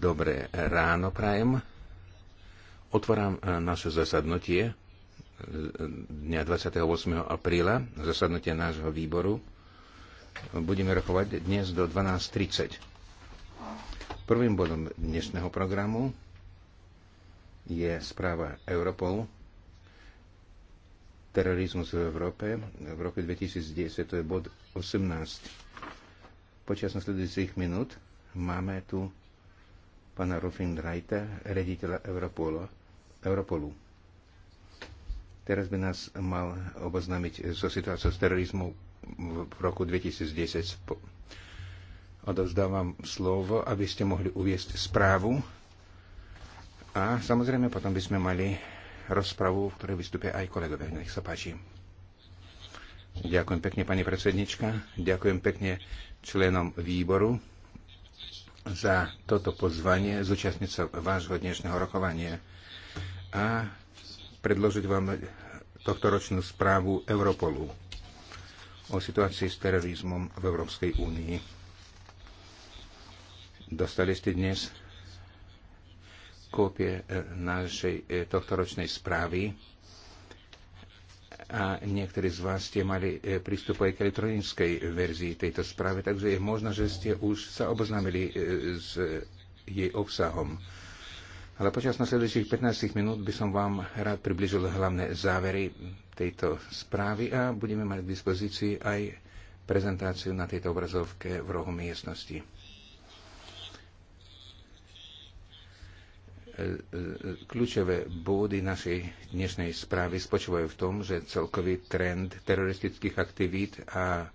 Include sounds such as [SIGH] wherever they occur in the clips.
Dobré ráno prajem. Otváram eh, naše zasadnutie eh, dňa 28. apríla, zasadnutie nášho výboru. Budeme rokovať dnes do 12.30. Prvým bodom dnešného programu je správa Europol terorizmus v Európe. V roku 2010 to je bod 18 Počas nasledujúcich minút máme tu pána Rufin Rajta, rediteľa Europolu. Europolu. Teraz by nás mal oboznámiť so situáciou s terorizmu v roku 2010. Odovzdávam slovo, aby ste mohli uviesť správu. A samozrejme potom by sme mali rozpravu, v ktorej vystúpia aj kolegovia. Nech sa páči. Ďakujem pekne, pani predsednička. Ďakujem pekne členom výboru za toto pozvanie zúčastniť sa vášho dnešného rokovania a predložiť vám tohto ročnú správu Europolu o situácii s terorizmom v Európskej únii. Dostali ste dnes kópie e, našej e, tohtoročnej správy a niektorí z vás ste mali e, prístup aj k elektronickej verzii tejto správy, takže je možno, že ste už sa oboznámili e, s jej obsahom. Ale počas nasledujúcich 15 minút by som vám rád približil hlavné závery tejto správy a budeme mať k dispozícii aj prezentáciu na tejto obrazovke v rohu miestnosti. Kľúčové body našej dnešnej správy spočívajú v tom, že celkový trend teroristických aktivít a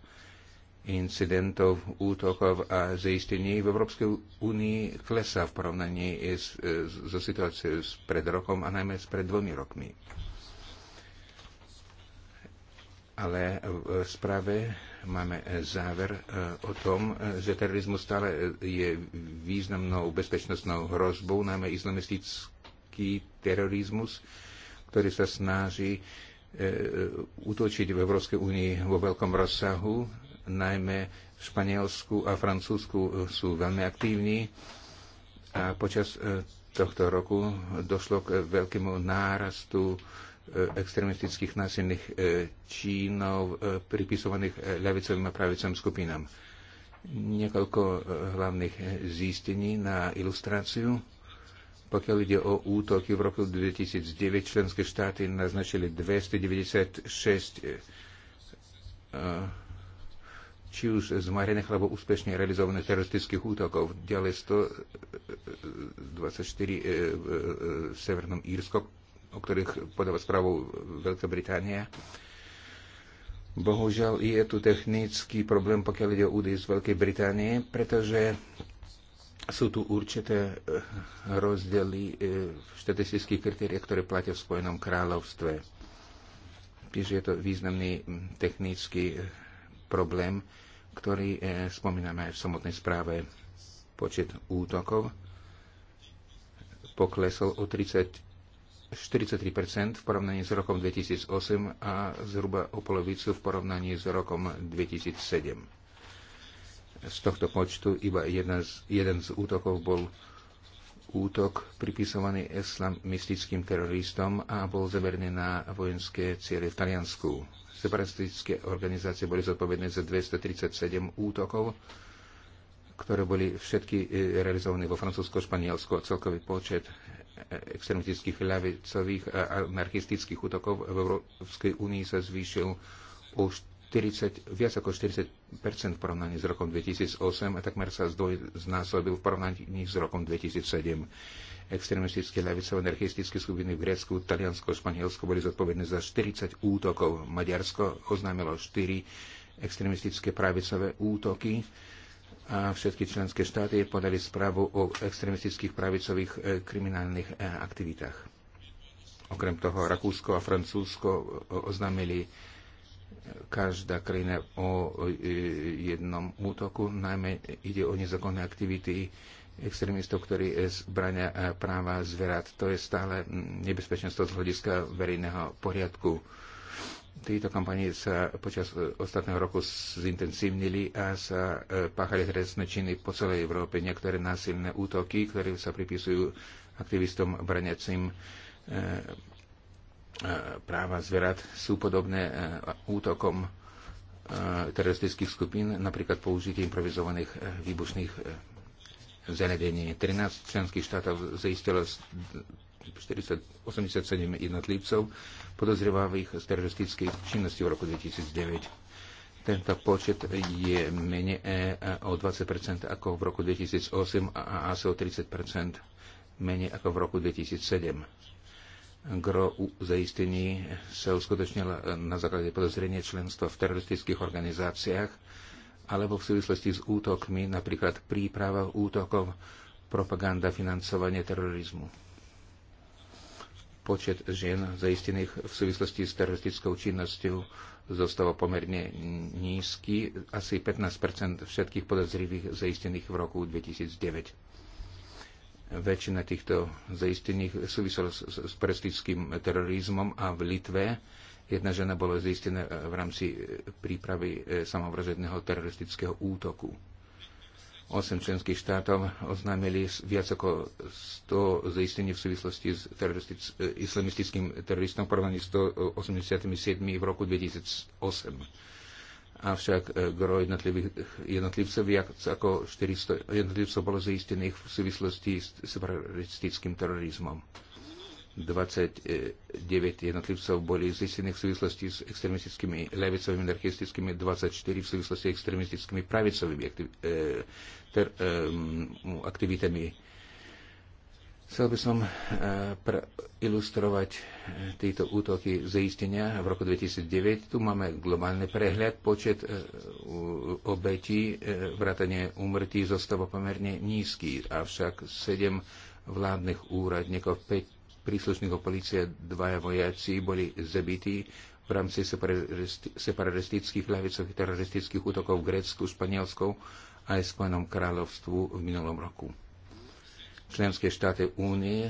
incidentov, útokov a zistení v Európskej únii klesá v porovnaní so situáciou pred rokom a najmä s pred dvomi rokmi ale v správe máme záver e, o tom, že terorizmus stále e, je významnou bezpečnostnou hrozbou, najmä islamistický terorizmus, ktorý sa snaží e, útočiť v Európskej únii vo veľkom rozsahu, najmä v Španielsku a Francúzsku sú veľmi aktívni a počas tohto roku došlo k veľkému nárastu E, extremistických násilných e, činov e, pripisovaných ľavicovým a pravicovým skupinám. Niekoľko hlavných zistení na ilustráciu. Pokiaľ ide o útoky v roku 2009, členské štáty naznačili 296 či už zmarených alebo úspešne realizovaných teroristických útokov. Ďalej 124 v Severnom Írsku, o ktorých podáva správu Veľká Británia. Bohužiaľ je tu technický problém, pokiaľ ide o údaje z Veľkej Británie, pretože sú tu určité eh, rozdiely eh, v štatistických kritériách, ktoré platia v Spojenom kráľovstve. Čiže je to významný hm, technický eh, problém, ktorý spomíname aj v samotnej správe. Počet útokov poklesol o 30 43% v porovnaní s rokom 2008 a zhruba o polovicu v porovnaní s rokom 2007. Z tohto počtu iba jedna z, jeden z útokov bol útok pripisovaný islamistickým teroristom a bol zaverený na vojenské ciele v Taliansku. Separatistické organizácie boli zodpovedné za 237 útokov, ktoré boli všetky e, realizované vo francúzsko Španielsku a celkový počet extremistických ľavicových a anarchistických útokov v Európskej únii sa zvýšil o 40, viac ako 40 v porovnaní s rokom 2008 a takmer sa zdvoj znásobil v porovnaní s rokom 2007. Extremistické ľavicové anarchistické skupiny v Grécku, Taliansko, Španielsko boli zodpovedné za 40 útokov. Maďarsko oznámilo 4 extremistické pravicové útoky a všetky členské štáty podali správu o extremistických pravicových e, kriminálnych e, aktivitách. Okrem toho Rakúsko a Francúzsko e, oznámili každá krajina o jednom útoku, najmä ide o nezákonné aktivity extrémistov, ktorí zbrania práva zverat. To je stále nebezpečenstvo z hľadiska verejného poriadku tieto kampanie sa počas e, ostatného roku zintensívnili a sa e, páchali trestné činy po celej Európe. Niektoré násilné útoky, ktoré sa pripisujú aktivistom braniacim e, práva zverat, sú podobné útokom teroristických skupín, napríklad použitie improvizovaných výbušných zariadení. 13 členských štátov zaistilo 487 jednotlivcov podozrievavých z teroristickej činnosti v roku 2009. Tento počet je menej e, o 20 ako v roku 2008 a asi o 30 menej ako v roku 2007. Gro zaistení sa uskutočnilo na základe podozrenia členstva v teroristických organizáciách alebo v súvislosti s útokmi, napríklad príprava útokov, propaganda, financovanie terorizmu. Počet žien zaistených v súvislosti s teroristickou činnosťou zostáva pomerne nízky, asi 15 všetkých podozrivých zaistených v roku 2009. Väčšina týchto zaistených súvisela s, s preslickým terorizmom a v Litve jedna žena bola zaistená v rámci prípravy eh, samovražedného teroristického útoku. 8 členských štátov oznámili viac ako 100 zistení v súvislosti s teroristic, e, islamistickým teroristom v porovnaní s 187 v roku 2008. Avšak e, gro jednotlivých jednotlivcov viac ako 400 jednotlivcov bolo zistených v súvislosti s separatistickým terorizmom. 29 e, jednotlivcov boli zistení v súvislosti s extremistickými levicovými anarchistickými, 24 v súvislosti s extremistickými pravicovými aktiv- e, ter- e, aktivitami. Chcel by som ilustrovať tieto útoky zaistenia v roku 2009. Tu máme globálny prehľad, počet obetí, vrátanie úmrtí zostáva pomerne nízky, avšak 7 vládnych úradníkov, 5 príslušníkov policie dvaja vojaci boli zabití v rámci separatistických ľavicových teroristických útokov v Grécku, Španielsku aj Spojenom kráľovstvu v minulom roku. Členské štáty únie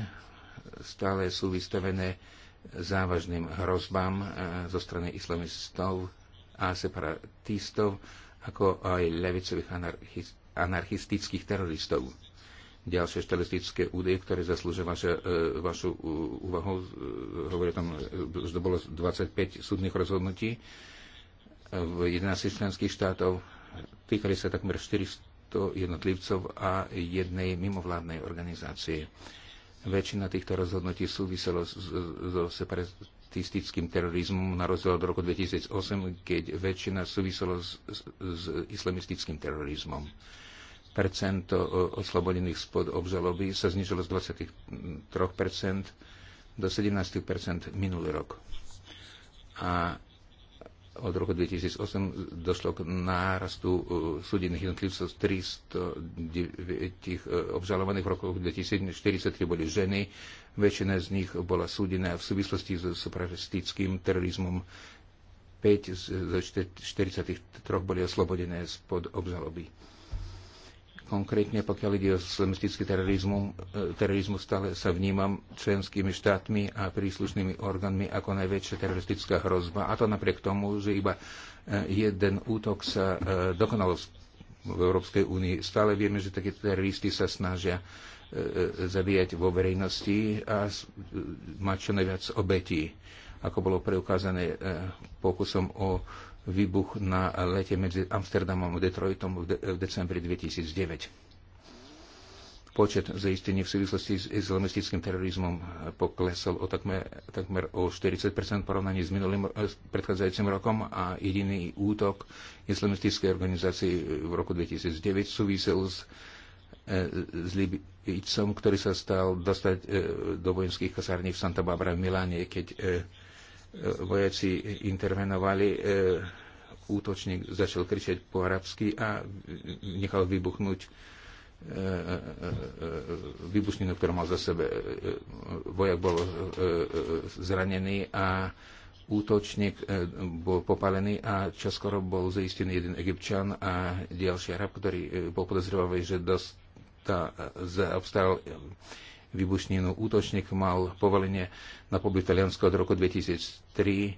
stále sú vystavené závažným hrozbám eh, zo strany islamistov a separatistov, ako aj ľavicových anarchistických teroristov ďalšie štatistické údaje, ktoré zaslúžia vaša, e, vašu e, úvahu. E, hovorí tam, že to bolo 25 súdnych rozhodnutí v 11 členských štátov. Týkali sa takmer 400 jednotlivcov a jednej mimovládnej organizácie. Väčšina týchto rozhodnutí súviselo so separatistickým terorizmom na rozdiel od roku 2008, keď väčšina súviselo s, s islamistickým terorizmom percento oslobodených spod obžaloby sa znižilo z 23% do 17% minulý rok. A od roku 2008 došlo k nárastu súdených jednotlivcov z 309 obžalovaných v roku 2043 boli ženy. Väčšina z nich bola súdená v súvislosti s supravastickým terorizmom. 5 z 43 boli oslobodené spod obžaloby. Konkrétne pokiaľ ide o islamistický terorizmus, e, terorizmus stále sa vnímam členskými štátmi a príslušnými orgánmi ako najväčšia teroristická hrozba. A to napriek tomu, že iba e, jeden útok sa e, dokonal v Európskej únii. Stále vieme, že takéto teroristi sa snažia zabíjať vo verejnosti a mať čo najviac obetí, ako bolo preukázané pokusom o výbuch na lete medzi Amsterdamom a Detroitom v, de- v decembri 2009. Počet zaistení v súvislosti s islamistickým terorizmom poklesol o takmer, takmer o 40 v porovnaní s minulým s predchádzajúcim rokom a jediný útok islamistickej organizácie v roku 2009 súvisel s e, s Libicom, ktorý sa stal dostať e, do vojenských kasární v Santa Barbara v Miláne, keď e, vojaci intervenovali, e, útočník začal kričať po arabsky a nechal vybuchnúť e, e, výbušninu, ktorú mal za sebe. Vojak bol zranený a útočník bol popálený a čoskoro bol zaistený jeden egyptčan a ďalší arab, ktorý bol podozrivavý, že dostal, zaobstaral výbušninu. Útočník mal povolenie na pobyt Taliansko od roku 2003,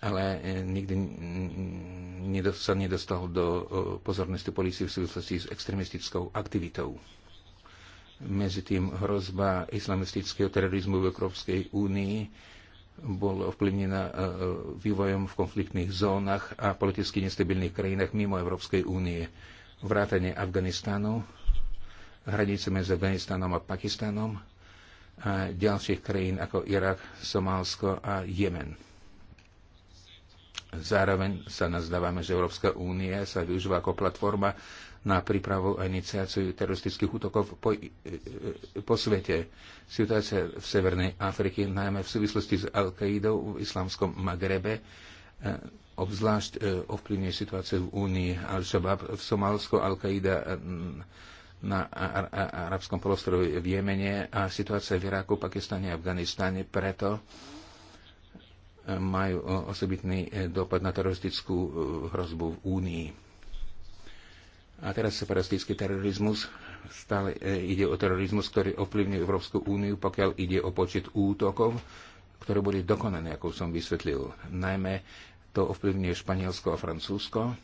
ale e, nikdy sa nedostal do e, pozornosti polície v súvislosti s extremistickou aktivitou. Medzi tým hrozba islamistického terorizmu v Európskej únii bol ovplyvnená e, vývojom v konfliktných zónach a politicky nestabilných krajinách mimo Európskej únie, Vrátanie Afganistanu, hranice medzi Afganistanom a Pakistanom a ďalších krajín ako Irak, Somálsko a Jemen. Zároveň sa nazdávame, že Európska únia sa využíva ako platforma na prípravu a iniciáciu teroristických útokov po, e, e, po svete. Situácia v Severnej Afrike, najmä v súvislosti s Al-Qaidou v islamskom Magrebe, e, obzvlášť ovplyvňuje situáciu v Únii. Al-Shabaab v Somálsku, Al-Qaida na arabskom polostrove v Jemene a situácia v Iraku, Pakistane a Afganistane. Preto e, majú osobitný e, dopad na teroristickú e, hrozbu v Únii. A teraz separatistický terorizmus. Stále ide o terorizmus, ktorý ovplyvňuje Európsku úniu, pokiaľ ide o počet útokov, ktoré boli dokonané, ako som vysvetlil. Najmä to ovplyvňuje Španielsko a Francúzsko.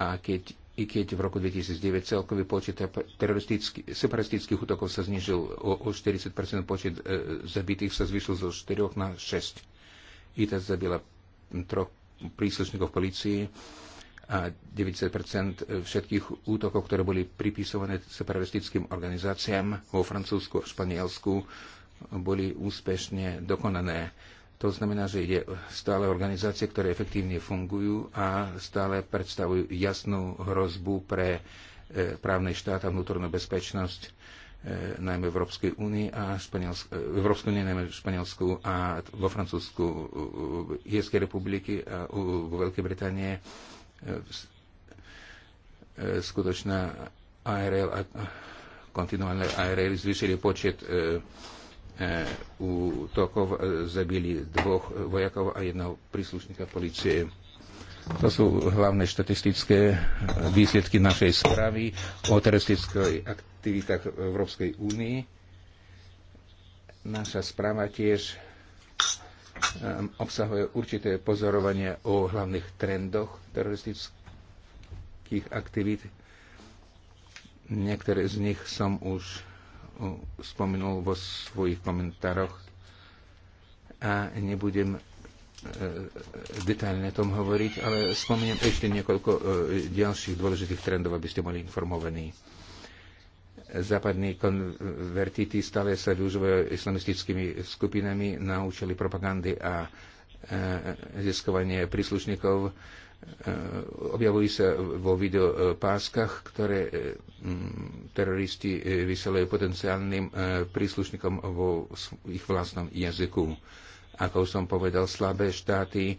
A keď i keď v roku 2009 celkový počet separatistických útokov sa znižil o, o 40%, počet e, zabitých sa zvyšil zo 4 na 6. ITA zabila troch príslušníkov polície a 90% všetkých útokov, ktoré boli pripisované separatistickým organizáciám vo Francúzsku a Španielsku, boli úspešne dokonané to znamená, že ide stále organizácie, ktoré efektívne fungujú a stále predstavujú jasnú hrozbu pre e, právny štát a vnútornú bezpečnosť e, najmä Európskej únii a e, v Európskej únii najmä Španielsku a vo Francúzsku, Jeskej republiky a vo Veľkej Británie skutočná ARL a kontinuálne ARL zvýšili počet e, u tokov e, zabili dvoch vojakov a jedného príslušníka policie. To sú hlavné štatistické výsledky našej správy o teroristickej aktivitách v Európskej únii. Naša správa tiež e, obsahuje určité pozorovanie o hlavných trendoch teroristických aktivít. Niektoré z nich som už spomenul vo svojich komentároch a nebudem e, detailne o tom hovoriť, ale spomeniem ešte niekoľko e, ďalších dôležitých trendov, aby ste boli informovaní. Západní konvertity stále sa využívajú islamistickými skupinami na účely propagandy a e, získovanie príslušníkov Eh, objavujú sa vo videopáskach, ktoré eh, mm, teroristi eh, vyselajú potenciálnym príslušníkom vo ich vlastnom jazyku. Ako som povedal, slabé štáty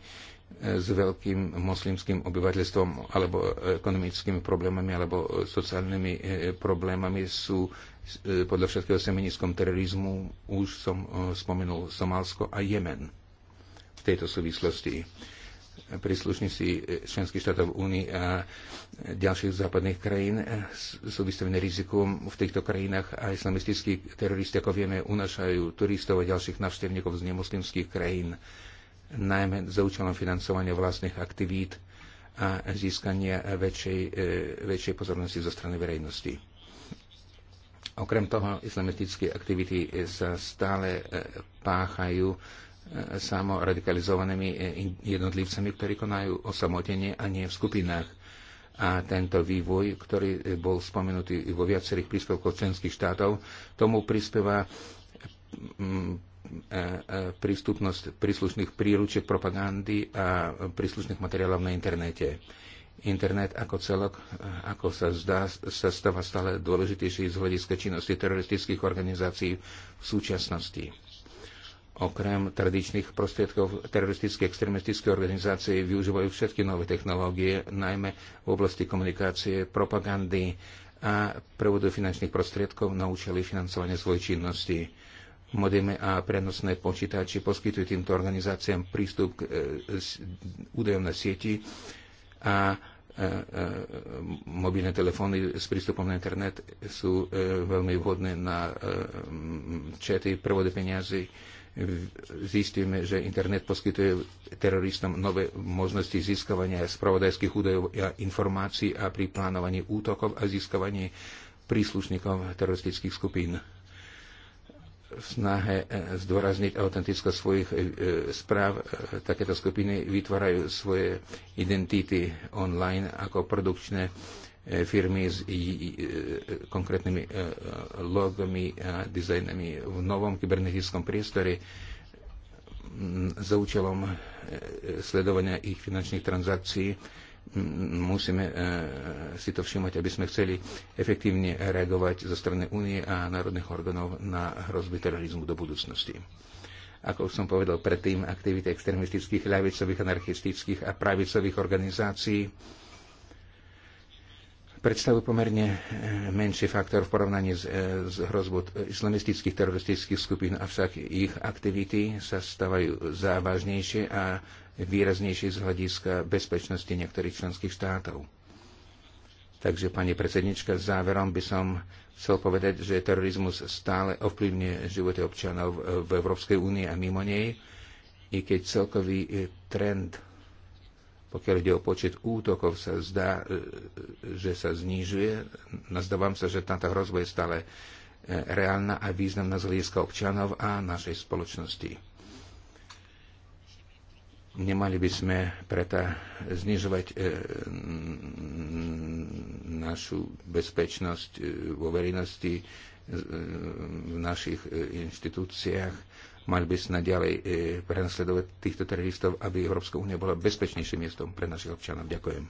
s veľkým moslimským obyvateľstvom alebo ekonomickými problémami alebo sociálnymi problémami sú podľa všetkého semenickom terorizmu. Už som spomenul Somálsko a Jemen v tejto súvislosti príslušníci eh, členských štátov Únie a ďalších západných krajín eh, sú vystavení rizikom v týchto krajinách a islamistickí teroristi, ako vieme, unašajú turistov a ďalších navštevníkov z nemuslimských krajín, najmä za účelom financovania vlastných aktivít a získania väčšej, eh, väčšej pozornosti zo strany verejnosti. Okrem toho, islamistické aktivity sa stále páchajú E, samoradikalizovanými e, jednotlivcami, ktorí konajú osamotenie a nie v skupinách. A tento vývoj, ktorý e, bol spomenutý vo viacerých príspevkoch členských štátov, tomu prispieva mm, prístupnosť príslušných príručiek propagandy a príslušných materiálov na internete. Internet ako celok, ako sa zdá, sa stáva stále dôležitejší z hľadiska činnosti teroristických organizácií v súčasnosti okrem tradičných prostriedkov teroristické extremistické organizácie využívajú všetky nové technológie, najmä v oblasti komunikácie, propagandy a prevodu finančných prostriedkov na účely financovania svojej činnosti. Modemy a prenosné počítači poskytujú týmto organizáciám prístup k e, údajom na sieti a e, e, mobilné telefóny s prístupom na internet sú veľmi vhodné na čety, prevody peniazy zistíme, že internet poskytuje teroristom nové možnosti získavania spravodajských údajov a informácií a pri plánovaní útokov a získavaní príslušníkov teroristických skupín. V snahe eh, zdôrazniť autentickosť svojich eh, správ eh, takéto skupiny vytvárajú svoje identity online ako produkčné E, firmy s e, konkrétnymi e, logami a dizajnami v novom kybernetickom priestore za účelom sledovania ich finančných transakcií. Musíme si to všimať, aby sme chceli efektívne reagovať zo strany únie a národných orgánov na hrozby terorizmu do budúcnosti ako som povedal predtým, aktivity extremistických, ľavicových, anarchistických a pravicových organizácií predstavujú pomerne e, menší faktor v porovnaní s, e, s hrozbou islamistických teroristických skupín, avšak ich aktivity sa stávajú závažnejšie a výraznejšie z hľadiska bezpečnosti niektorých členských štátov. Takže, pani predsednička, záverom by som chcel povedať, že terorizmus stále ovplyvňuje životy občanov v Európskej únii a mimo nej, i keď celkový e, trend pokiaľ ide o počet útokov, sa zdá, e, že sa znižuje. Nazdávam sa, že táto hrozba je stále e, reálna a významná z hľadiska občanov a našej spoločnosti. Nemali by sme preto znižovať e, našu bezpečnosť vo verejnosti, v našich inštitúciách Mali by sme naďalej e, prenasledovať týchto teroristov, aby Európska únia bola bezpečnejším miestom pre našich občanov. Ďakujem.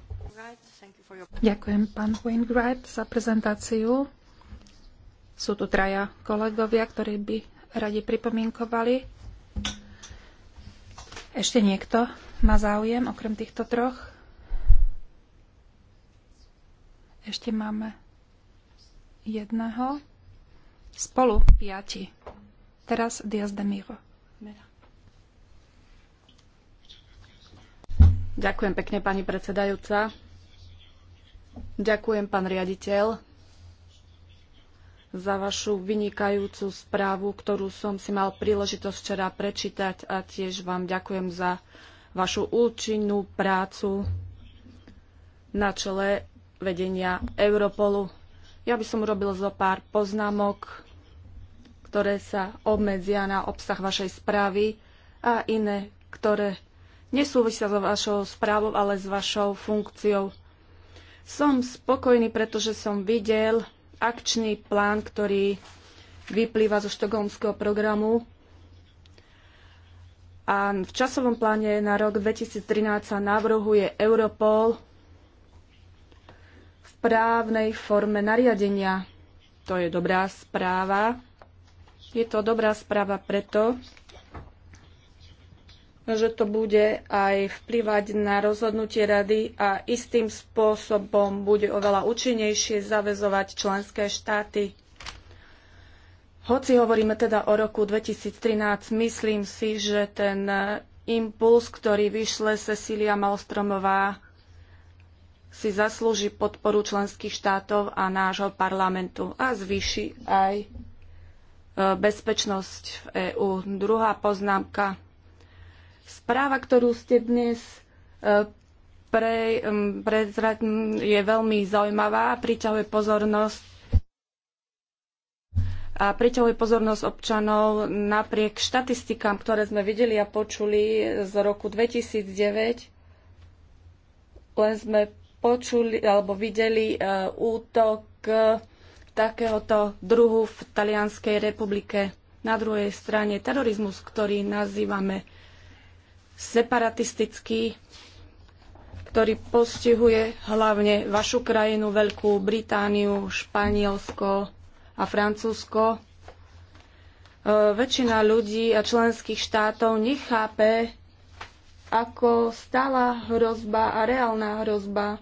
Ďakujem, pán Wainwright, za prezentáciu. Sú tu traja kolegovia, ktorí by radi pripomienkovali. Ešte niekto má záujem, okrem týchto troch? Ešte máme jedného. Spolu piati. Teraz Dias de Miro. Ďakujem pekne, pani predsedajúca. Ďakujem, pán riaditeľ, za vašu vynikajúcu správu, ktorú som si mal príležitosť včera prečítať a tiež vám ďakujem za vašu účinnú prácu na čele vedenia Europolu. Ja by som urobil zo pár poznámok ktoré sa obmedzia na obsah vašej správy a iné, ktoré nesúvisia s vašou správou, ale s vašou funkciou. Som spokojný, pretože som videl akčný plán, ktorý vyplýva zo štokholmského programu a v časovom pláne na rok 2013 sa navrhuje Europol v právnej forme nariadenia. To je dobrá správa. Je to dobrá správa preto, že to bude aj vplyvať na rozhodnutie rady a istým spôsobom bude oveľa účinnejšie zavezovať členské štáty. Hoci hovoríme teda o roku 2013, myslím si, že ten impuls, ktorý vyšle Cecília Malstromová, si zaslúži podporu členských štátov a nášho parlamentu a zvýši aj bezpečnosť v EÚ. Druhá poznámka. Správa, ktorú ste dnes e, pre, pre, je veľmi zaujímavá a priťahuje pozornosť a priťahuje pozornosť občanov napriek štatistikám, ktoré sme videli a počuli z roku 2009. Len sme počuli alebo videli e, útok takéhoto druhu v Talianskej republike. Na druhej strane terorizmus, ktorý nazývame separatistický, ktorý postihuje hlavne vašu krajinu, Veľkú Britániu, Španielsko a Francúzsko. E, väčšina ľudí a členských štátov nechápe, ako stála hrozba a reálna hrozba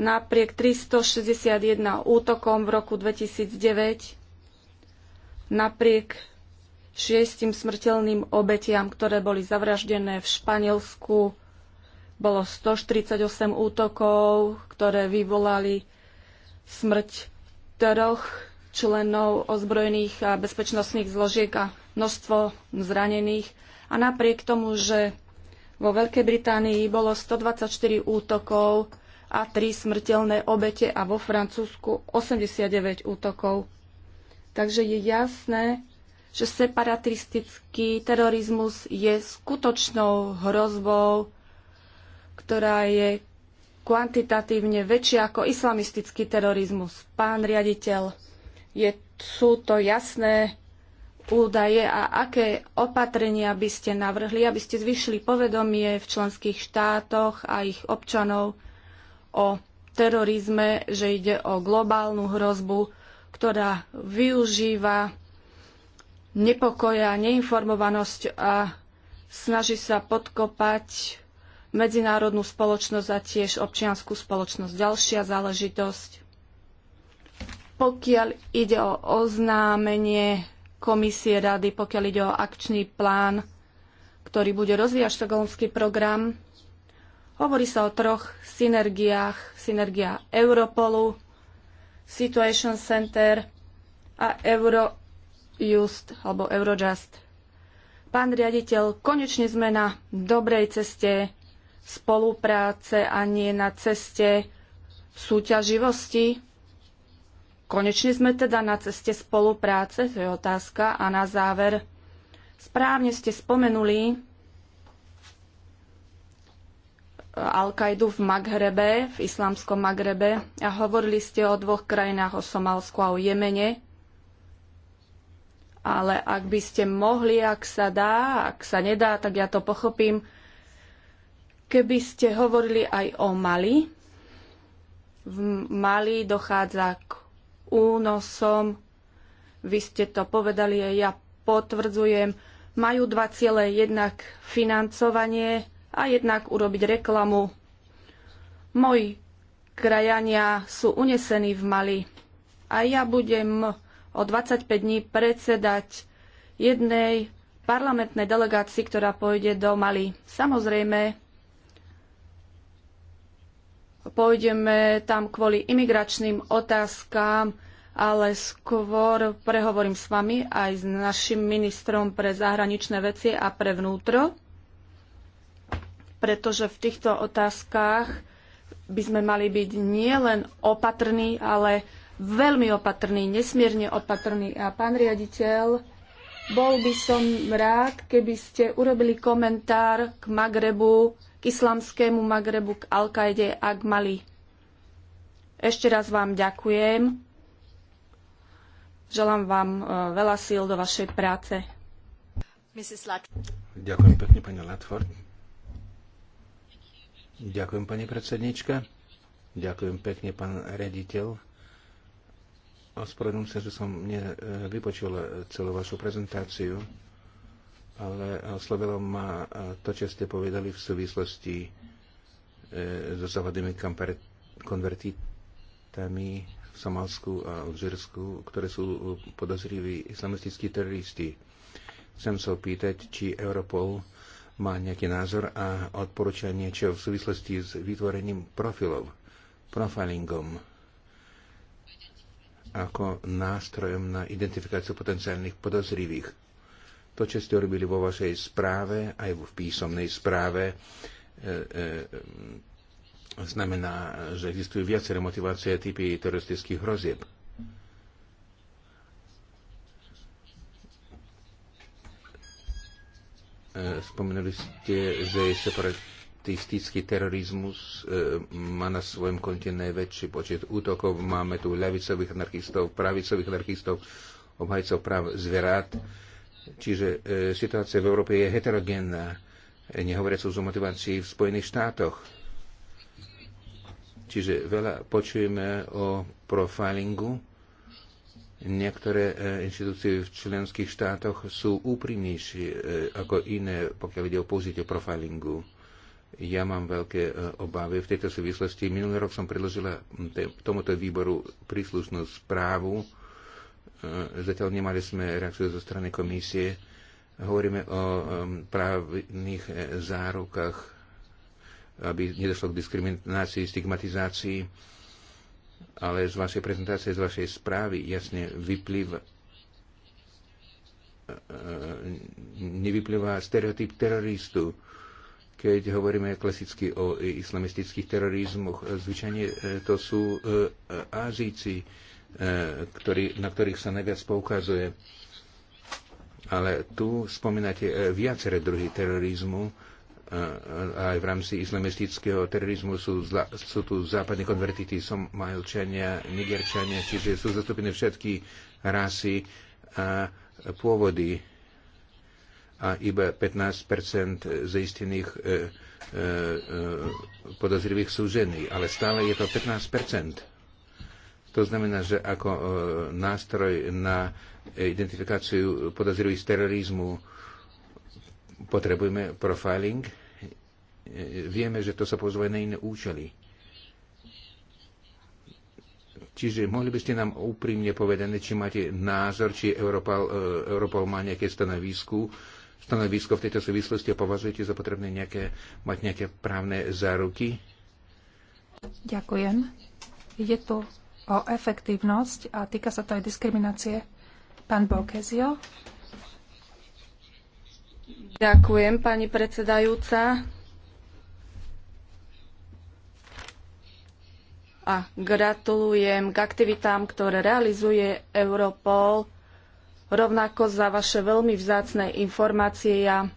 napriek 361 útokom v roku 2009, napriek šiestim smrteľným obetiam, ktoré boli zavraždené v Španielsku, bolo 148 útokov, ktoré vyvolali smrť troch členov ozbrojených a bezpečnostných zložiek a množstvo zranených. A napriek tomu, že vo Veľkej Británii bolo 124 útokov, a 3 smrteľné obete a vo Francúzsku 89 útokov. Takže je jasné, že separatistický terorizmus je skutočnou hrozbou, ktorá je kvantitatívne väčšia ako islamistický terorizmus. Pán riaditeľ, je, sú to jasné údaje a aké opatrenia by ste navrhli, aby ste zvyšili povedomie v členských štátoch a ich občanov o terorizme, že ide o globálnu hrozbu, ktorá využíva nepokoja, neinformovanosť a snaží sa podkopať medzinárodnú spoločnosť a tiež občianskú spoločnosť. Ďalšia záležitosť. Pokiaľ ide o oznámenie komisie rady, pokiaľ ide o akčný plán, ktorý bude rozvíjať štokholmský program, Hovorí sa o troch synergiách. Synergia Europolu, Situation Center a Eurojust alebo Eurojust. Pán riaditeľ, konečne sme na dobrej ceste spolupráce a nie na ceste súťaživosti. Konečne sme teda na ceste spolupráce, to je otázka. A na záver, správne ste spomenuli, Al-Kaidu v Maghrebe, v islamskom Magrebe a hovorili ste o dvoch krajinách, o Somálsku a o Jemene. Ale ak by ste mohli, ak sa dá, ak sa nedá, tak ja to pochopím. Keby ste hovorili aj o Mali, v Mali dochádza k únosom, vy ste to povedali, ja potvrdzujem, majú dva ciele, jednak financovanie a jednak urobiť reklamu. Moji krajania sú unesení v Mali a ja budem o 25 dní predsedať jednej parlamentnej delegácii, ktorá pôjde do Mali. Samozrejme, pôjdeme tam kvôli imigračným otázkam, ale skôr prehovorím s vami aj s našim ministrom pre zahraničné veci a pre vnútro pretože v týchto otázkach by sme mali byť nielen opatrní, ale veľmi opatrní, nesmierne opatrní. A pán riaditeľ, bol by som rád, keby ste urobili komentár k Magrebu, k islamskému Magrebu, k Al-Kaide a k Mali. Ešte raz vám ďakujem. Želám vám e, veľa síl do vašej práce. Ďakujem pekne, pani Latford. Ďakujem, pani predsednička. Ďakujem pekne, pán rediteľ. Ospravedlňujem sa, že som nevypočul celú vašu prezentáciu, ale oslovilo ma to, čo ste povedali v súvislosti e, so závodnými konvertitami v Somalsku a Alžírsku, ktoré sú podozriví islamistickí teroristi. Chcem sa opýtať, či Europol má nejaký názor a odporúča niečo v súvislosti s vytvorením profilov, profilingom ako nástrojom na identifikáciu potenciálnych podozrivých. To, čo ste robili vo vašej správe, aj v písomnej správe, e, e, znamená, že existujú viaceré motivácie a typy teroristických hrozieb. E, spomenuli ste, že separatistický terorizmus e, má na svojom konte najväčší počet útokov. Máme tu ľavicových anarchistov, pravicových anarchistov, obhajcov práv zverat. Čiže e, situácia v Európe je heterogénna, nehovoriac o motivácii v Spojených štátoch. Čiže veľa počujeme o profilingu, Niektoré e, inštitúcie v členských štátoch sú úprimnejšie e, ako iné, pokiaľ ide o použitie profilingu. Ja mám veľké e, obavy v tejto súvislosti. Minulý rok som predložila tomuto výboru príslušnú správu. Zatiaľ nemali sme reakciu zo strany komisie. Hovoríme o právnych zárukách, aby nedošlo k diskriminácii, stigmatizácii ale z vašej prezentácie, z vašej správy jasne vyplýva, e, nevyplýva stereotyp teroristu. Keď hovoríme klasicky o islamistických terorizmoch, zvyčajne e, to sú Ázíci, e, ktorý, na ktorých sa najviac poukazuje. Ale tu spomínate viaceré druhy terorizmu, aj v rámci islamistického terorizmu sú, zla, sú tu západní konvertiti, somajlčania, nigerčania, čiže sú zastúpené všetky rasy a pôvody a iba 15 zaistených e, e, e, podozrivých sú ženy, ale stále je to 15 To znamená, že ako e, nástroj na identifikáciu podozrivých z terorizmu potrebujeme profiling. Vieme, že to sa pozve na iné účely. Čiže mohli by ste nám úprimne povedané, či máte názor, či Europol, e, Europol má nejaké stanovisko, stanovisko v tejto súvislosti a považujete za potrebné nejaké, mať nejaké právne záruky? Ďakujem. Je tu o efektívnosť a týka sa to aj diskriminácie. Pán Bokezio, Ďakujem, pani predsedajúca. A gratulujem k aktivitám, ktoré realizuje Europol. Rovnako za vaše veľmi vzácne informácie. Ja,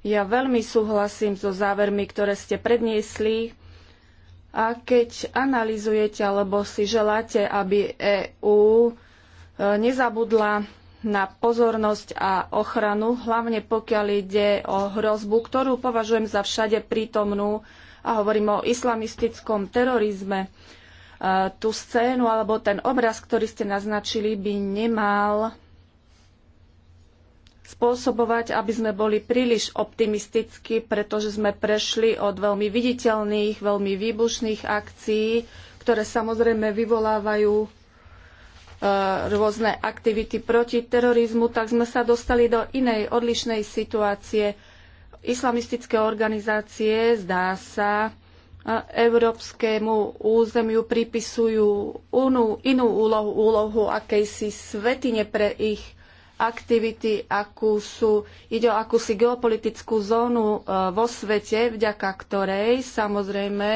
ja veľmi súhlasím so závermi, ktoré ste predniesli. A keď analizujete alebo si želáte, aby EÚ e, nezabudla na pozornosť a ochranu, hlavne pokiaľ ide o hrozbu, ktorú považujem za všade prítomnú a hovorím o islamistickom terorizme. E, tú scénu alebo ten obraz, ktorý ste naznačili, by nemal spôsobovať, aby sme boli príliš optimistickí, pretože sme prešli od veľmi viditeľných, veľmi výbušných akcií, ktoré samozrejme vyvolávajú Eh, rôzne aktivity proti terorizmu, tak sme sa dostali do inej odlišnej situácie. Islamistické organizácie, zdá sa, eh, európskemu územiu pripisujú inú, inú úlohu, úlohu akejsi svetine pre ich aktivity, akú sú, ide o akúsi geopolitickú zónu eh, vo svete, vďaka ktorej samozrejme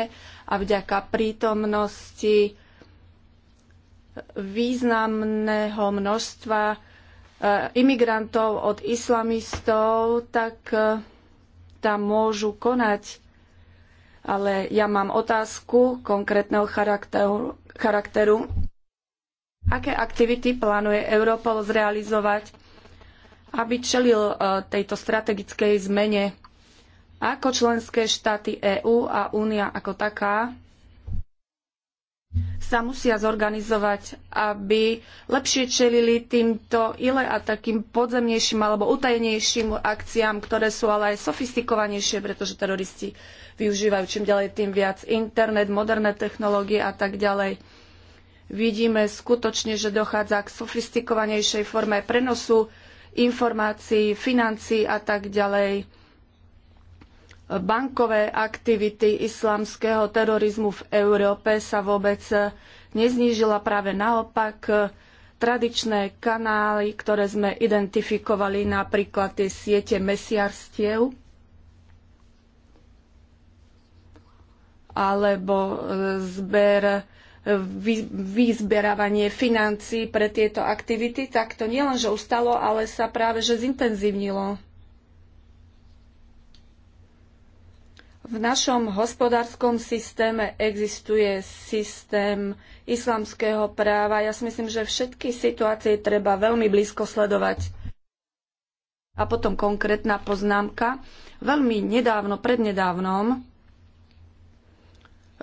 a vďaka prítomnosti významného množstva e, imigrantov od islamistov, tak e, tam môžu konať. Ale ja mám otázku konkrétneho charakteru. charakteru. Aké aktivity plánuje Europol zrealizovať, aby čelil e, tejto strategickej zmene? Ako členské štáty EÚ a Únia ako taká sa musia zorganizovať, aby lepšie čelili týmto ile a takým podzemnejším alebo utajenejším akciám, ktoré sú ale aj sofistikovanejšie, pretože teroristi využívajú čím ďalej tým viac internet, moderné technológie a tak ďalej. Vidíme skutočne, že dochádza k sofistikovanejšej forme prenosu informácií, financií a tak ďalej bankové aktivity islamského terorizmu v Európe sa vôbec neznížila, práve naopak tradičné kanály, ktoré sme identifikovali, napríklad tie siete mesiarstiev, alebo e, zber e, vy, vyzberávanie financií pre tieto aktivity, tak to nielenže ustalo, ale sa práve že zintenzívnilo. V našom hospodárskom systéme existuje systém islamského práva. Ja si myslím, že všetky situácie treba veľmi blízko sledovať. A potom konkrétna poznámka. Veľmi nedávno, prednedávnom, e,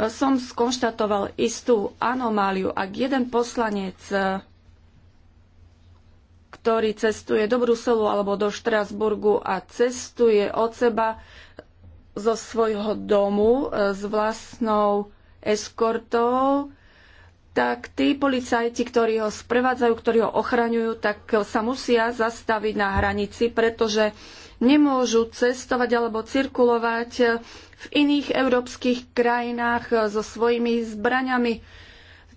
som skonštatoval istú anomáliu. Ak jeden poslanec, e, ktorý cestuje do Bruselu alebo do Štrasburgu a cestuje od seba, zo svojho domu e, s vlastnou eskortou, tak tí policajti, ktorí ho sprevádzajú, ktorí ho ochraňujú, tak sa musia zastaviť na hranici, pretože nemôžu cestovať alebo cirkulovať e, v iných európskych krajinách e, so svojimi zbraňami.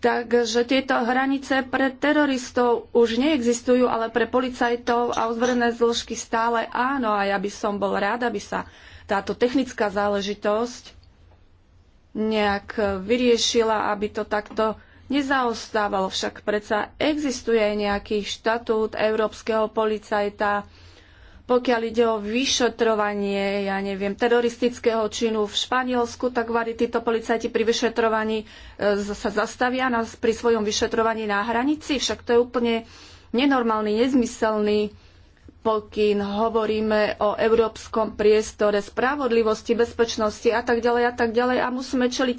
Takže tieto hranice pre teroristov už neexistujú, ale pre policajtov a ozbrojené zložky stále áno. A ja by som bol rád, aby sa táto technická záležitosť nejak vyriešila, aby to takto nezaostávalo. Však predsa existuje nejaký štatút európskeho policajta, pokiaľ ide o vyšetrovanie, ja neviem, teroristického činu v Španielsku, tak vari títo policajti pri vyšetrovaní e, sa zastavia nás pri svojom vyšetrovaní na hranici. Však to je úplne nenormálny, nezmyselný pokyn, hovoríme o európskom priestore spravodlivosti, bezpečnosti a tak ďalej a tak ďalej a musíme čeliť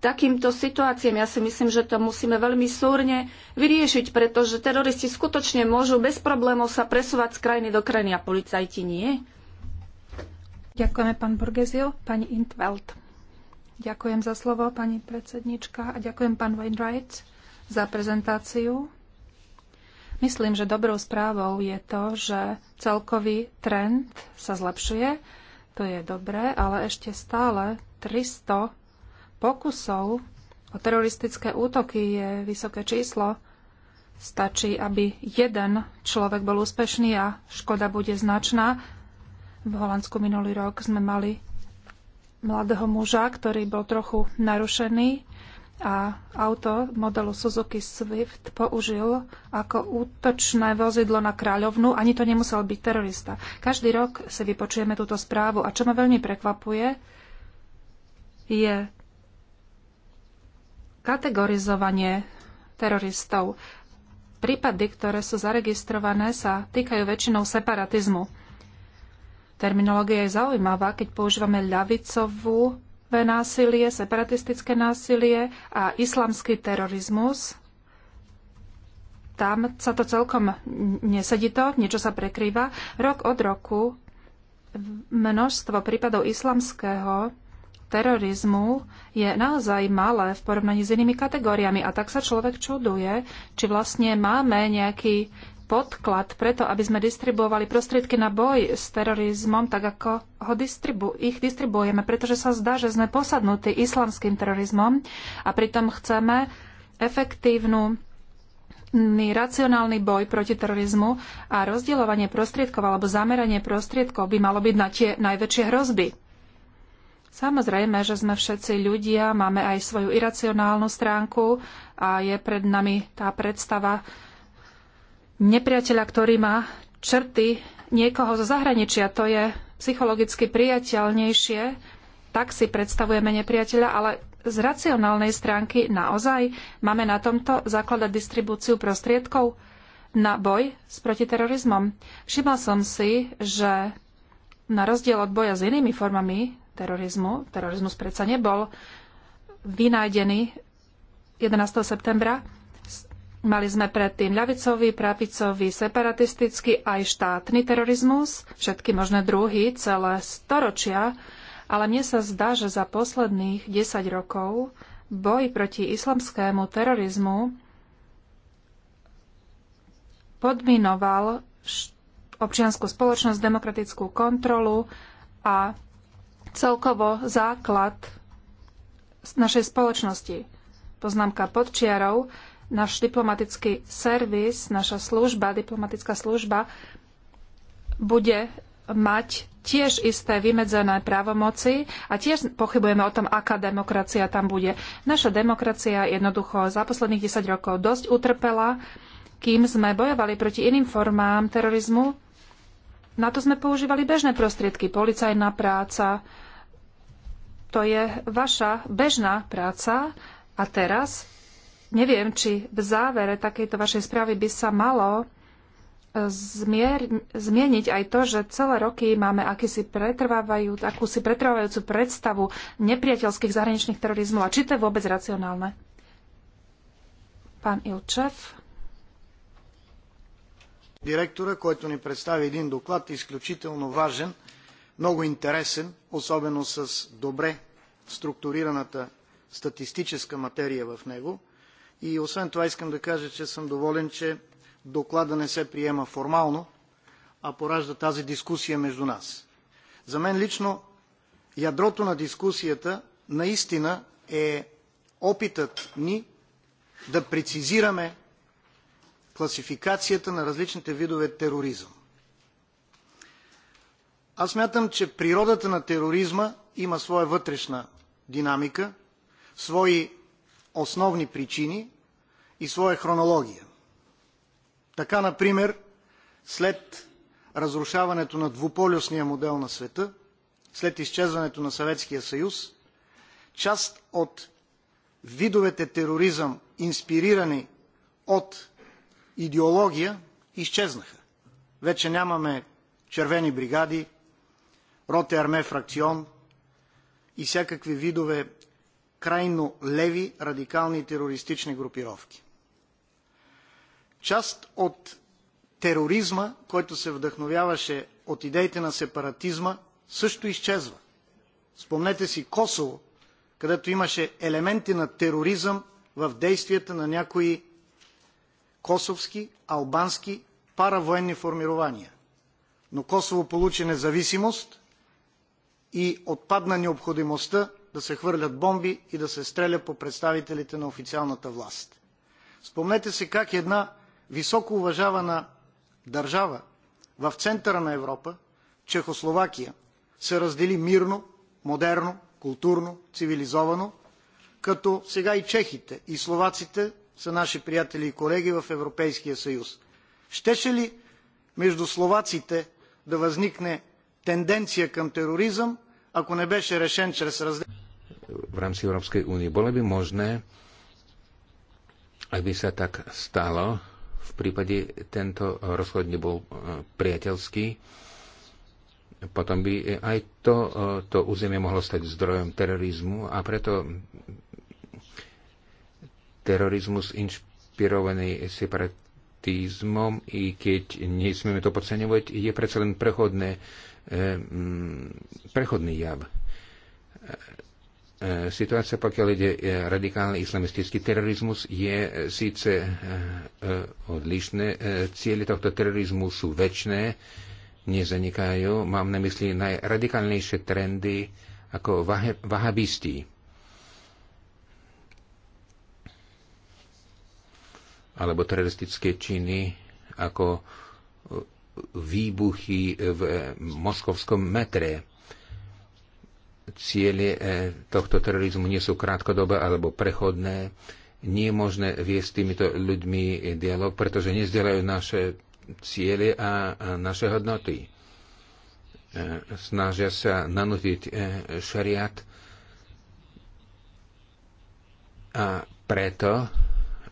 takýmto situáciám. Ja si myslím, že to musíme veľmi súrne vyriešiť, pretože teroristi skutočne môžu bez problémov sa presúvať z krajiny do krajiny a policajti nie. Ďakujeme, pán Borgesio. Pani Intveld. Ďakujem za slovo, pani predsednička, a ďakujem, pán Wainwright, za prezentáciu. Myslím, že dobrou správou je to, že celkový trend sa zlepšuje. To je dobré, ale ešte stále 300 pokusov o teroristické útoky je vysoké číslo. Stačí, aby jeden človek bol úspešný a škoda bude značná. V Holandsku minulý rok sme mali mladého muža, ktorý bol trochu narušený a auto modelu Suzuki Swift použil ako útočné vozidlo na kráľovnú, ani to nemusel byť terorista. Každý rok si vypočujeme túto správu a čo ma veľmi prekvapuje, je kategorizovanie teroristov. Prípady, ktoré sú zaregistrované, sa týkajú väčšinou separatizmu. Terminológia je zaujímavá, keď používame ľavicovú násilie, separatistické násilie a islamský terorizmus. Tam sa to celkom nesedí to, niečo sa prekrýva. Rok od roku množstvo prípadov islamského terorizmu je naozaj malé v porovnaní s inými kategóriami. A tak sa človek čuduje, či vlastne máme nejaký podklad preto, aby sme distribuovali prostriedky na boj s terorizmom, tak ako ho distribu- ich distribuujeme, pretože sa zdá, že sme posadnutí islamským terorizmom a pritom chceme efektívnu racionálny boj proti terorizmu a rozdielovanie prostriedkov alebo zameranie prostriedkov by malo byť na tie najväčšie hrozby. Samozrejme, že sme všetci ľudia, máme aj svoju iracionálnu stránku a je pred nami tá predstava, nepriateľa, ktorý má črty niekoho zo zahraničia. To je psychologicky priateľnejšie, tak si predstavujeme nepriateľa, ale z racionálnej stránky naozaj máme na tomto zakladať distribúciu prostriedkov na boj s protiterorizmom. Všimla som si, že na rozdiel od boja s inými formami terorizmu, terorizmus predsa nebol vynájdený 11. septembra, Mali sme predtým ľavicový, pravicový, separatistický aj štátny terorizmus, všetky možné druhy, celé storočia, ale mne sa zdá, že za posledných 10 rokov boj proti islamskému terorizmu podminoval občianskú spoločnosť, demokratickú kontrolu a celkovo základ našej spoločnosti. Poznámka pod čiarou náš diplomatický servis, naša služba, diplomatická služba bude mať tiež isté vymedzené právomoci a tiež pochybujeme o tom, aká demokracia tam bude. Naša demokracia jednoducho za posledných 10 rokov dosť utrpela, kým sme bojovali proti iným formám terorizmu. Na to sme používali bežné prostriedky, policajná práca. To je vaša bežná práca a teraz neviem, či v závere takejto vašej správy by sa malo e, zmier, zmieniť aj to, že celé roky máme akýsi pretrvávajú, akúsi pretrvávajúcu predstavu nepriateľských zahraničných terorizmov. A či to je vôbec racionálne? Pán Ilčev. Директора, който ни представи един доклад, изключително важен, много интересен, особено с добре структурираната статистическа материя в него – И освен това искам да кажа, че съм доволен, че доклада не се приема формално, а поражда тази дискусия между нас. За мен лично ядрото на дискусията наистина е опитът ни да прецизираме класификацията на различните видове тероризъм. Аз мятам, че природата на тероризма има своя вътрешна динамика, свои основни причини и своя хронология. Така, например, след разрушаването на двуполюсния модел на света, след изчезването на Съветския съюз, част от видовете тероризъм, инспирирани от идеология, изчезнаха. Вече нямаме червени бригади, роте арме фракцион и всякакви видове крайно леви радикални терористични групировки. Част от тероризма, който се вдъхновяваше от идеите на сепаратизма, също изчезва. Спомнете си Косово, където имаше елементи на тероризъм в действията на някои косовски, албански паравоенни формирования. Но Косово получи независимост и отпадна необходимостта да се хвърлят бомби и да се стреля по представителите на официалната власт. Спомнете си как една високо уважавана държава в центъра на Европа, Чехословакия, се раздели мирно, модерно, културно, цивилизовано, като сега и чехите, и словаците са наши приятели и колеги в Европейския съюз. Щеше ли между словаците да възникне тенденция към тероризъм, ако не беше решен чрез разделение? v rámci Európskej únie. Bolo by možné, aby sa tak stalo, v prípade tento rozchod nebol e, priateľský, potom by aj to, e, to územie mohlo stať zdrojom terorizmu a preto terorizmus inšpirovaný separatizmom, i keď nesmieme to podceňovať, je predsa len prechodné, e, prechodný jav. E, situácia, pokiaľ ide e, radikálny islamistický terorizmus, je e, síce odlišné. Ciele tohto terorizmu sú väčšie, nezanikajú. Mám na mysli najradikálnejšie trendy ako vahabistí. alebo teroristické činy ako výbuchy v moskovskom metre ciele e, tohto terorizmu nie sú krátkodobé alebo prechodné. Nie je možné viesť s týmito ľuďmi dialog, pretože nezdelajú naše ciele a naše hodnoty. E, snažia sa nanútiť e, šariat a preto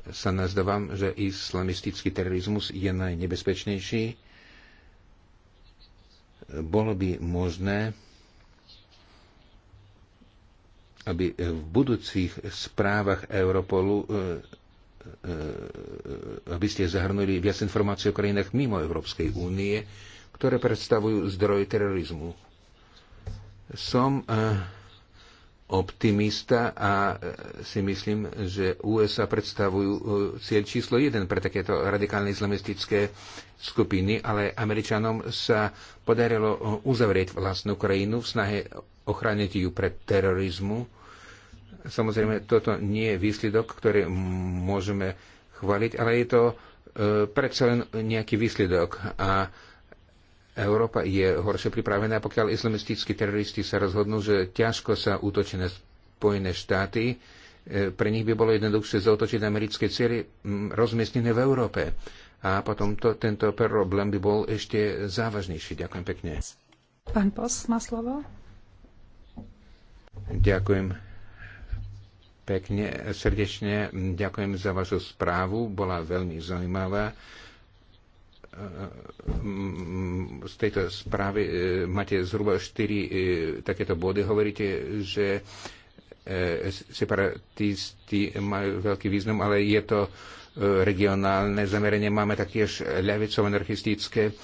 sa nazdávam, že islamistický terorizmus je najnebezpečnejší. Bolo by možné aby e, v budúcich správach Europolu e, e, aby ste zahrnuli viac informácií o krajinách mimo Európskej únie, ktoré predstavujú zdroj terorizmu. Som optimista a si myslím, že USA predstavujú cieľ číslo jeden pre takéto radikálne islamistické skupiny, ale Američanom sa podarilo uzavrieť vlastnú krajinu v snahe ochrániť ju pred terorizmu Samozrejme, toto nie je výsledok, ktorý môžeme chváliť, ale je to e, predsa len nejaký výsledok. A Európa je horšie pripravená, pokiaľ islamistickí teroristi sa rozhodnú, že ťažko sa útočí na Spojené štáty. E, pre nich by bolo jednoduchšie zautočiť americké cieľe rozmiestnené v Európe. A potom to, tento problém by bol ešte závažnejší. Ďakujem pekne. Pán Pos má slovo. Ďakujem pekne, srdečne ďakujem za vašu správu, bola veľmi zaujímavá. Z tejto správy e, máte zhruba 4 e, takéto body. Hovoríte, že e, separatisti majú veľký význam, ale je to regionálne zameranie. Máme taktiež ľavicovo-anarchistické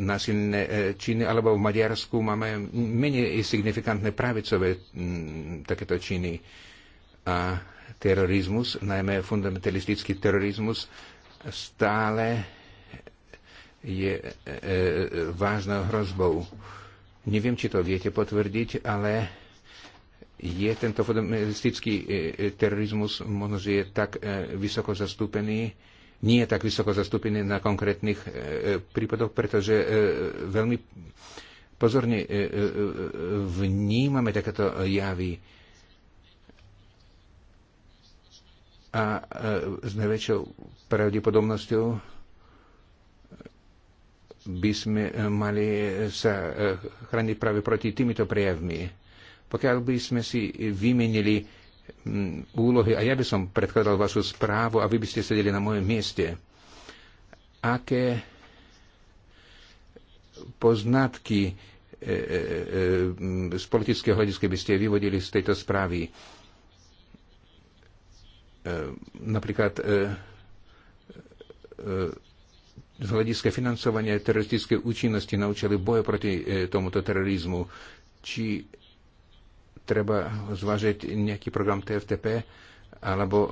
násilné činy, alebo v Maďarsku máme menej signifikantné pravicové takéto činy a terorizmus, najmä fundamentalistický terorizmus, stále je e, e, vážnou hrozbou. Neviem, či to viete potvrdiť, ale je tento fundamentalistický e, e terorizmus možno, že je tak e, vysoko zastúpený, nie je tak vysoko zastúpený na konkrétnych e, e prípadoch, pretože e, veľmi pozorne e, e, e vnímame takéto javy. E, a e, s najväčšou pravdepodobnosťou by sme e, mali sa e, chrániť práve proti týmito prejavmi. Pokiaľ by sme si vymenili úlohy, a ja by som predkladal vašu správu a vy by ste sedeli na mojom mieste, aké poznatky z politického hľadiska by ste vyvodili z tejto správy E, napríklad e, e, z hľadiska financovania teroristickej účinnosti naučili boja proti tomuto terorizmu. Či treba zvážiť nejaký program TFTP, alebo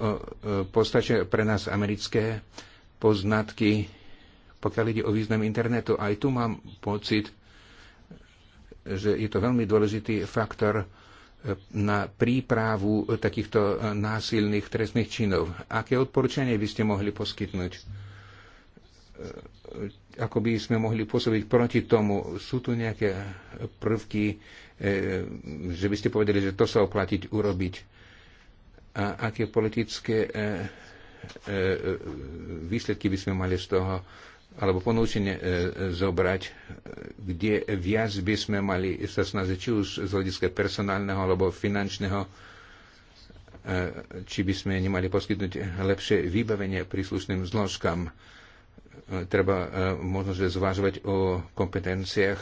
postačia pre nás americké poznatky, pokiaľ ide o význam internetu. Aj tu mám pocit, že je to veľmi dôležitý faktor, na prípravu takýchto násilných trestných činov. Aké odporúčanie by ste mohli poskytnúť? E, ako by sme mohli pôsobiť proti tomu? Sú tu nejaké prvky, e, že by ste povedali, že to sa oplatiť urobiť? A aké politické e, výsledky by sme mali z toho alebo ponúčenie e, e, zobrať, e, kde viac by sme mali sa snažiť, či už z hľadiska personálneho alebo finančného, či by sme nemali poskytnúť lepšie vybavenie príslušným zložkám. Treba možno zvážovať o kompetenciách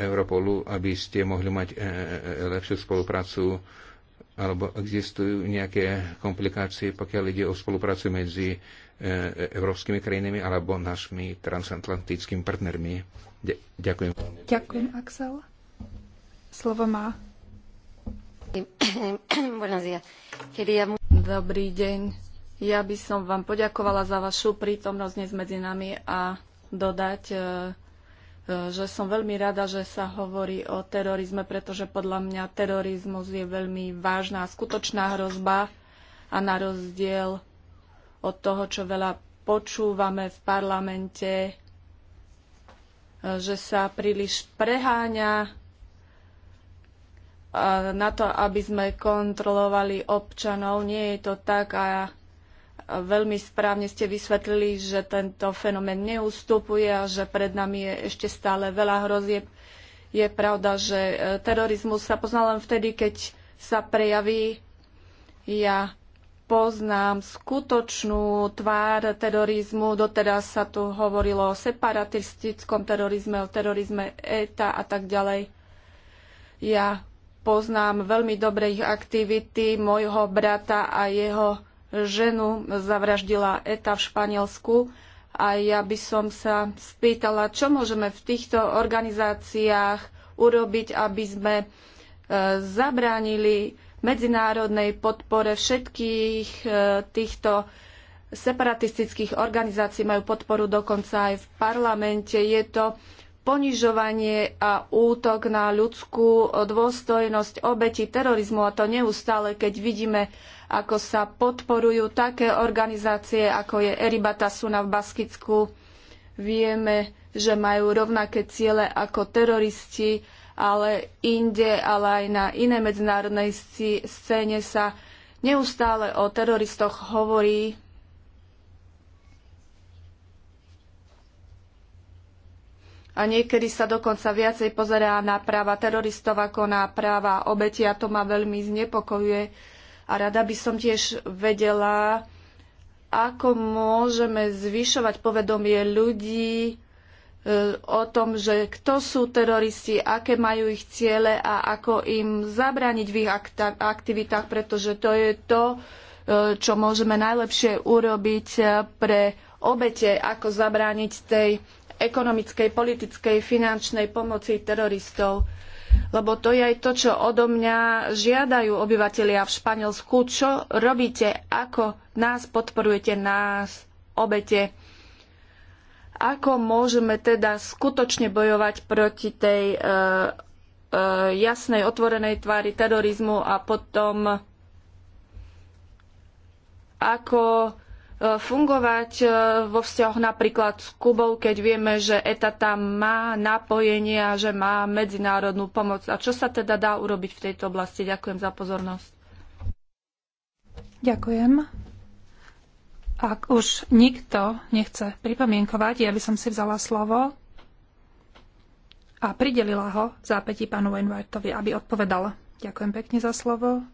Europolu, aby ste mohli mať lepšiu spoluprácu alebo existujú nejaké komplikácie, pokiaľ ide o spoluprácu medzi E, e, európskymi krajinami alebo našimi transatlantickými partnermi. Ďakujem. Ďakujem, Axel. Slovo má. [COUGHS] Dobrý deň. Ja by som vám poďakovala za vašu prítomnosť dnes medzi nami a dodať, e, že som veľmi rada, že sa hovorí o terorizme, pretože podľa mňa terorizmus je veľmi vážna a skutočná hrozba a na rozdiel od toho, čo veľa počúvame v parlamente, e, že sa príliš preháňa e, na to, aby sme kontrolovali občanov. Nie je to tak a veľmi správne ste vysvetlili, že tento fenomén neustupuje a že pred nami je ešte stále veľa hrozieb. Je pravda, že e, terorizmus sa pozná len vtedy, keď sa prejaví. Ja poznám skutočnú tvár terorizmu. Doteraz sa tu hovorilo o separatistickom terorizme, o terorizme ETA a tak ďalej. Ja poznám veľmi dobre ich aktivity. Mojho brata a jeho ženu zavraždila ETA v Španielsku. A ja by som sa spýtala, čo môžeme v týchto organizáciách urobiť, aby sme e, zabránili medzinárodnej podpore všetkých e, týchto separatistických organizácií, majú podporu dokonca aj v parlamente. Je to ponižovanie a útok na ľudskú dôstojnosť obeti terorizmu a to neustále, keď vidíme, ako sa podporujú také organizácie, ako je Eribata Suna v Baskicku. Vieme, že majú rovnaké ciele ako teroristi ale inde, ale aj na iné medzinárodnej scéne sa neustále o teroristoch hovorí. A niekedy sa dokonca viacej pozerá na práva teroristov ako na práva obeti a to ma veľmi znepokojuje. A rada by som tiež vedela, ako môžeme zvyšovať povedomie ľudí, o tom, že kto sú teroristi, aké majú ich ciele a ako im zabrániť v ich aktivitách, pretože to je to, e, čo môžeme najlepšie urobiť e, pre obete, ako zabrániť tej ekonomickej, politickej, finančnej pomoci teroristov. Lebo to je aj to, čo odo mňa žiadajú obyvatelia v Španielsku. Čo robíte? Ako nás podporujete, nás, obete? Ako môžeme teda skutočne bojovať proti tej e, e, jasnej, otvorenej tvári terorizmu a potom ako e, fungovať e, vo vzťahoch napríklad s Kubou, keď vieme, že ETA tam má napojenie a že má medzinárodnú pomoc. A čo sa teda dá urobiť v tejto oblasti? Ďakujem za pozornosť. Ďakujem. Ak už nikto nechce pripomienkovať, ja by som si vzala slovo a pridelila ho v zápäti pánu Wainwrightovi, aby odpovedal. Ďakujem pekne za slovo.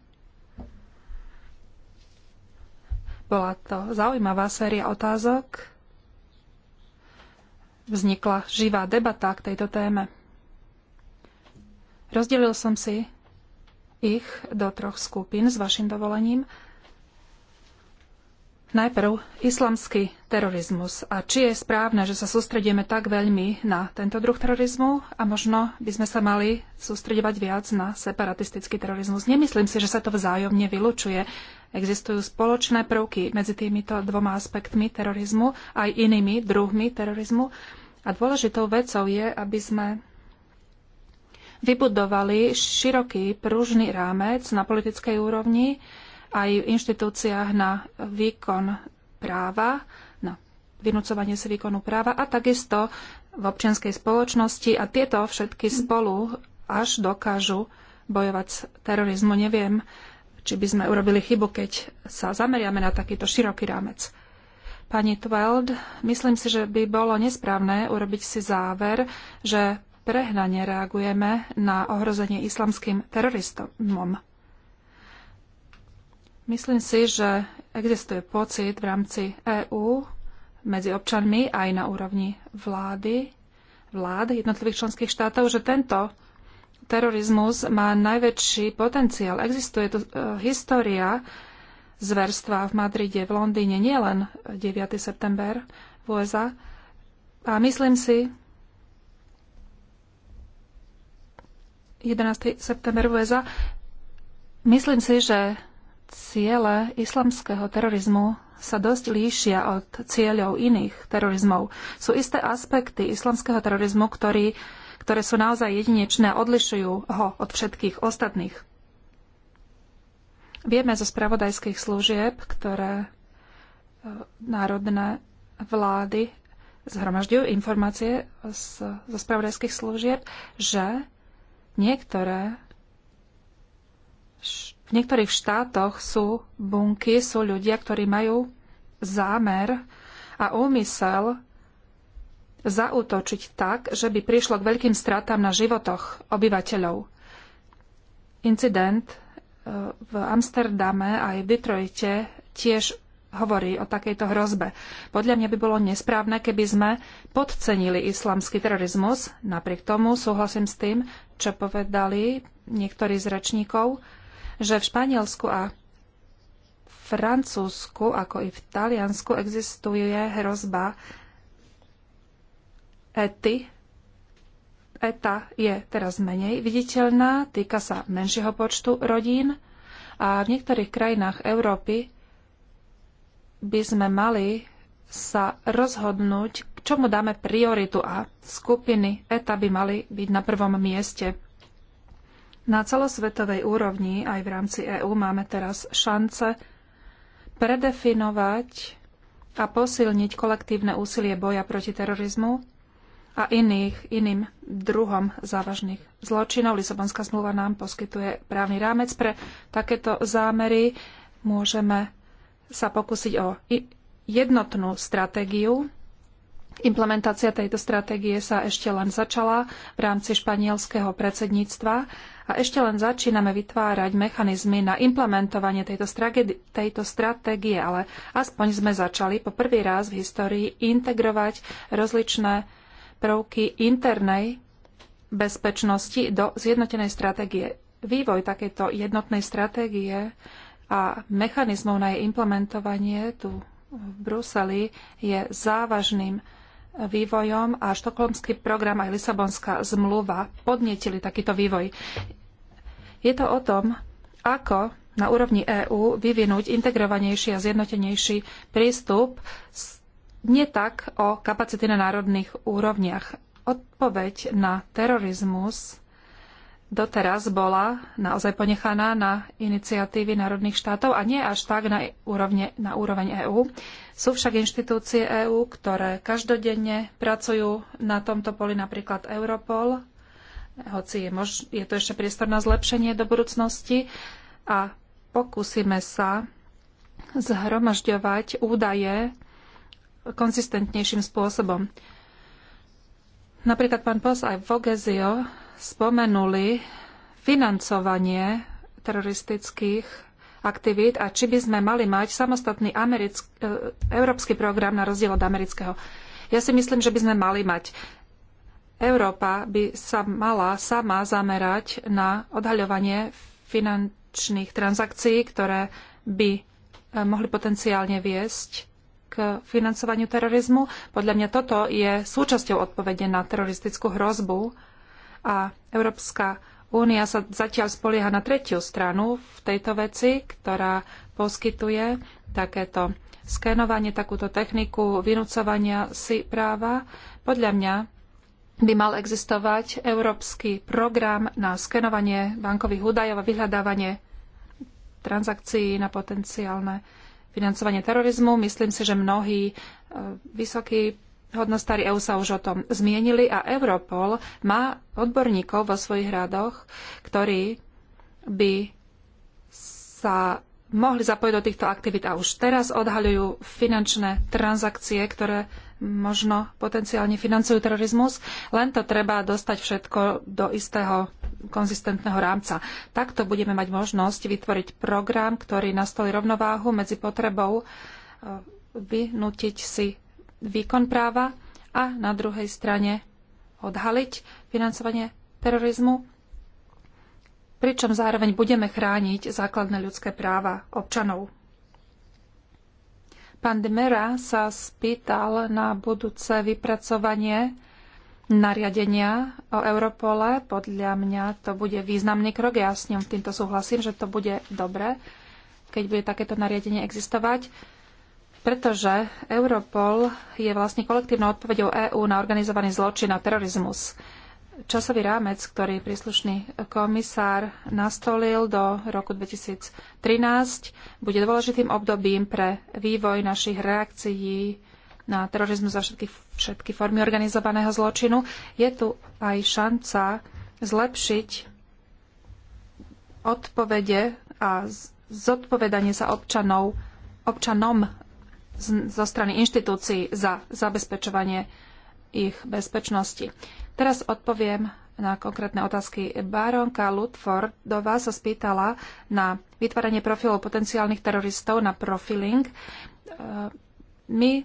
Bola to zaujímavá séria otázok. Vznikla živá debata k tejto téme. Rozdelil som si ich do troch skupín s vašim dovolením. Najprv islamský terorizmus. A či je správne, že sa sústredíme tak veľmi na tento druh terorizmu a možno by sme sa mali sústredovať viac na separatistický terorizmus. Nemyslím si, že sa to vzájomne vylučuje. Existujú spoločné prvky medzi týmito dvoma aspektmi terorizmu aj inými druhmi terorizmu. A dôležitou vecou je, aby sme vybudovali široký pružný rámec na politickej úrovni, aj v inštitúciách na výkon práva, na vynúcovanie si výkonu práva a takisto v občianskej spoločnosti a tieto všetky spolu až dokážu bojovať s terorizmu. Neviem, či by sme urobili chybu, keď sa zameriame na takýto široký rámec. Pani Tweld, myslím si, že by bolo nesprávne urobiť si záver, že prehnane reagujeme na ohrozenie islamským teroristom. Myslím si, že existuje pocit v rámci EÚ medzi občanmi aj na úrovni vlády, vlád jednotlivých členských štátov, že tento terorizmus má najväčší potenciál. Existuje e, história zverstva v Madride, v Londýne, nielen 9. september v USA. A myslím si, 11. september v USA, myslím si, že ciele islamského terorizmu sa dosť líšia od cieľov iných terorizmov. Sú isté aspekty islamského terorizmu, ktorý, ktoré sú naozaj jedinečné a odlišujú ho od všetkých ostatných. Vieme zo spravodajských služieb, ktoré e, národné vlády zhromažďujú informácie z, zo spravodajských služieb, že niektoré v niektorých štátoch sú bunky, sú ľudia, ktorí majú zámer a úmysel zautočiť tak, že by prišlo k veľkým stratám na životoch obyvateľov. Incident e, v Amsterdame aj v Detroite tiež hovorí o takejto hrozbe. Podľa mňa by bolo nesprávne, keby sme podcenili islamský terorizmus. Napriek tomu súhlasím s tým, čo povedali niektorí z rečníkov, že v Španielsku a Francúzsku, ako i v Taliansku, existuje hrozba ety. Eta je teraz menej viditeľná, týka sa menšieho počtu rodín a v niektorých krajinách Európy by sme mali sa rozhodnúť, k čomu dáme prioritu a skupiny ETA by mali byť na prvom mieste. Na celosvetovej úrovni aj v rámci EÚ máme teraz šance predefinovať a posilniť kolektívne úsilie boja proti terorizmu a iných, iným druhom závažných zločinov. Lisabonská zmluva nám poskytuje právny rámec pre takéto zámery. Môžeme sa pokúsiť o jednotnú stratégiu Implementácia tejto stratégie sa ešte len začala v rámci španielského predsedníctva a ešte len začíname vytvárať mechanizmy na implementovanie tejto, tejto stratégie, ale aspoň sme začali po prvý raz v histórii integrovať rozličné prvky internej bezpečnosti do zjednotenej stratégie. Vývoj takejto jednotnej stratégie a mechanizmov na jej implementovanie tu v Bruseli je závažným vývojom a štokholmský program aj Lisabonská zmluva podnietili takýto vývoj. Je to o tom, ako na úrovni EÚ vyvinúť integrovanejší a zjednotenejší prístup nie tak o kapacity na národných úrovniach. Odpoveď na terorizmus doteraz bola naozaj ponechaná na iniciatívy národných štátov a nie až tak na, úrovne, na úroveň EÚ. Sú však inštitúcie EÚ, ktoré každodenne pracujú na tomto poli, napríklad Europol, hoci je, mož, je to ešte priestor na zlepšenie do budúcnosti a pokúsime sa zhromažďovať údaje konzistentnejším spôsobom. Napríklad pán Pos aj Vogezio spomenuli financovanie teroristických aktivít a či by sme mali mať samostatný americk- e, európsky program na rozdiel od amerického. Ja si myslím, že by sme mali mať. Európa by sa mala sama zamerať na odhaľovanie finančných transakcií, ktoré by e, mohli potenciálne viesť k financovaniu terorizmu. Podľa mňa toto je súčasťou odpovede na teroristickú hrozbu a Európska únia sa zatiaľ spolieha na tretiu stranu v tejto veci, ktorá poskytuje takéto skenovanie, takúto techniku vynúcovania si práva. Podľa mňa by mal existovať európsky program na skenovanie bankových údajov a vyhľadávanie transakcií na potenciálne financovanie terorizmu. Myslím si, že mnohí e, vysokí hodnostári EU sa už o tom zmienili a Europol má odborníkov vo svojich radoch, ktorí by sa mohli zapojiť do týchto aktivít a už teraz odhaľujú finančné transakcie, ktoré možno potenciálne financujú terorizmus. Len to treba dostať všetko do istého konzistentného rámca. Takto budeme mať možnosť vytvoriť program, ktorý nastolí rovnováhu medzi potrebou e, vynútiť si výkon práva a na druhej strane odhaliť financovanie terorizmu, pričom zároveň budeme chrániť základné ľudské práva občanov. Pán Demera sa spýtal na budúce vypracovanie nariadenia o Europole. Podľa mňa to bude významný krok. Ja s ním týmto súhlasím, že to bude dobre, keď bude takéto nariadenie existovať pretože Europol je vlastne kolektívnou odpovedou EÚ na organizovaný zločin a terorizmus. Časový rámec, ktorý príslušný komisár nastolil do roku 2013, bude dôležitým obdobím pre vývoj našich reakcií na terorizmus a všetky, všetky formy organizovaného zločinu. Je tu aj šanca zlepšiť odpovede a zodpovedanie sa občanov občanom zo strany inštitúcií za zabezpečovanie ich bezpečnosti. Teraz odpoviem na konkrétne otázky. Baronka Ludfordová sa spýtala na vytváranie profilov potenciálnych teroristov, na profiling. E, my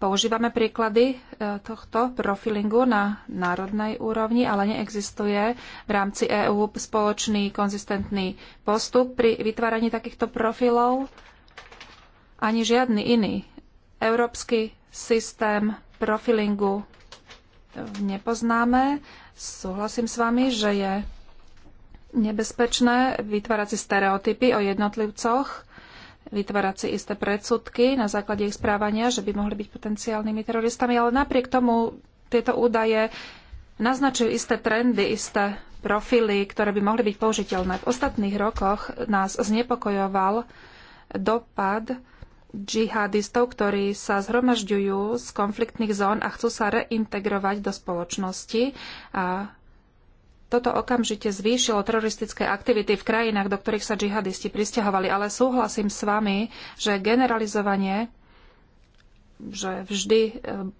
používame príklady e, tohto profilingu na národnej úrovni, ale neexistuje v rámci EÚ spoločný konzistentný postup pri vytváraní takýchto profilov ani žiadny iný európsky systém profilingu nepoznáme. Súhlasím s vami, že je nebezpečné vytvárať si stereotypy o jednotlivcoch, vytvárať si isté predsudky na základe ich správania, že by mohli byť potenciálnymi teroristami, ale napriek tomu tieto údaje naznačujú isté trendy, isté profily, ktoré by mohli byť použiteľné. V ostatných rokoch nás znepokojoval dopad džihadistov, ktorí sa zhromažďujú z konfliktných zón a chcú sa reintegrovať do spoločnosti. A toto okamžite zvýšilo teroristické aktivity v krajinách, do ktorých sa džihadisti pristahovali. Ale súhlasím s vami, že generalizovanie že vždy e,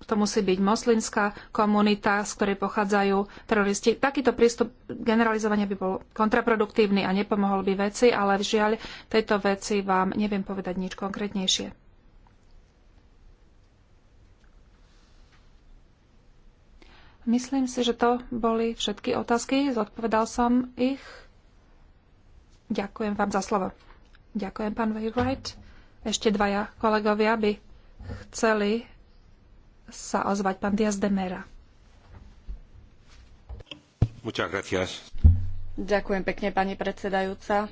to musí byť moslimská komunita, z ktorej pochádzajú teroristi. Takýto prístup generalizovania by bol kontraproduktívny a nepomohol by veci, ale žiaľ tejto veci vám neviem povedať nič konkrétnejšie. Myslím si, že to boli všetky otázky. Zodpovedal som ich. Ďakujem vám za slovo. Ďakujem, pán Wright. Ešte dvaja kolegovia by chceli sa ozvať. Pán Diaz de Mera. Ďakujem pekne, pani predsedajúca.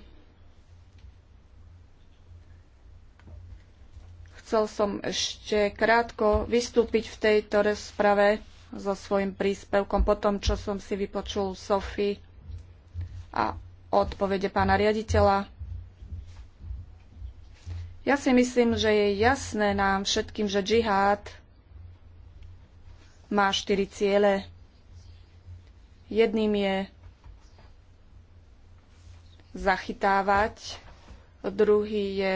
Chcel som ešte krátko vystúpiť v tejto rozprave so svojím príspevkom po tom, čo som si vypočul Sofy a odpovede pána riaditeľa. Ja si myslím, že je jasné nám všetkým, že džihad má štyri ciele. Jedným je zachytávať, druhý je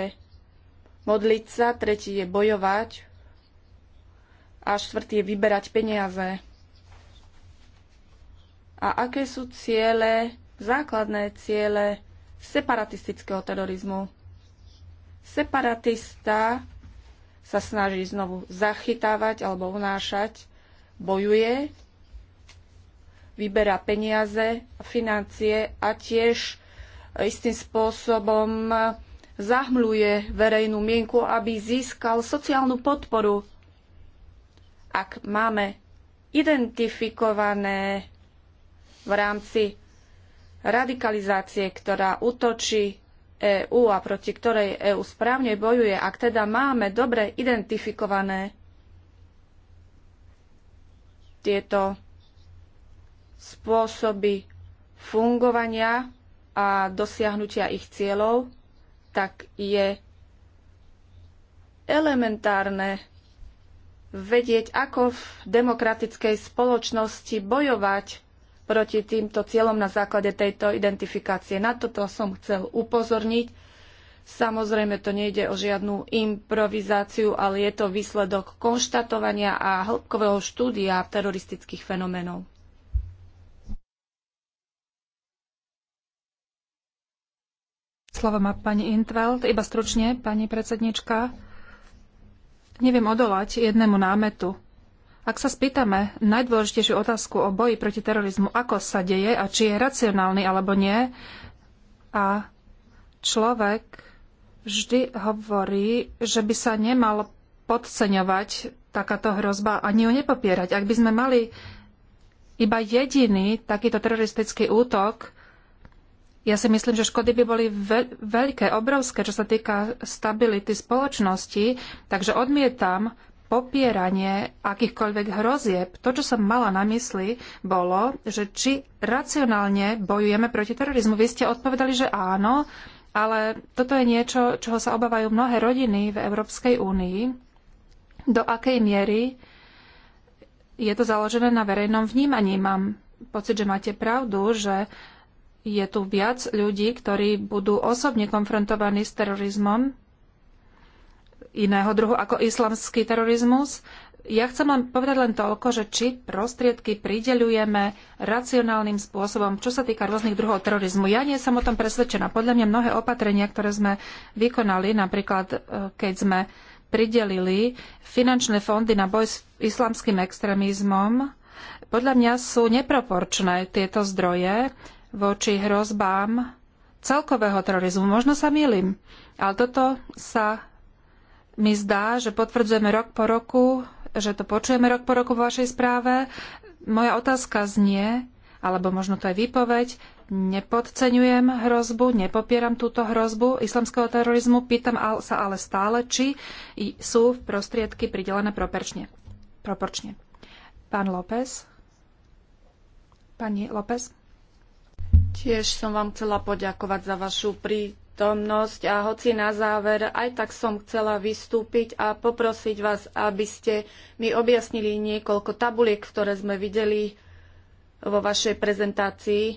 modliť sa, tretí je bojovať a štvrtý je vyberať peniaze. A aké sú ciele, základné ciele separatistického terorizmu? Separatista sa snaží znovu zachytávať alebo unášať, bojuje, vyberá peniaze, financie a tiež istým spôsobom zahmluje verejnú mienku, aby získal sociálnu podporu. Ak máme identifikované v rámci radikalizácie, ktorá útočí EÚ a proti ktorej EÚ správne bojuje, ak teda máme dobre identifikované tieto spôsoby fungovania a dosiahnutia ich cieľov, tak je elementárne vedieť, ako v demokratickej spoločnosti bojovať proti týmto cieľom na základe tejto identifikácie. Na toto som chcel upozorniť. Samozrejme, to nejde o žiadnu improvizáciu, ale je to výsledok konštatovania a hĺbkového štúdia teroristických fenoménov. Slovo má pani Intveld. Iba stručne, pani predsednička. Neviem odolať jednému námetu ak sa spýtame najdôležitejšiu otázku o boji proti terorizmu, ako sa deje a či je racionálny alebo nie, a človek vždy hovorí, že by sa nemal podceňovať takáto hrozba ani ju nepopierať. Ak by sme mali iba jediný takýto teroristický útok, ja si myslím, že škody by boli veľ- veľké, obrovské, čo sa týka stability spoločnosti, takže odmietam popieranie akýchkoľvek hrozieb. To, čo som mala na mysli, bolo, že či racionálne bojujeme proti terorizmu. Vy ste odpovedali, že áno, ale toto je niečo, čoho sa obávajú mnohé rodiny v Európskej únii. Do akej miery je to založené na verejnom vnímaní? Mám pocit, že máte pravdu, že je tu viac ľudí, ktorí budú osobne konfrontovaní s terorizmom iného druhu ako islamský terorizmus. Ja chcem len povedať len toľko, že či prostriedky prideľujeme racionálnym spôsobom, čo sa týka rôznych druhov terorizmu. Ja nie som o tom presvedčená. Podľa mňa mnohé opatrenia, ktoré sme vykonali, napríklad e, keď sme pridelili finančné fondy na boj s islamským extrémizmom, podľa mňa sú neproporčné tieto zdroje voči hrozbám celkového terorizmu. Možno sa milím, ale toto sa mi zdá, že potvrdzujeme rok po roku, že to počujeme rok po roku vo vašej správe. Moja otázka znie, alebo možno to je výpoveď, nepodceňujem hrozbu, nepopieram túto hrozbu islamského terorizmu, pýtam sa ale stále, či sú prostriedky pridelené proporčne. proporčne. Pán López? Pani López? Tiež som vám chcela poďakovať za vašu prí, prítomnosť a hoci na záver aj tak som chcela vystúpiť a poprosiť vás, aby ste mi objasnili niekoľko tabuliek, ktoré sme videli vo vašej prezentácii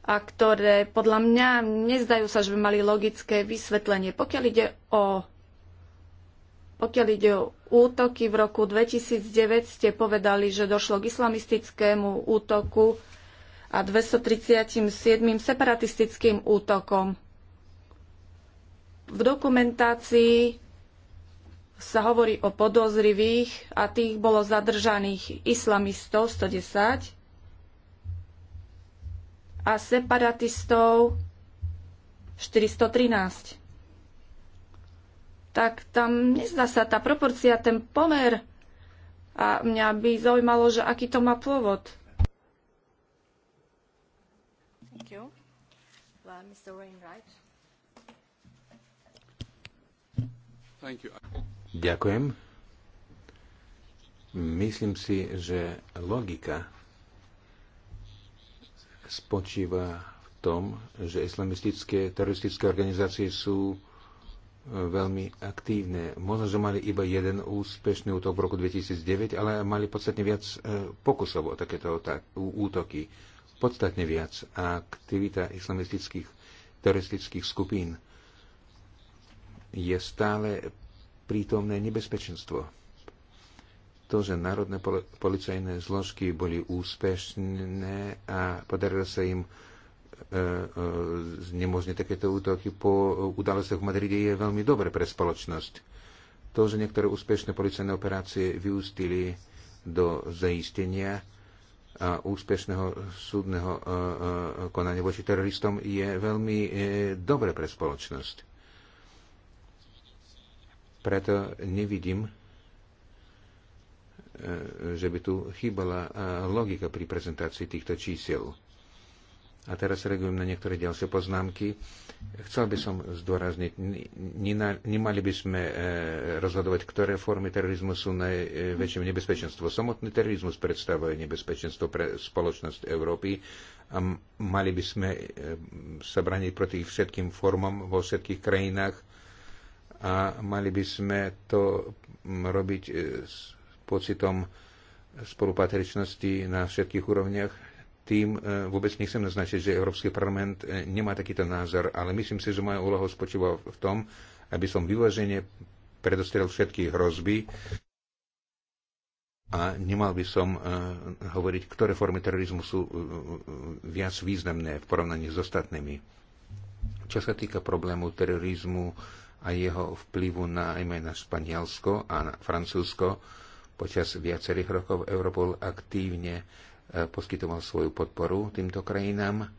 a ktoré podľa mňa nezdajú sa, že by mali logické vysvetlenie. Pokiaľ ide o, pokiaľ ide o útoky v roku 2009, ste povedali, že došlo k islamistickému útoku a 237 separatistickým útokom. V dokumentácii sa hovorí o podozrivých a tých bolo zadržaných islamistov 110 a separatistov 413. Tak tam nezdá sa tá proporcia, ten pomer. A mňa by zaujímalo, že aký to má pôvod. Well, Mr. Wainwright. Ďakujem. Myslím si, že logika spočíva v tom, že islamistické teroristické organizácie sú e, veľmi aktívne. Možno, že mali iba jeden úspešný útok v roku 2009, ale mali podstatne viac e, pokusov o takéto útoky. Podstatne viac. A aktivita islamistických teroristických skupín je stále prítomné nebezpečenstvo. To, že národné policajné zložky boli úspešné a podarilo sa im e, e, znemožniť takéto útoky po udalostiach v Madride je veľmi dobre pre spoločnosť. To, že niektoré úspešné policajné operácie vyústili do zaistenia a úspešného súdneho e, konania voči teroristom, je veľmi dobre pre spoločnosť. Preto nevidím, e, že by tu chýbala e, logika pri prezentácii týchto čísel. A teraz reagujem na niektoré ďalšie poznámky. Chcel by som zdôrazniť, nemali by sme e, rozhodovať, ktoré formy terorizmu sú najväčším nebezpečenstvom. Samotný terorizmus predstavuje nebezpečenstvo pre spoločnosť Európy a mali by sme sa braniť proti všetkým formám vo všetkých krajinách a mali by sme to mm, robiť e, s pocitom spolupatričnosti na všetkých úrovniach. Tým e, vôbec nechcem naznačiť, že Európsky parlament e, nemá takýto názor, ale myslím si, že moja úloha spočíva v tom, aby som vyvážene predostrel všetky hrozby a nemal by som hovoriť, ktoré formy terorizmu sú viac významné v porovnaní s ostatnými. Čo sa týka problému terorizmu a jeho vplyvu na najmä na Španielsko a na Francúzsko. Počas viacerých rokov Europol aktívne e, poskytoval svoju podporu týmto krajinám.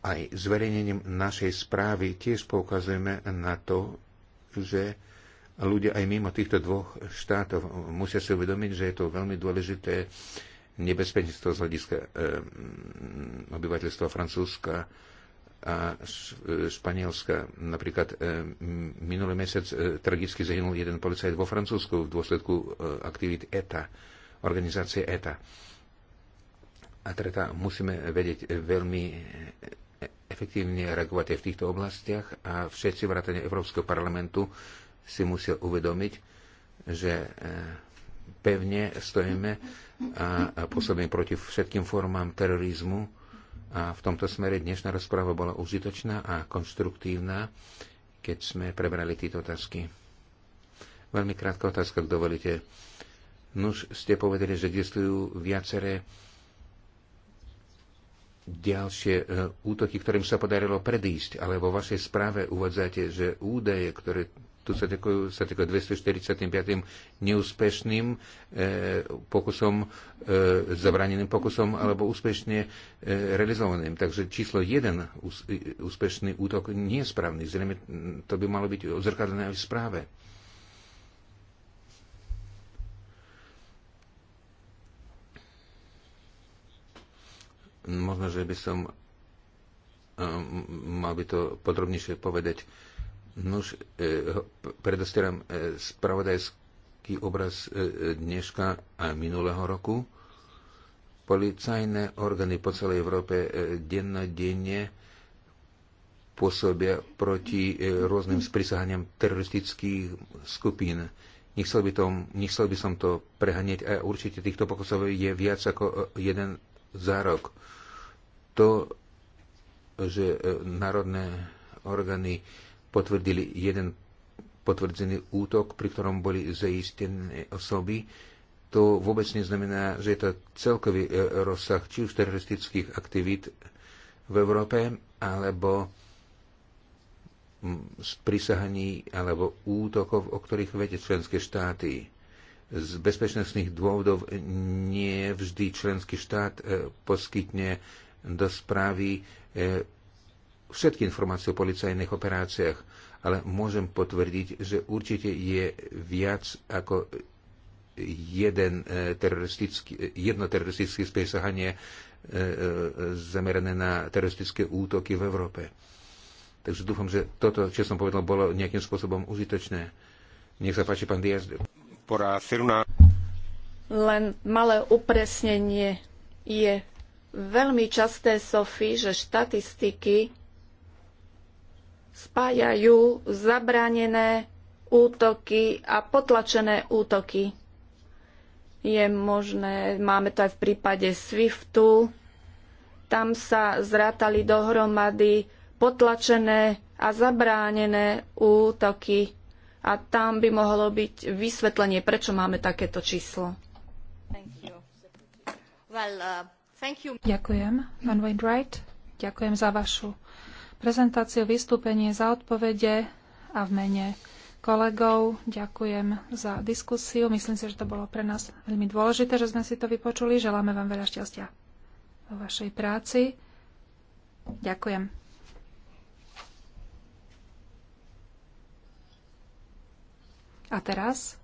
Aj zverejnením našej správy tiež poukazujeme na to, že ľudia aj mimo týchto dvoch štátov musia si uvedomiť, že je to veľmi dôležité nebezpečenstvo z hľadiska e, obyvateľstva Francúzska a Španielska. Napríklad e, minulý mesiac e, tragicky zahynul jeden policajt vo Francúzsku v dôsledku e, aktivít ETA, organizácie ETA. A teda musíme vedieť veľmi efektívne reagovať aj v týchto oblastiach a všetci vrátane Európskeho parlamentu si musia uvedomiť, že pevne stojíme a pôsobíme proti všetkým formám terorizmu, a v tomto smere dnešná rozpráva bola užitočná a konštruktívna, keď sme prebrali tieto otázky. Veľmi krátka otázka, ak dovolíte. Nuž ste povedali, že existujú viaceré ďalšie e, útoky, ktorým sa podarilo predísť, ale vo vašej správe uvádzate, že údaje, ktoré tu sa týkajú, 245. neúspešným e, pokusom, e, zabraneným pokusom alebo úspešne e, realizovaným. Takže číslo 1 ús, e, úspešný útok nie je správny. Zrejme to by malo byť odzrkadlené aj v správe. Možno, že by som e, mal by to podrobnejšie povedať. E, Nož, e, predostieram e, spravodajský obraz e, dneška a minulého roku. Policajné orgány po celej Európe dennodenne pôsobia proti rôznym sprísahaniam teroristických skupín. Nechcel by, tom, nechcel by som to prehaneť a určite týchto pokusov je viac ako jeden za rok. To, že národné orgány potvrdili jeden potvrdzený útok, pri ktorom boli zaistené osoby. To vôbec neznamená, že je to celkový e, rozsah či už teroristických aktivít v Európe, alebo z prisahaní alebo útokov, o ktorých vedie členské štáty. Z bezpečnostných dôvodov nie vždy členský štát e, poskytne do správy e, všetky informácie o policajných operáciách, ale môžem potvrdiť, že určite je viac ako jeden e, teroristický, jedno teroristické spiesahanie e, e, zamerané na teroristické útoky v Európe. Takže dúfam, že toto, čo som povedal, bolo nejakým spôsobom užitočné. Nech sa páči, pán Diaz. Len malé upresnenie je veľmi časté, Sofy, že štatistiky spájajú zabránené útoky a potlačené útoky. Je možné, máme to aj v prípade SWIFTu, tam sa zrátali dohromady potlačené a zabránené útoky a tam by mohlo byť vysvetlenie, prečo máme takéto číslo. Well, uh, Ďakujem, pán Wainwright. Ďakujem za vašu prezentáciu, vystúpenie, za odpovede a v mene kolegov. Ďakujem za diskusiu. Myslím si, že to bolo pre nás veľmi dôležité, že sme si to vypočuli. Želáme vám veľa šťastia vo vašej práci. Ďakujem. A teraz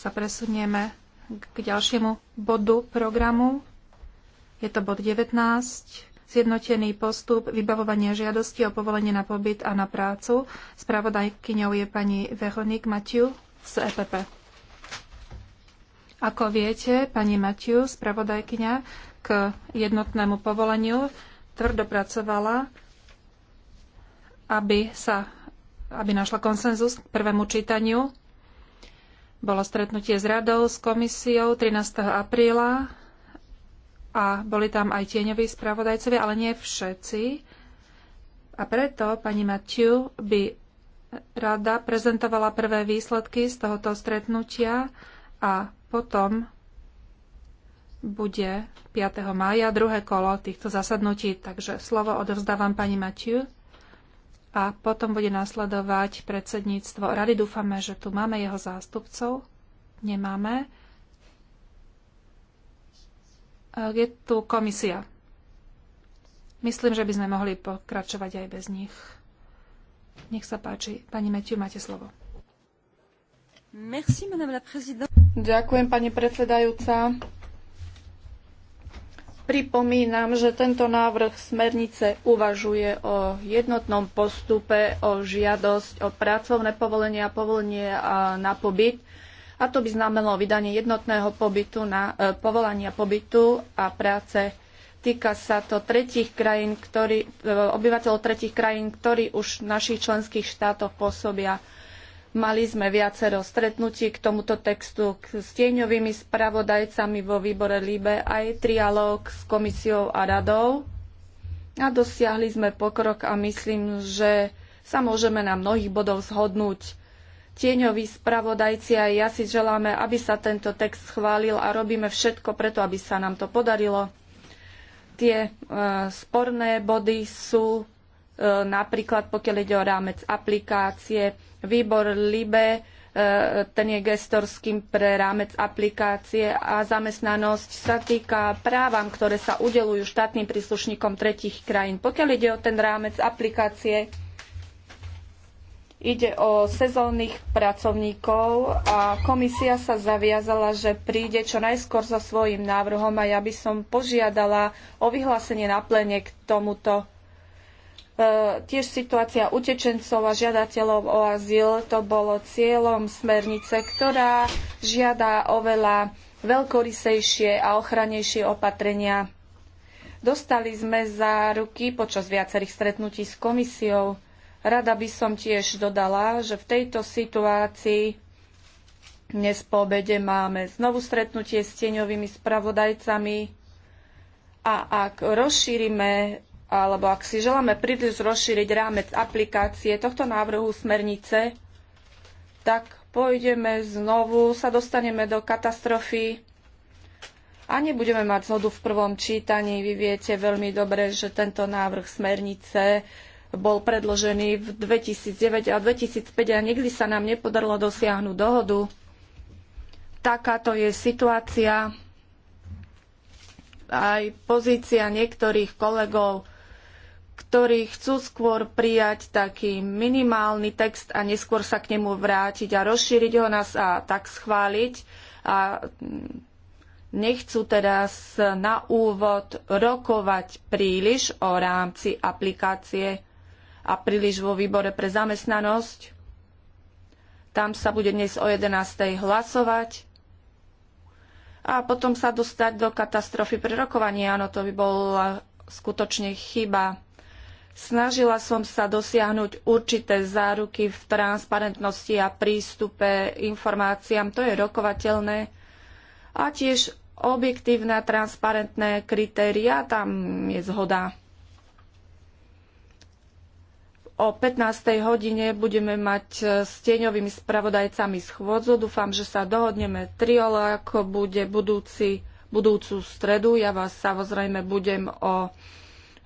sa presunieme k ďalšiemu bodu programu. Je to bod 19 zjednotený postup vybavovania žiadosti o povolenie na pobyt a na prácu. Spravodajkyňou je pani Veronique Mathieu z EPP. Ako viete, pani Mathieu, spravodajkyňa k jednotnému povoleniu, tvrdopracovala, aby, sa, aby našla konsenzus k prvému čítaniu bolo stretnutie s radou, s komisiou 13. apríla a boli tam aj tieňoví spravodajcovia, ale nie všetci. A preto pani Matiu by rada prezentovala prvé výsledky z tohoto stretnutia a potom bude 5. mája druhé kolo týchto zasadnutí. Takže slovo odovzdávam pani Matiu. a potom bude nasledovať predsedníctvo rady. Dúfame, že tu máme jeho zástupcov. Nemáme. Eh, je tu komisia. Myslím, že by sme mohli pokračovať aj bez nich. Nech sa páči. Pani Metiu, máte slovo. Merci, madame la Ďakujem, pani predsedajúca. Pripomínam, že tento návrh smernice uvažuje o jednotnom postupe, o žiadosť, o pracovné povolenie a povolenie na pobyt a to by znamenalo vydanie jednotného pobytu na e, povolania pobytu a práce. Týka sa to tretich krajín, ktorý, e, obyvateľov tretich krajín, ktorí už v našich členských štátoch pôsobia. Mali sme viacero stretnutí k tomuto textu k stieňovými spravodajcami vo výbore LIBE aj trialóg s komisiou a radou. A dosiahli sme pokrok a myslím, že sa môžeme na mnohých bodoch zhodnúť Tieňoví spravodajci a ja si želáme, aby sa tento text schválil a robíme všetko preto, aby sa nám to podarilo. Tie e, sporné body sú e, napríklad, pokiaľ ide o rámec aplikácie, výbor LIBE, e, ten je gestorským pre rámec aplikácie a zamestnanosť sa týka právam, ktoré sa udelujú štátnym príslušníkom tretich krajín. Pokiaľ ide o ten rámec aplikácie, Ide o sezónnych pracovníkov a komisia sa zaviazala, že príde čo najskôr so svojím návrhom a ja by som požiadala o vyhlásenie na plene k tomuto. E, tiež situácia utečencov a žiadateľov o azyl, to bolo cieľom smernice, ktorá žiada oveľa veľkorysejšie a ochrannejšie opatrenia. Dostali sme záruky počas viacerých stretnutí s komisiou Rada by som tiež dodala, že v tejto situácii dnes po obede máme znovu stretnutie s tieňovými spravodajcami a ak rozšírime alebo ak si želáme príliš rozšíriť rámec aplikácie tohto návrhu smernice, tak pôjdeme znovu, sa dostaneme do katastrofy a nebudeme mať zhodu v prvom čítaní. Vy viete veľmi dobre, že tento návrh smernice bol predložený v 2009 a 2005 a nikdy sa nám nepodarilo dosiahnuť dohodu. Takáto je situácia. Aj pozícia niektorých kolegov, ktorí chcú skôr prijať taký minimálny text a neskôr sa k nemu vrátiť a rozšíriť ho nás a tak schváliť. A nechcú teraz na úvod rokovať príliš o rámci aplikácie a príliš vo výbore pre zamestnanosť. Tam sa bude dnes o 11.00 hlasovať a potom sa dostať do katastrofy pre rokovanie. Áno, to by bola skutočne chyba. Snažila som sa dosiahnuť určité záruky v transparentnosti a prístupe informáciám, to je rokovateľné, a tiež objektívne a transparentné kritériá, tam je zhoda. O 15. hodine budeme mať e, s tieňovými spravodajcami schôdzu. Dúfam, že sa dohodneme triola, ako bude budúci, budúcu stredu. Ja vás samozrejme budem o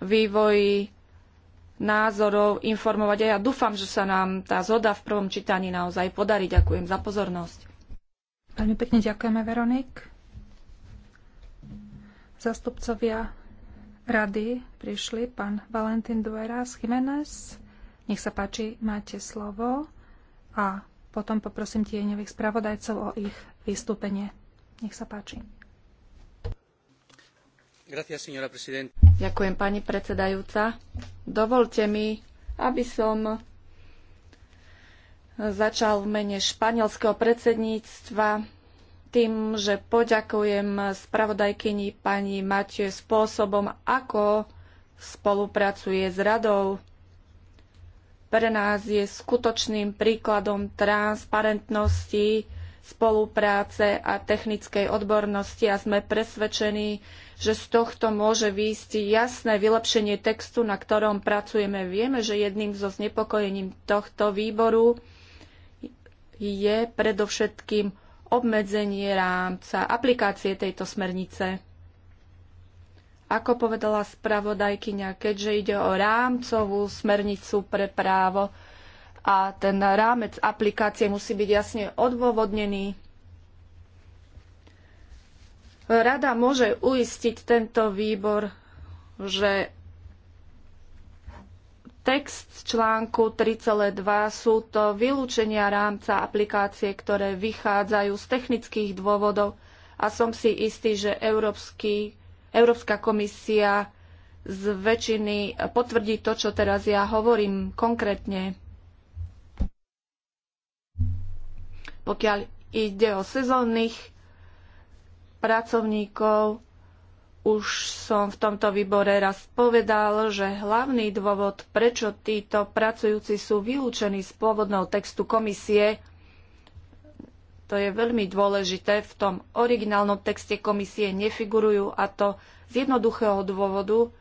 vývoji názorov informovať a ja dúfam, že sa nám tá zhoda v prvom čítaní naozaj podarí. Ďakujem za pozornosť. Veľmi pekne ďakujeme, Veronik. Zastupcovia rady prišli pán Valentín z Jiménez, nech sa páči, máte slovo a potom poprosím tieňových spravodajcov o ich vystúpenie. Nech sa páči. Ďakujem, pani predsedajúca. Dovolte mi, aby som začal v mene španielského predsedníctva tým, že poďakujem spravodajkyni pani Matie spôsobom, ako spolupracuje s radou pre nás je skutočným príkladom transparentnosti, spolupráce a technickej odbornosti a sme presvedčení, že z tohto môže výjsť jasné vylepšenie textu, na ktorom pracujeme. Vieme, že jedným zo znepokojením tohto výboru je predovšetkým obmedzenie rámca aplikácie tejto smernice. Ako povedala spravodajkyňa, keďže ide o rámcovú smernicu pre právo a ten rámec aplikácie musí byť jasne odôvodnený, Rada môže uistiť tento výbor, že text článku 3.2 sú to vylúčenia rámca aplikácie, ktoré vychádzajú z technických dôvodov a som si istý, že Európsky Európska komisia z väčšiny potvrdí to, čo teraz ja hovorím konkrétne. Pokiaľ ide o sezónnych pracovníkov, už som v tomto výbore raz povedal, že hlavný dôvod, prečo títo pracujúci sú vylúčení z pôvodného textu komisie, to je veľmi dôležité, v tom originálnom texte komisie nefigurujú a to z jednoduchého dôvodu,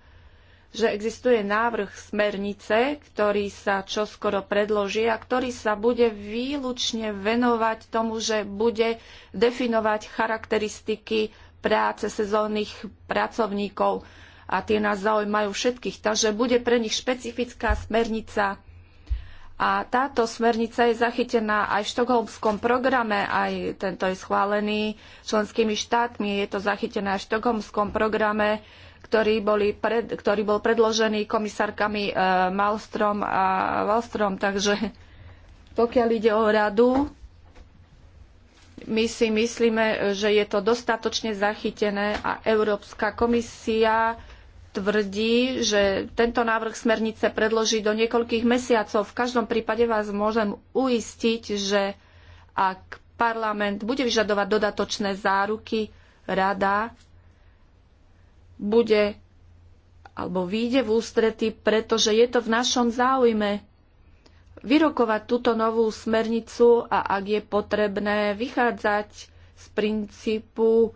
že existuje návrh smernice, ktorý sa čoskoro predloží a ktorý sa bude výlučne venovať tomu, že bude definovať charakteristiky práce sezónnych pracovníkov a tie nás zaujímajú všetkých. Takže bude pre nich špecifická smernica a táto smernica je zachytená aj v štokholmskom programe, aj tento je schválený členskými štátmi. Je to zachytené aj v štokholmskom programe, ktorý, boli pred, ktorý bol predložený komisárkami e, Malstrom a Wallstrom. Takže pokiaľ ide o radu, my si myslíme, že je to dostatočne zachytené a Európska komisia tvrdí, že tento návrh smernice predloží do niekoľkých mesiacov. V každom prípade vás môžem uistiť, že ak parlament bude vyžadovať dodatočné záruky, rada bude alebo vyjde v ústrety, pretože je to v našom záujme vyrokovať túto novú smernicu a ak je potrebné vychádzať z princípu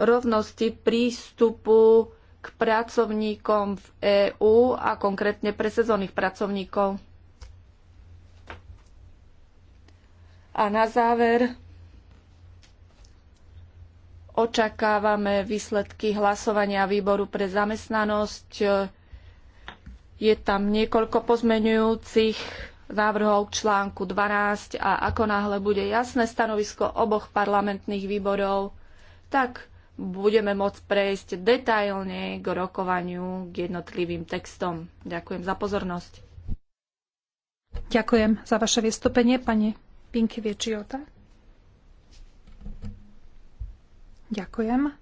rovnosti prístupu pracovníkom v EÚ a konkrétne pre sezónnych pracovníkov. A na záver očakávame výsledky hlasovania výboru pre zamestnanosť. Je tam niekoľko pozmenujúcich návrhov k článku 12 a ako náhle bude jasné stanovisko oboch parlamentných výborov, tak budeme môcť prejsť detailne k rokovaniu k jednotlivým textom. Ďakujem za pozornosť. Ďakujem za vaše vystúpenie, pani Pinky Viečiota. Ďakujem.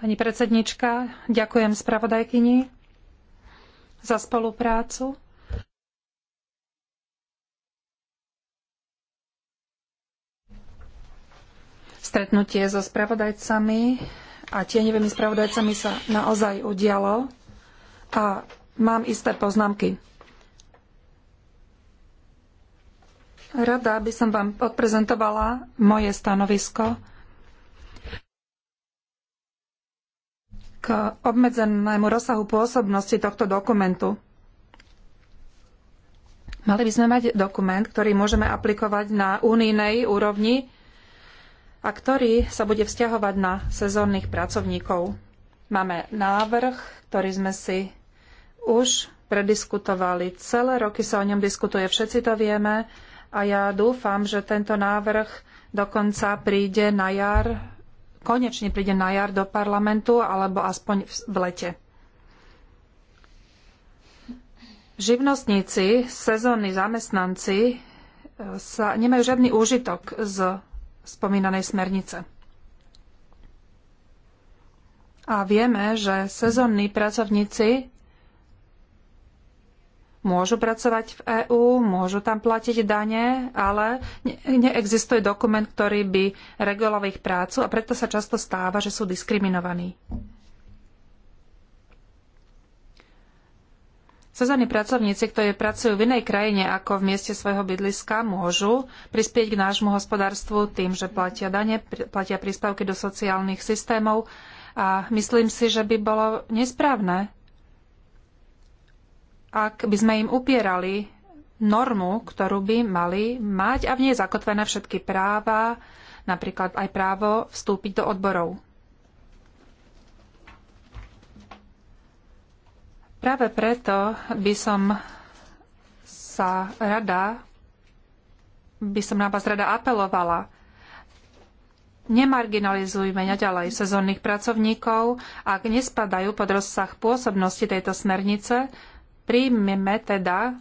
Pani predsednička, ďakujem spravodajkyni za spoluprácu. Stretnutie so spravodajcami a tieňovými spravodajcami sa naozaj udialo a mám isté poznámky. Rada by som vám odprezentovala moje stanovisko k obmedzenému rozsahu pôsobnosti tohto dokumentu. Mali by sme mať dokument, ktorý môžeme aplikovať na unijnej úrovni a ktorý sa bude vzťahovať na sezónnych pracovníkov. Máme návrh, ktorý sme si už prediskutovali. Celé roky sa o ňom diskutuje, všetci to vieme a ja dúfam, že tento návrh dokonca príde na jar, konečne príde na jar do parlamentu alebo aspoň v lete. Živnostníci, sezónni zamestnanci e, sa nemajú žiadny úžitok z spomínanej smernice. A vieme, že sezónni pracovníci môžu pracovať v EÚ, môžu tam platiť dane, ale neexistuje dokument, ktorý by reguloval ich prácu a preto sa často stáva, že sú diskriminovaní. Sezónni pracovníci, ktorí pracujú v inej krajine ako v mieste svojho bydliska, môžu prispieť k nášmu hospodárstvu tým, že platia dane, platia príspevky do sociálnych systémov a myslím si, že by bolo nesprávne, ak by sme im upierali normu, ktorú by mali mať a v nej zakotvené všetky práva, napríklad aj právo vstúpiť do odborov. Práve preto by som sa rada, by som na vás rada apelovala, Nemarginalizujme naďalej sezónnych pracovníkov, ak nespadajú pod rozsah pôsobnosti tejto smernice, príjmeme teda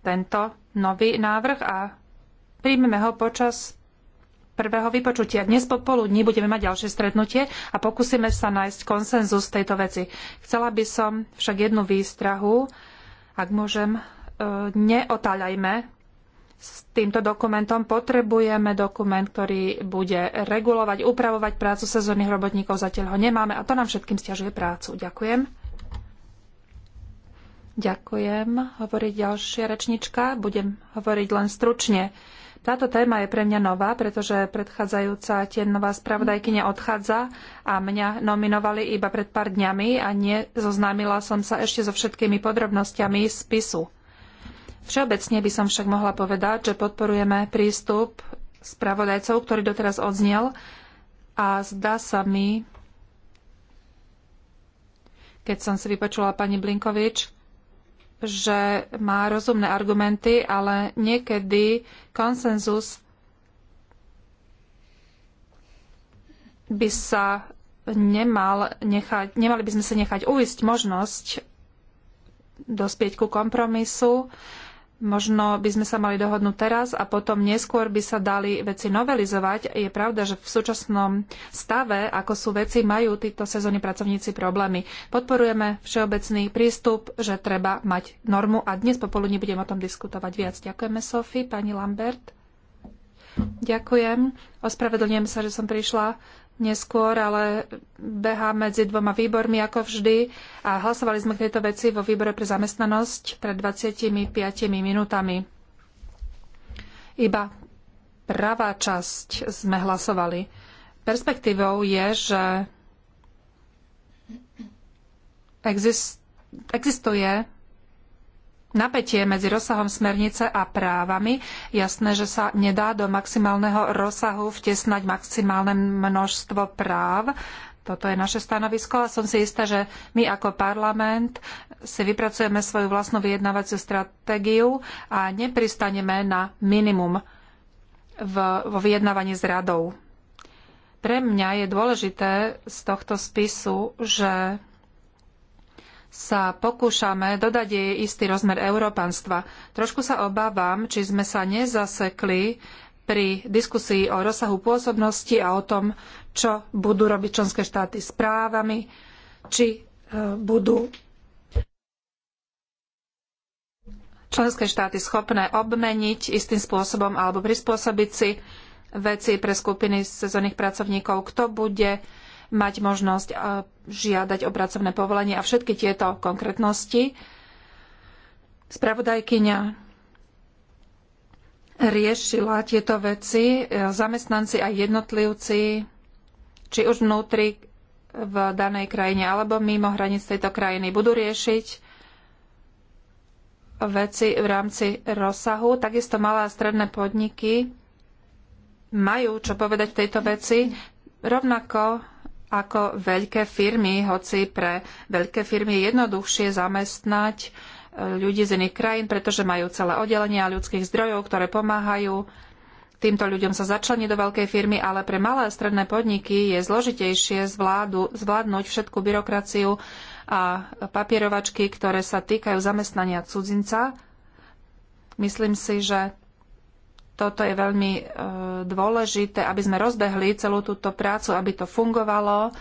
tento nový návrh a príjmeme ho počas prvého vypočutia. Dnes popoludní budeme mať ďalšie stretnutie a pokúsime sa nájsť konsenzus tejto veci. Chcela by som však jednu výstrahu, ak môžem, e, neotáľajme s týmto dokumentom. Potrebujeme dokument, ktorý bude regulovať, upravovať prácu sezónnych robotníkov. Zatiaľ ho nemáme a to nám všetkým stiažuje prácu. Ďakujem. Ďakujem, hovorí ďalšia rečnička. Budem hovoriť len stručne. Táto téma je pre mňa nová, pretože predchádzajúca tiennová spravodajkyňa odchádza a mňa nominovali iba pred pár dňami a nezoznámila som sa ešte so všetkými podrobnosťami spisu. Všeobecne by som však mohla povedať, že podporujeme prístup spravodajcov, ktorý doteraz odznel a zdá sa mi, keď som si vypočula pani Blinkovič, že má rozumné argumenty, ale niekedy konsenzus by sa nemal nechať, nemali by sme sa nechať uísť možnosť dospieť ku kompromisu Možno by sme sa mali dohodnúť teraz a potom neskôr by sa dali veci novelizovať. Je pravda, že v súčasnom stave, ako sú veci, majú títo sezónni pracovníci problémy. Podporujeme všeobecný prístup, že treba mať normu a dnes popoludní budeme o tom diskutovať viac. Ďakujeme, Sofi, pani Lambert. Ďakujem. Ospravedlňujem sa, že som prišla neskôr, ale behá medzi dvoma výbormi ako vždy a hlasovali sme k tejto veci vo výbore pre zamestnanosť pred 25 minútami. Iba pravá časť sme hlasovali. Perspektívou je, že exist, existuje napätie medzi rozsahom smernice a právami. Jasné, že sa nedá do maximálneho rozsahu vtesnať maximálne množstvo práv. Toto je naše stanovisko a som si istá, že my ako parlament si vypracujeme svoju vlastnú vyjednávaciu stratégiu a nepristaneme na minimum v, vo vyjednávaní s radou. Pre mňa je dôležité z tohto spisu, že sa pokúšame dodať jej istý rozmer európanstva. Trošku sa obávam, či sme sa nezasekli pri diskusii o rozsahu pôsobnosti a o tom, čo budú robiť členské štáty s právami, či e, budú členské štáty schopné obmeniť istým spôsobom alebo prispôsobiť si veci pre skupiny sezónnych pracovníkov, kto bude mať možnosť e, žiadať o pracovné povolenie a všetky tieto konkrétnosti. Spravodajkyňa riešila tieto veci. E, zamestnanci a jednotlivci, či už vnútri v danej krajine alebo mimo hranic tejto krajiny, budú riešiť veci v rámci rozsahu. Takisto malé a stredné podniky majú čo povedať v tejto veci. Rovnako ako veľké firmy, hoci pre veľké firmy je jednoduchšie zamestnať e, ľudí z iných krajín, pretože majú celé oddelenia ľudských zdrojov, ktoré pomáhajú týmto ľuďom sa začlení do veľkej firmy, ale pre malé a stredné podniky je zložitejšie zvládu, zvládnuť všetku byrokraciu a papierovačky, ktoré sa týkajú zamestnania cudzinca. Myslím si, že toto je veľmi e, dôležité, aby sme rozbehli celú túto prácu, aby to fungovalo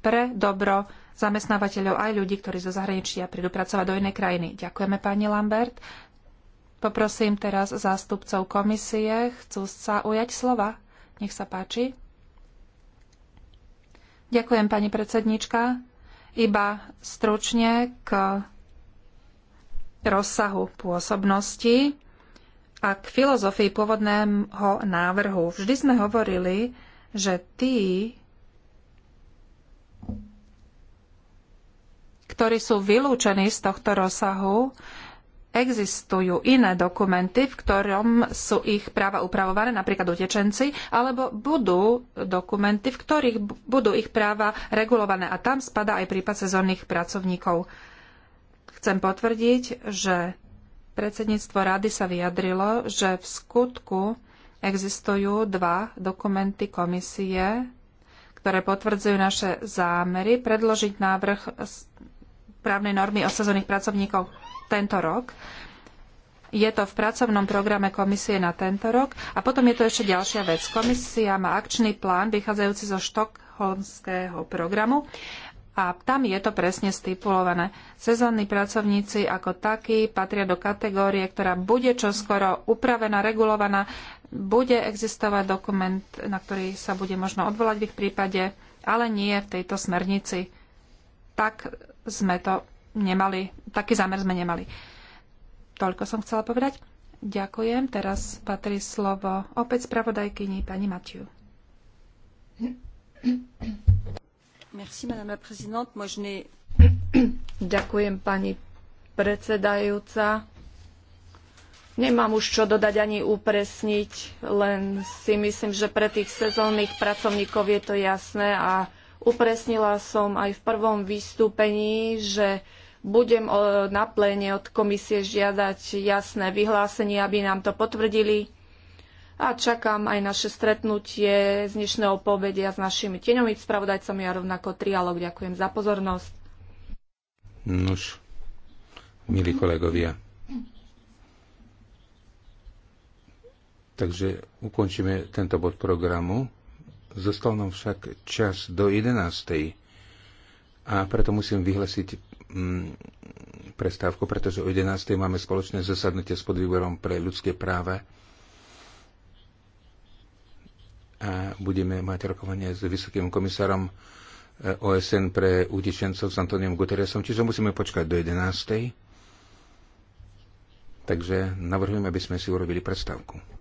pre dobro zamestnávateľov aj ľudí, ktorí zo zahraničia prídu pracovať do inej krajiny. Ďakujeme pani Lambert. Poprosím teraz zástupcov komisie, chcú sa ujať slova. Nech sa páči. Ďakujem, pani predsednička. Iba stručne k rozsahu pôsobnosti a k filozofii pôvodného návrhu. Vždy sme hovorili, že tí, ktorí sú vylúčení z tohto rozsahu, existujú iné dokumenty, v ktorom sú ich práva upravované, napríklad utečenci, alebo budú dokumenty, v ktorých budú ich práva regulované. A tam spadá aj prípad sezónnych pracovníkov. Chcem potvrdiť, že Predsedníctvo rady sa vyjadrilo, že v skutku existujú dva dokumenty komisie, ktoré potvrdzujú naše zámery predložiť návrh právnej normy o sezónnych pracovníkov tento rok. Je to v pracovnom programe komisie na tento rok. A potom je to ešte ďalšia vec. Komisia má akčný plán vychádzajúci zo štokholmského programu a tam je to presne stipulované. Sezónni pracovníci ako takí patria do kategórie, ktorá bude čoskoro upravená, regulovaná, bude existovať dokument, na ktorý sa bude možno odvolať v ich prípade, ale nie v tejto smernici. Tak sme to nemali, taký zámer sme nemali. Toľko som chcela povedať. Ďakujem. Teraz patrí slovo opäť spravodajkyni pani Matiu. [COUGHS] Ďakujem, pani predsedajúca. Nemám už čo dodať ani upresniť, len si myslím, že pre tých sezónnych pracovníkov je to jasné a upresnila som aj v prvom vystúpení, že budem eh, na pléne od komisie žiadať jasné vyhlásenie, aby nám to potvrdili a čakám aj naše stretnutie z dnešného povedia s našimi tieňovými spravodajcami a rovnako trialog. Ďakujem za pozornosť. Nuž, milí kolegovia. Takže ukončíme tento bod programu. Zostal nám však čas do 11. A preto musím vyhlasiť mm, prestávku, pretože o 11. máme spoločné zasadnutie s podvýborom pre ľudské práva a budeme mať rokovanie s vysokým komisárom e, OSN pre utečencov s Antoniom Guterresom, čiže musíme počkať do 11. Takže navrhujeme, aby sme si urobili predstavku.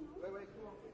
Wait, were you?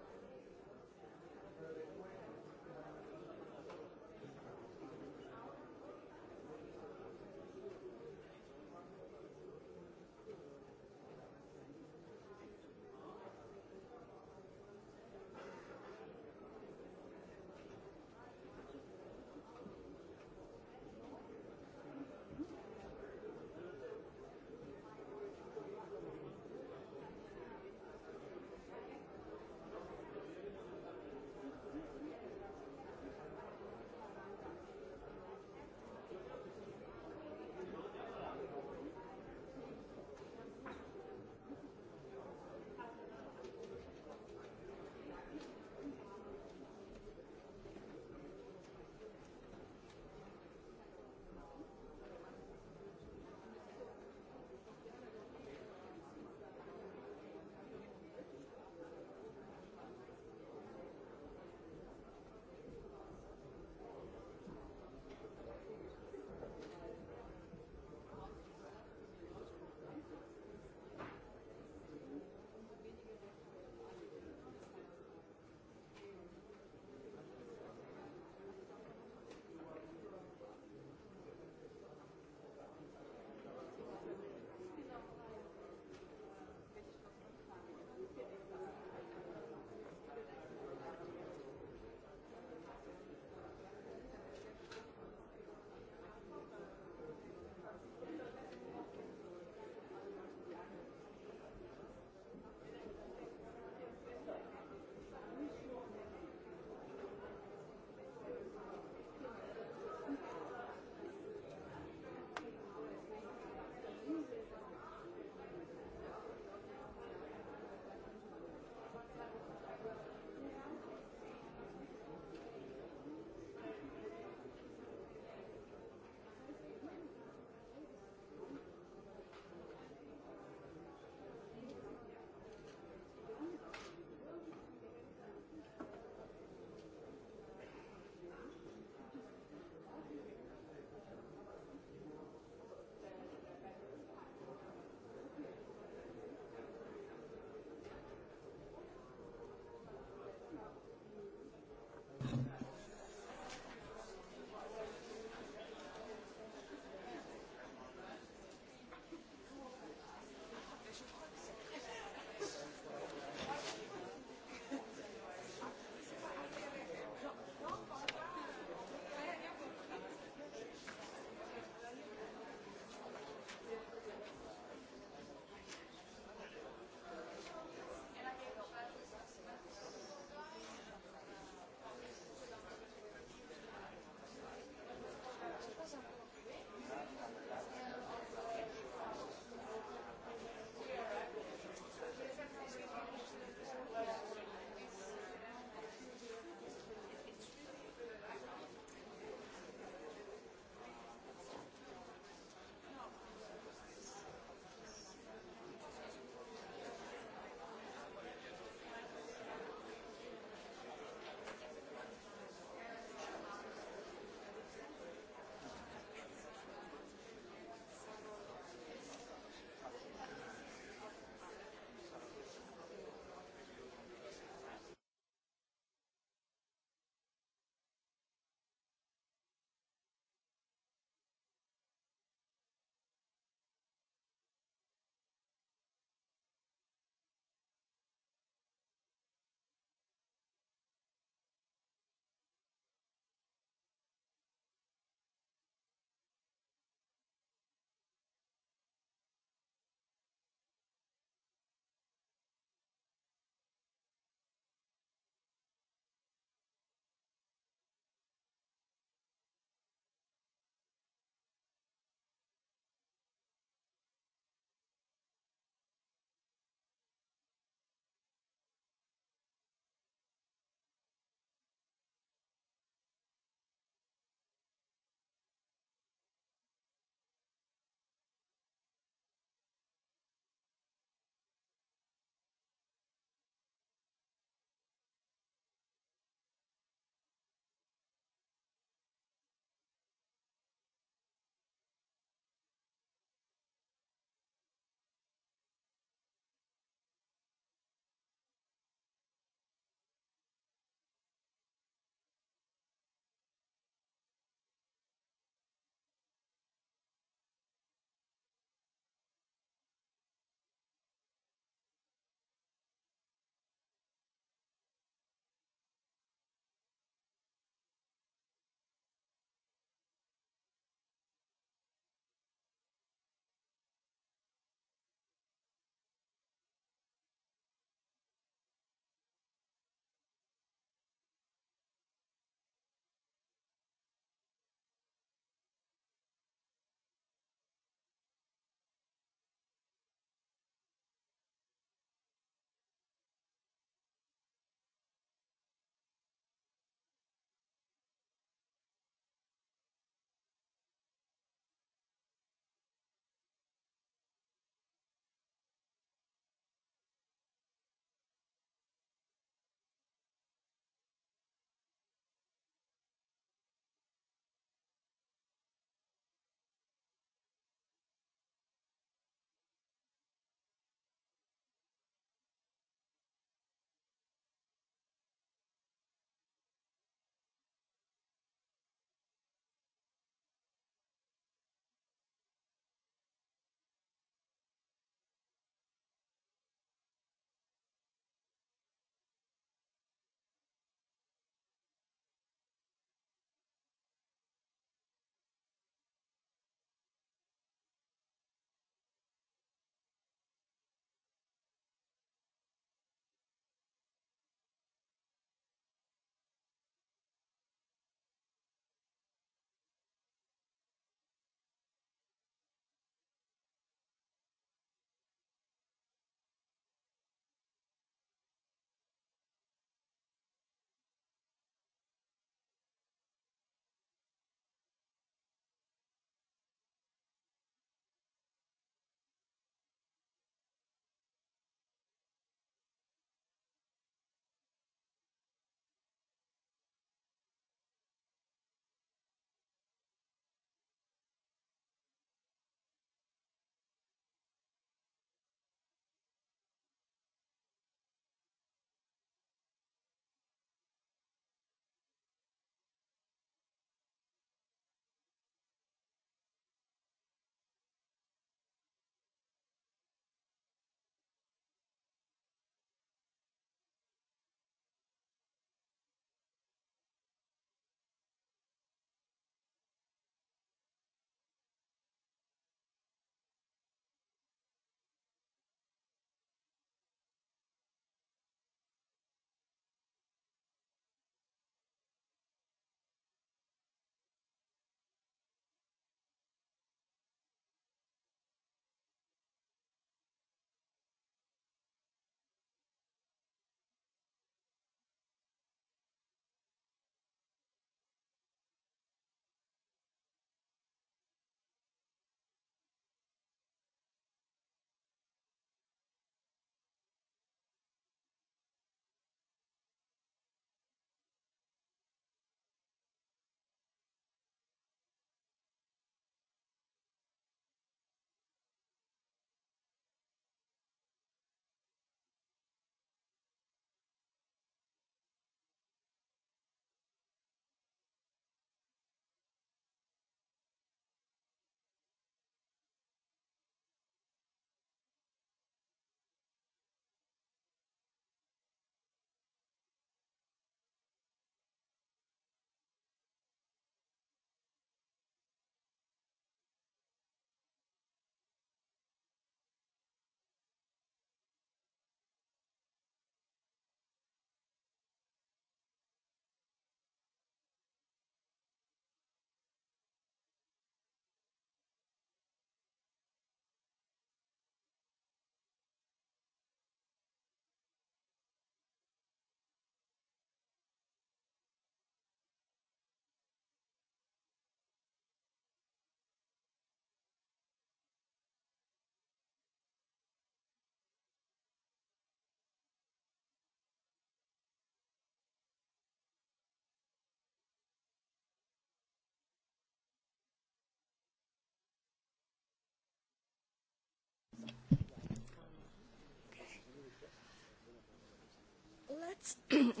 [CLEARS THROAT]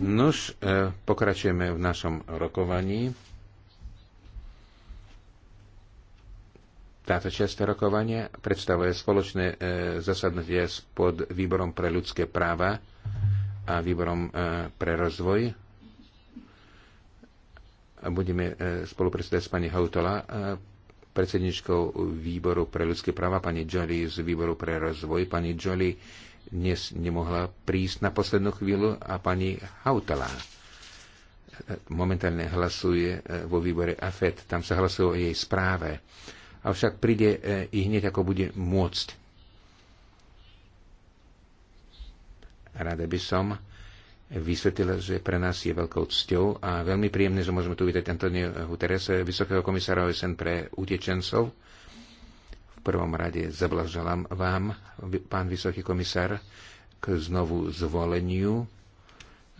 Nož, uh, e, pokračujeme v našom rokovaní. Táto časť rokovania predstavuje spoločné e, zasadnutie pod výborom pre ľudské práva a výborom e, pre rozvoj. Budeme e, s pani Hautola, predsedničkou výboru pre ľudské práva, pani Jolie z výboru pre rozvoj. Pani Jolie dnes nemohla prísť na poslednú chvíľu a pani Hautala e, momentálne hlasuje e, vo výbore AFED. Tam sa hlasuje o jej správe. Avšak príde e, i hneď, ako bude môcť. Rada by som vysvetlila, že pre nás je veľkou cťou a veľmi príjemné, že môžeme tu vítať Antonio Guterres, vysokého komisára OSN pre utečencov prvom rade zablaželám vám, pán vysoký komisár, k znovu zvoleniu.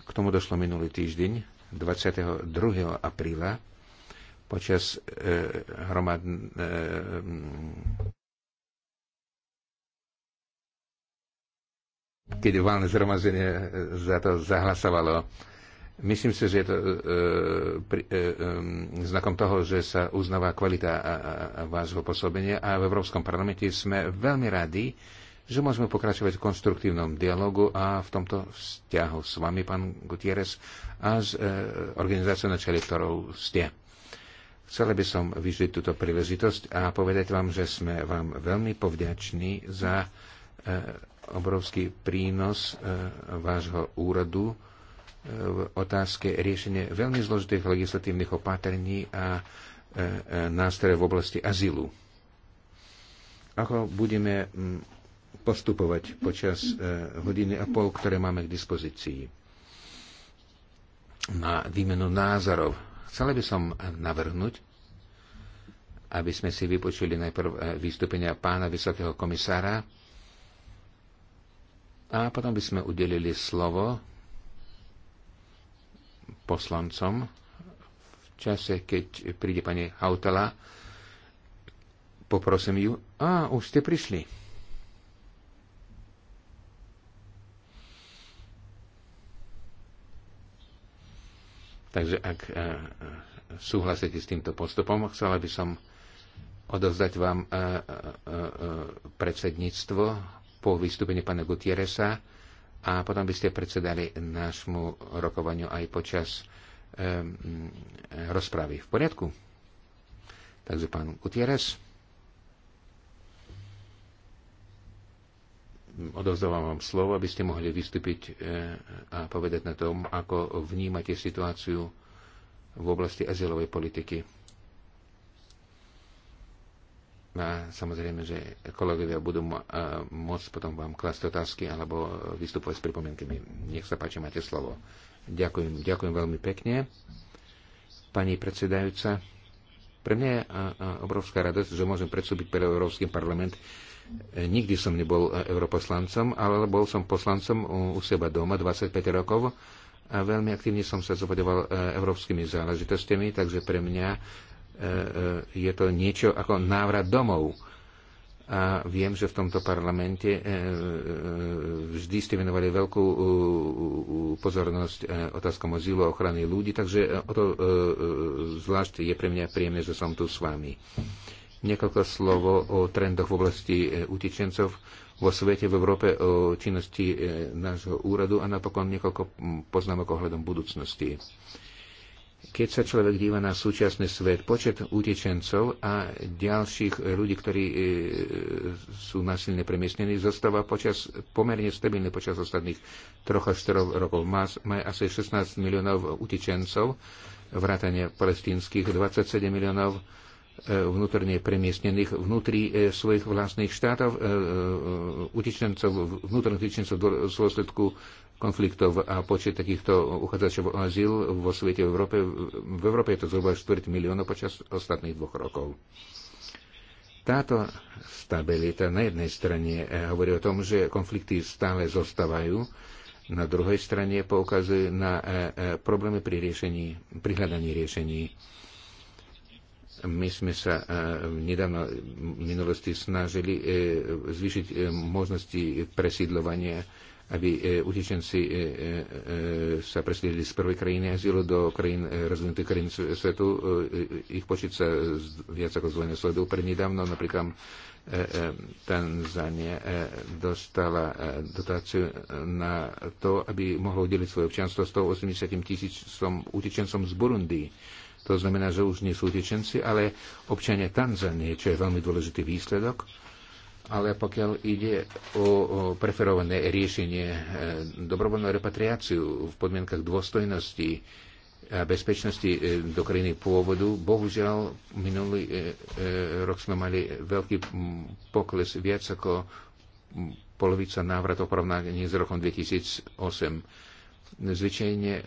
K tomu došlo minulý týždeň, 22. apríla, počas eh, hromad... Eh, keď valné zhromaždenie za to zahlasovalo Myslím si, že je to e, e, e, znakom toho, že sa uznáva kvalita vášho pôsobenia a v Európskom parlamente sme veľmi radi, že môžeme pokračovať v konstruktívnom dialogu a v tomto vzťahu s vami, pán Gutierrez, a s organizáciou na čele, ktorou ste. Chcela by som vyžiť túto príležitosť a povedať vám, že sme vám veľmi povďační za obrovský prínos vášho úradu v otázke riešenia veľmi zložitých legislatívnych opatrení a e, e, nástroje v oblasti azylu. Ako budeme postupovať počas e, hodiny a pol, ktoré máme k dispozícii na výmenu názorov. chcel by som navrhnúť, aby sme si vypočuli najprv vystúpenia pána vysokého komisára a potom by sme udelili slovo poslancom v čase, keď príde pani Hautala. Poprosím ju. A, už ste prišli. Takže ak e, e, súhlasíte s týmto postupom, chcela by som odovzdať vám e, predsedníctvo po vystúpení pána Gutieresa a potom by ste predsedali nášmu rokovaniu aj počas um, rozpravy. V poriadku? Takže pán Gutierrez. Odovzdávam vám slovo, aby ste mohli vystúpiť e, a povedať na tom, ako vnímate situáciu v oblasti azylovej politiky. A samozrejme, že kolegovia budú môcť potom vám klasť otázky alebo vystupovať s pripomienkami. Nech sa páči, máte slovo. Ďakujem, ďakujem veľmi pekne. Pani predsedajúca, pre mňa je obrovská radosť, že môžem predstúpiť pre Európsky parlament. Nikdy som nebol europoslancom, ale bol som poslancom u seba doma 25 rokov a veľmi aktívne som sa zobodoval e, európskymi záležitostiami, takže pre mňa E, e, je to niečo ako návrat domov. A viem, že v tomto parlamente e, vždy ste venovali veľkú pozornosť otázkom azylu a ochrany ľudí, takže o to zvlášť je pre mňa príjemné, že som tu s vami. Niekoľko slovo o trendoch v oblasti utečencov vo svete, v Európe, o činnosti nášho úradu a napokon niekoľko poznámok ohľadom budúcnosti. Keď sa človek díva na súčasný svet, počet utečencov a ďalších ľudí, ktorí e, sú násilne premiestnení, zostáva počas, pomerne stabilný počas ostatných troch až 4 rokov. Má, má asi 16 miliónov utečencov, vrátane palestínskych, 27 miliónov e, vnútorne premiestnených vnútri e, svojich vlastných štátov, utečencov, vnútorných utečencov v dôsledku konfliktov a počet takýchto uchádzačov o azyl vo svete v Európe. V Európe je to zhruba 4 miliónov počas ostatných dvoch rokov. Táto stabilita na jednej strane eh, hovorí o tom, že konflikty stále zostávajú, na druhej strane poukazuje na eh, eh, problémy pri riešení, pri hľadaní riešení. My sme sa v nedávno v minulosti snažili zvýšiť možnosti presídlovania aby e, utečenci e, e, sa presiedli z prvej krajiny azylu do krajín, rozvinutých krajín svetu. Ich počet sa viac ako zdvojnásobil. Pre nedávno napríklad Tanzania dostala dotáciu na to, aby mohla udeliť svoje občianstvo 180 tisícom utečencom z Burundi. To znamená, že už nie sú utečenci, ale občania Tanzanie, čo je veľmi dôležitý výsledok ale pokiaľ ide o preferované riešenie, e, dobrovoľnú repatriáciu v podmienkach dôstojnosti a bezpečnosti e, do krajiny pôvodu, bohužiaľ minulý e, rok sme mali veľký pokles viac ako polovica návratov porovnaní s rokom 2008. Zvyčajne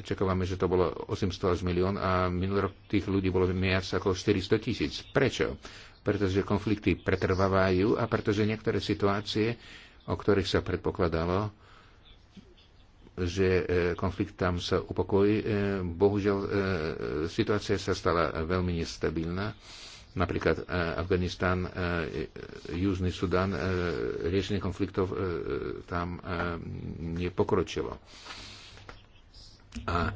očakávame, že to bolo 800 až milión a minulý rok tých ľudí bolo viac ako 400 tisíc. Prečo? pretože konflikty pretrvávajú a pretože niektoré situácie, o ktorých sa predpokladalo, že e, konflikt tam sa upokojí, e, bohužiaľ e, situácia sa stala veľmi nestabilná. Napríklad Afganistan, Južný Sudan, riešenie konfliktov tam nepokročilo. A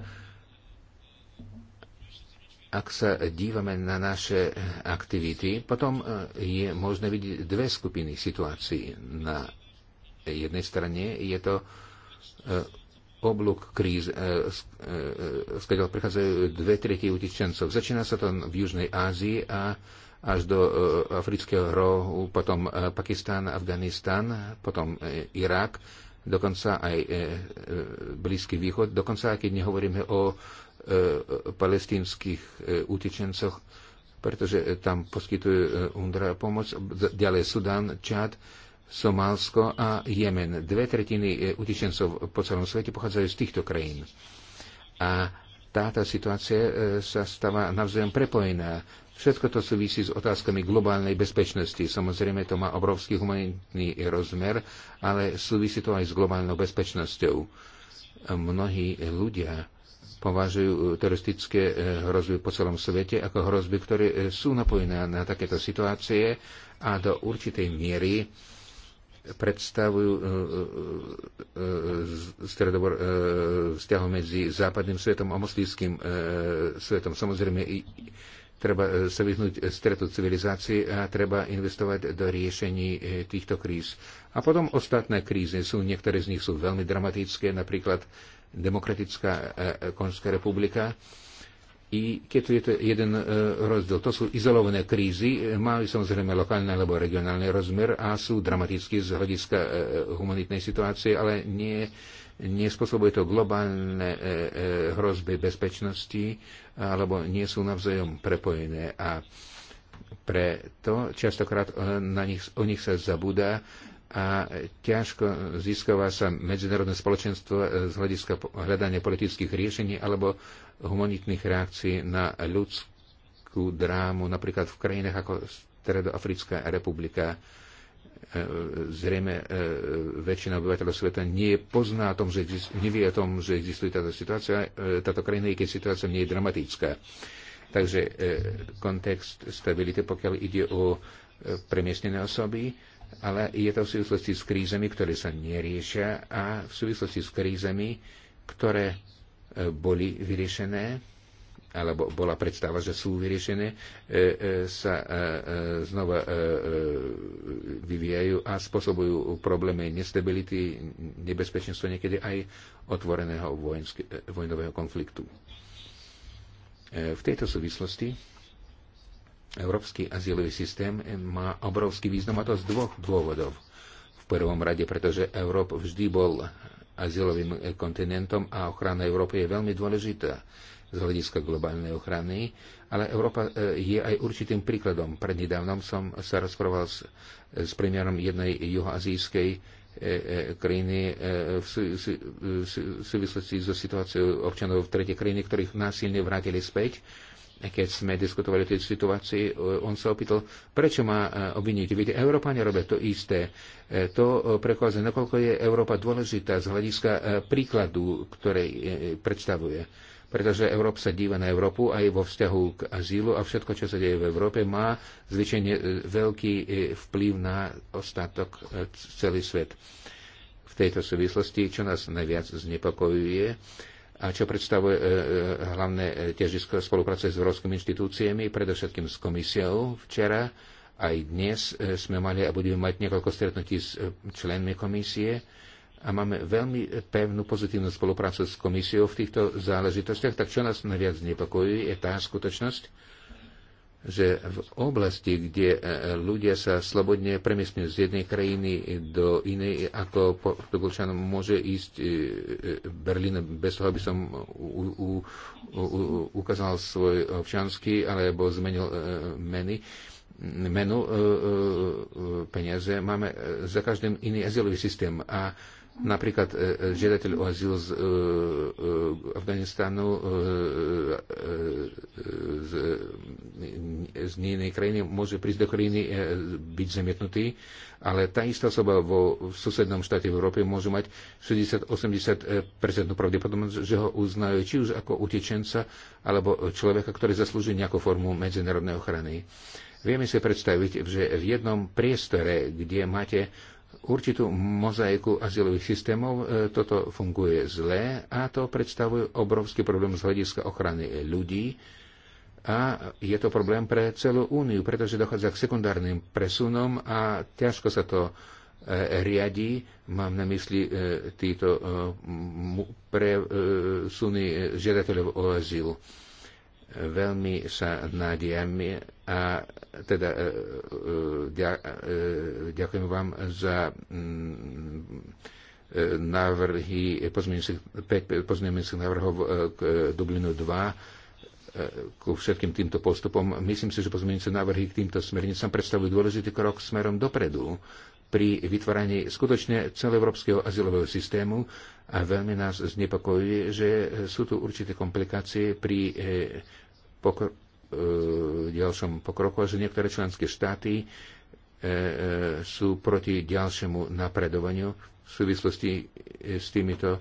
ak sa dívame na naše aktivity, potom e, je možné vidieť dve skupiny situácií. Na jednej strane je to e, oblúk kríz, skáďal e, prichádzajú dve tretie utečencov. Začína sa to v Južnej Ázii a až do Afrického rohu, potom Pakistán, Afganistán, potom Irak, dokonca aj Blízky východ, dokonca aj keď nehovoríme o E, palestínskych e, utečencoch, pretože tam poskytujú e, UNDRA pomoc, ďalej Sudan, Čad, Somálsko a Jemen. Dve tretiny utečencov po celom svete pochádzajú z týchto krajín. A táto situácia sa stáva navzájom prepojená. Všetko to súvisí s otázkami globálnej bezpečnosti. Samozrejme, to má obrovský humanitný rozmer, ale súvisí to aj s globálnou bezpečnosťou. Mnohí ľudia považujú e, teroristické e, hrozby po celom svete ako hrozby, ktoré e, sú napojené na takéto situácie a do určitej miery predstavujú stredobor vzťahu medzi západným svetom a moslíským svetom. Samozrejme, treba sa vyhnúť stretu civilizácií a treba investovať do riešení týchto kríz. A potom ostatné krízy sú, niektoré z nich sú veľmi dramatické, napríklad Demokratická e, e, Konžská republika. I keď tu je to jeden e, rozdiel, to sú izolované krízy, majú samozrejme lokálny alebo regionálny rozmer a sú dramatické z hľadiska humanitnej situácie, ale nie, nespôsobuje to globálne hrozby bezpečnosti alebo nie sú navzájom prepojené. A preto častokrát na nich, o nich sa zabúda a ťažko získava sa medzinárodné spoločenstvo e, z hľadiska hľadania politických riešení alebo humanitných reakcií na ľudskú drámu, napríklad v krajinách ako Stredoafrická republika. E, zrejme e, väčšina obyvateľov sveta nie pozná o tom, že nevie o tom, že existuje táto situácia, táto krajina, i keď situácia nie je dramatická. Takže kontext stability, pokiaľ ide o premiestnené osoby, ale je to v súvislosti s krízami, ktoré sa neriešia a v súvislosti s krízami, ktoré e, boli vyriešené alebo bola predstava, že sú vyriešené, e, e, sa znova vyvíjajú a spôsobujú problémy nestability, nebezpečenstvo niekedy aj otvoreného vojnského, vojnového konfliktu. V tejto súvislosti Európsky azylový systém má obrovský význam a to z dvoch dôvodov. V prvom rade, pretože Európa vždy bol azylovým kontinentom a ochrana Európy je veľmi dôležitá z hľadiska globálnej ochrany, ale Európa e, je aj určitým príkladom. Prednedávnom som sa rozprával s, s premiérom jednej juhoazijskej e, e, krajiny v súvislosti so situáciou občanov v tretej krajiny, ktorých násilne vrátili späť keď sme diskutovali o tej situácii, e, on sa opýtal, prečo má e, obviniť. Viete, Európa nerobia to isté. E, to prechádza, nakoľko je Európa dôležitá z hľadiska príkladu, ktorej predstavuje. Pretože Európa sa díva na Európu aj vo vzťahu k azílu a všetko, čo sa deje v Európe, má zvyčajne veľký vplyv na ostatok celý svet. V tejto súvislosti, čo nás najviac znepokojuje, a čo predstavuje e, e, hlavné ťažisko e, spolupráce s európskymi inštitúciami, predovšetkým s komisiou včera. Aj dnes sme mali a budeme mať niekoľko stretnutí s členmi komisie a máme veľmi pevnú pozitívnu spoluprácu s komisiou v týchto záležitostiach, tak čo nás najviac znepokojí je tá skutočnosť, že v oblasti, kde e, ľudia sa slobodne premiestňujú z jednej krajiny do inej, ako Portugalčanom môže ísť e, e, Berlín bez toho, aby som u, u, u, ukázal svoj občanský alebo zmenil meny, menu peniaze, máme za každým iný azylový systém a Napríklad e, e, žiadateľ o azyl z e, Afganistanu z, z inej krajiny môže prísť do krajiny byť zamietnutý, ale tá istá osoba vo v susednom štáte v Európe môže mať 60-80% pravdepodobnosť, že ho uznajú či už ako utečenca alebo človeka, ktorý zaslúži nejakú formu medzinárodnej ochrany. Vieme si predstaviť, že v jednom priestore, kde máte určitú mozaiku azylových systémov. E, toto funguje zle a to predstavuje obrovský problém z hľadiska ochrany ľudí. A je to problém pre celú úniu, pretože dochádza k sekundárnym presunom a ťažko sa to e, riadi. Mám na mysli e, títo presuny žiadateľov o azyl veľmi sa nádejem a teda e, e, e, ďakujem vám za mm, návrhy pozmeňujúcich návrhov k Dublinu 2 ku všetkým týmto postupom. Myslím si, že pozmeňujúce návrhy k týmto smernicám predstavujú dôležitý krok smerom dopredu pri vytváraní skutočne celoeurópskeho azylového systému a veľmi nás znepokojuje, že sú tu určité komplikácie pri pokr- e, ďalšom pokroku a že niektoré členské štáty e, e, sú proti ďalšiemu napredovaniu v súvislosti s týmito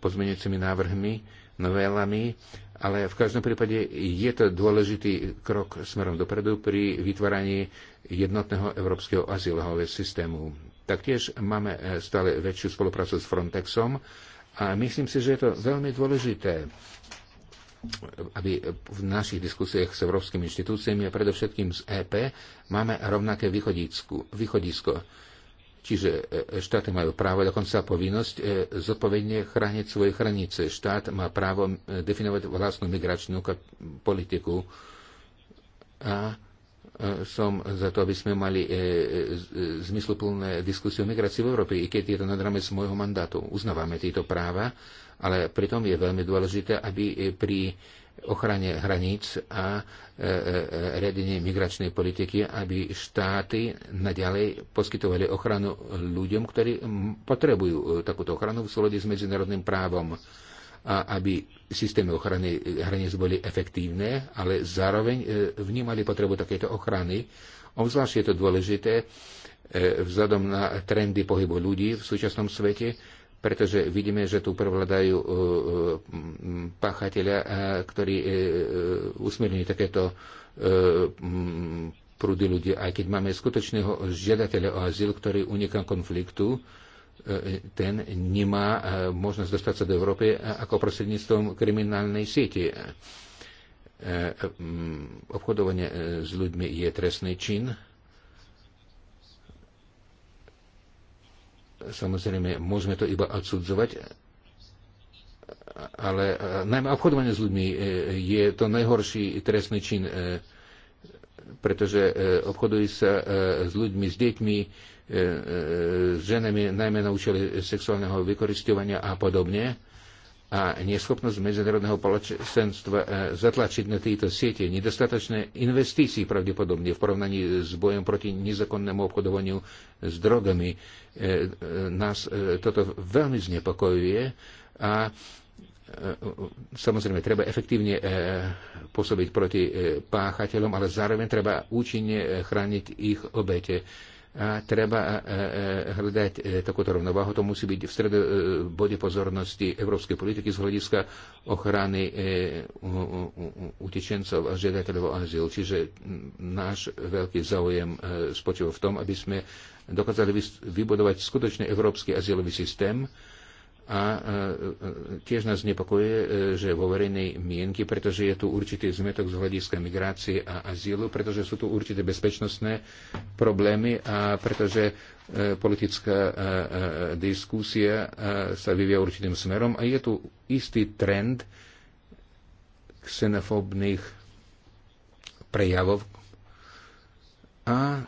pozmeňujúcimi návrhmi, novelami, ale v každom prípade je to dôležitý krok smerom dopredu pri vytváraní jednotného európskeho azylového systému. Taktiež máme stále väčšiu spoluprácu s Frontexom a myslím si, že je to veľmi dôležité aby v našich diskusiách s európskymi inštitúciami a predovšetkým z EP máme rovnaké východisko. Čiže e, štáty majú právo, dokonca povinnosť e, zodpovedne chrániť svoje hranice. Štát má právo definovať vlastnú migračnú politiku. A e, som za to, aby sme mali zmysluplné diskusie o migrácii v Európe, i keď je to nad rámec môjho mandátu. Uznávame tieto práva, ale pritom je veľmi dôležité, aby pri ochrane hraníc a e, e, e, riadení migračnej politiky, aby štáty naďalej poskytovali ochranu ľuďom, ktorí potrebujú takúto ochranu v súlade s medzinárodným právom a aby systémy ochrany hraníc boli efektívne, ale zároveň vnímali potrebu takéto ochrany. Obzvlášť je to dôležité vzhľadom na trendy pohybu ľudí v súčasnom svete, pretože vidíme, že tu prevladajú e, e, páchatelia, e, ktorí usmerňujú takéto prúdy ľudí. Aj keď máme skutočného žiadateľa o azyl, ktorý uniká konfliktu, ten nemá možnosť dostať sa do Európy ako prostredníctvom kriminálnej siete. Obchodovanie s ľuďmi je trestný čin Samozrejme, môžeme to iba odsudzovať, ale e, najmä obchodovanie s ľuďmi e, je to najhorší trestný čin, e, pretože obchodujú sa s ľuďmi, s deťmi, s ženami, najmä na účely sexuálneho vykoristovania a podobne a neschopnosť medzinárodného poločenstva e, zatlačiť na tieto siete, nedostatočné investície pravdepodobne v porovnaní s bojom proti nezakonnému obchodovaniu s drogami. E, e, nás toto veľmi znepokojuje a samozrejme treba efektívne pôsobiť proti páchateľom, ale zároveň treba účinne chrániť ich obete a treba hľadať e, takúto rovnováhu. To musí byť v strede bode pozornosti európskej politiky z hľadiska ochrany e, utečencov a žiadateľov o azyl. Čiže náš veľký záujem e, spočíva v tom, aby sme dokázali vybudovať skutočný európsky azylový systém, a e, e, tiež nás nepokoje, e, že vo verejnej mienke, pretože je tu určitý zmetok z hľadiska migrácie a azylu, pretože sú tu určité bezpečnostné problémy a pretože politická diskusia sa vyvia určitým smerom a je tu istý trend xenofóbnych prejavov a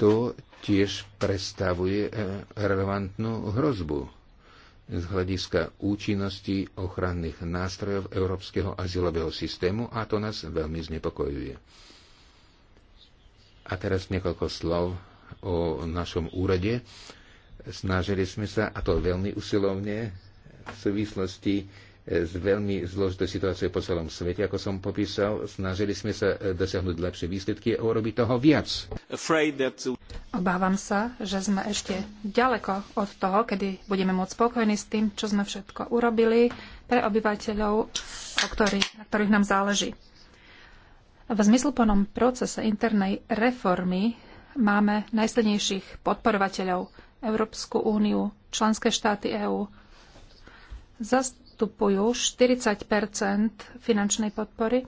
to tiež predstavuje relevantnú hrozbu z hľadiska účinnosti ochranných nástrojov európskeho azylového systému a to nás veľmi znepokojuje. A teraz niekoľko slov o našom úrade. Snažili sme sa, a to veľmi usilovne, v súvislosti z veľmi zložitou situácie po celom svete, ako som popísal. Snažili sme sa e, dosiahnuť lepšie výsledky a urobiť toho viac. Obávam sa, že sme ešte ďaleko od toho, kedy budeme môcť spokojní s tým, čo sme všetko urobili pre obyvateľov, o ktorých, na ktorých nám záleží. V zmysluplnom procese internej reformy máme najsilnejších podporovateľov Európsku úniu, členské štáty EÚ. Zast- zastupujú 40 finančnej podpory.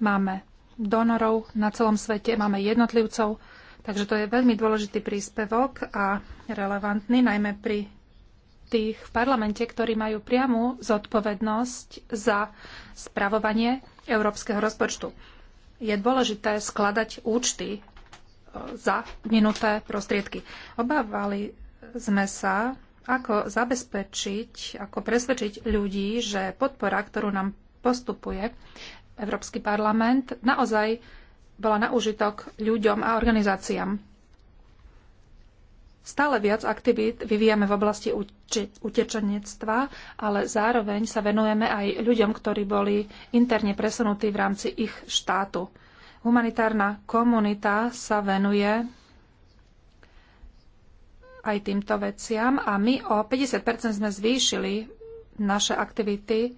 Máme donorov na celom svete, máme jednotlivcov, takže to je veľmi dôležitý príspevok a relevantný, najmä pri tých v parlamente, ktorí majú priamu zodpovednosť za spravovanie európskeho rozpočtu. Je dôležité skladať účty e, za minuté prostriedky. Obávali sme sa, ako zabezpečiť, ako presvedčiť ľudí, že podpora, ktorú nám postupuje Európsky parlament, naozaj bola na užitok ľuďom a organizáciám. Stále viac aktivít vyvíjame v oblasti utečenectva, ale zároveň sa venujeme aj ľuďom, ktorí boli interne presunutí v rámci ich štátu. Humanitárna komunita sa venuje aj týmto veciam a my o 50% sme zvýšili naše aktivity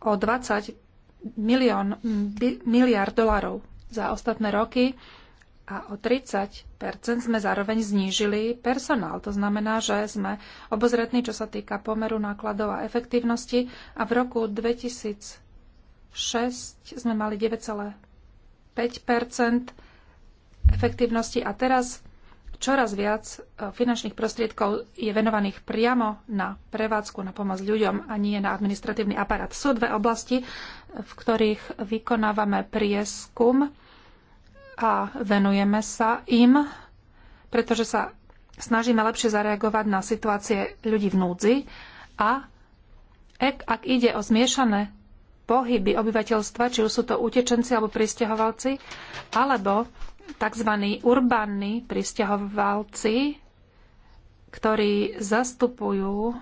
o 20 milión, miliard dolarov za ostatné roky a o 30 sme zároveň znížili personál. To znamená, že sme obozretní, čo sa týka pomeru nákladov a efektívnosti a v roku 2006 sme mali 9,5 efektívnosti a teraz čoraz viac e, finančných prostriedkov je venovaných priamo na prevádzku, na pomoc ľuďom a nie na administratívny aparát. Sú dve oblasti, e, v ktorých vykonávame prieskum a venujeme sa im, pretože sa snažíme lepšie zareagovať na situácie ľudí v núdzi a ak, ak ide o zmiešané pohyby obyvateľstva, či už sú to utečenci alebo pristahovalci, alebo tzv. urbánni pristahovalci, ktorí zastupujú e,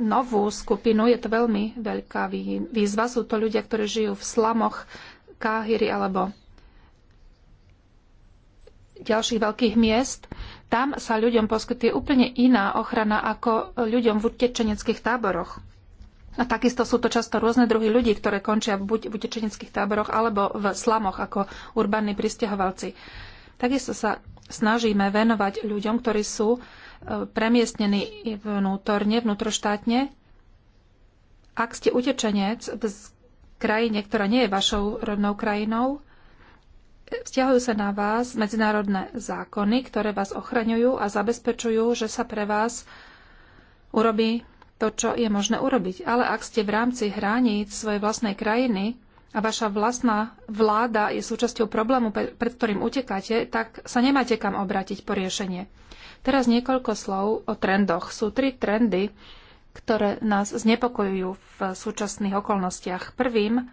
novú skupinu. Je to veľmi veľká výzva. Sú to ľudia, ktorí žijú v slamoch Káhyry alebo ďalších veľkých miest. Tam sa ľuďom poskytuje úplne iná ochrana ako ľuďom v utečeneckých táboroch. A takisto sú to často rôzne druhy ľudí, ktoré končia buď v utečeneckých táboroch alebo v slamoch ako urbánni pristahovalci. Takisto sa snažíme venovať ľuďom, ktorí sú e, premiestnení vnútorne, vnútroštátne. Ak ste utečenec v krajine, ktorá nie je vašou rodnou krajinou, vzťahujú sa na vás medzinárodné zákony, ktoré vás ochraňujú a zabezpečujú, že sa pre vás urobí to, čo je možné urobiť. Ale ak ste v rámci hraníc svojej vlastnej krajiny a vaša vlastná vláda je súčasťou problému, pred ktorým utekáte, tak sa nemáte kam obrátiť po riešenie. Teraz niekoľko slov o trendoch. Sú tri trendy, ktoré nás znepokojujú v súčasných okolnostiach. Prvým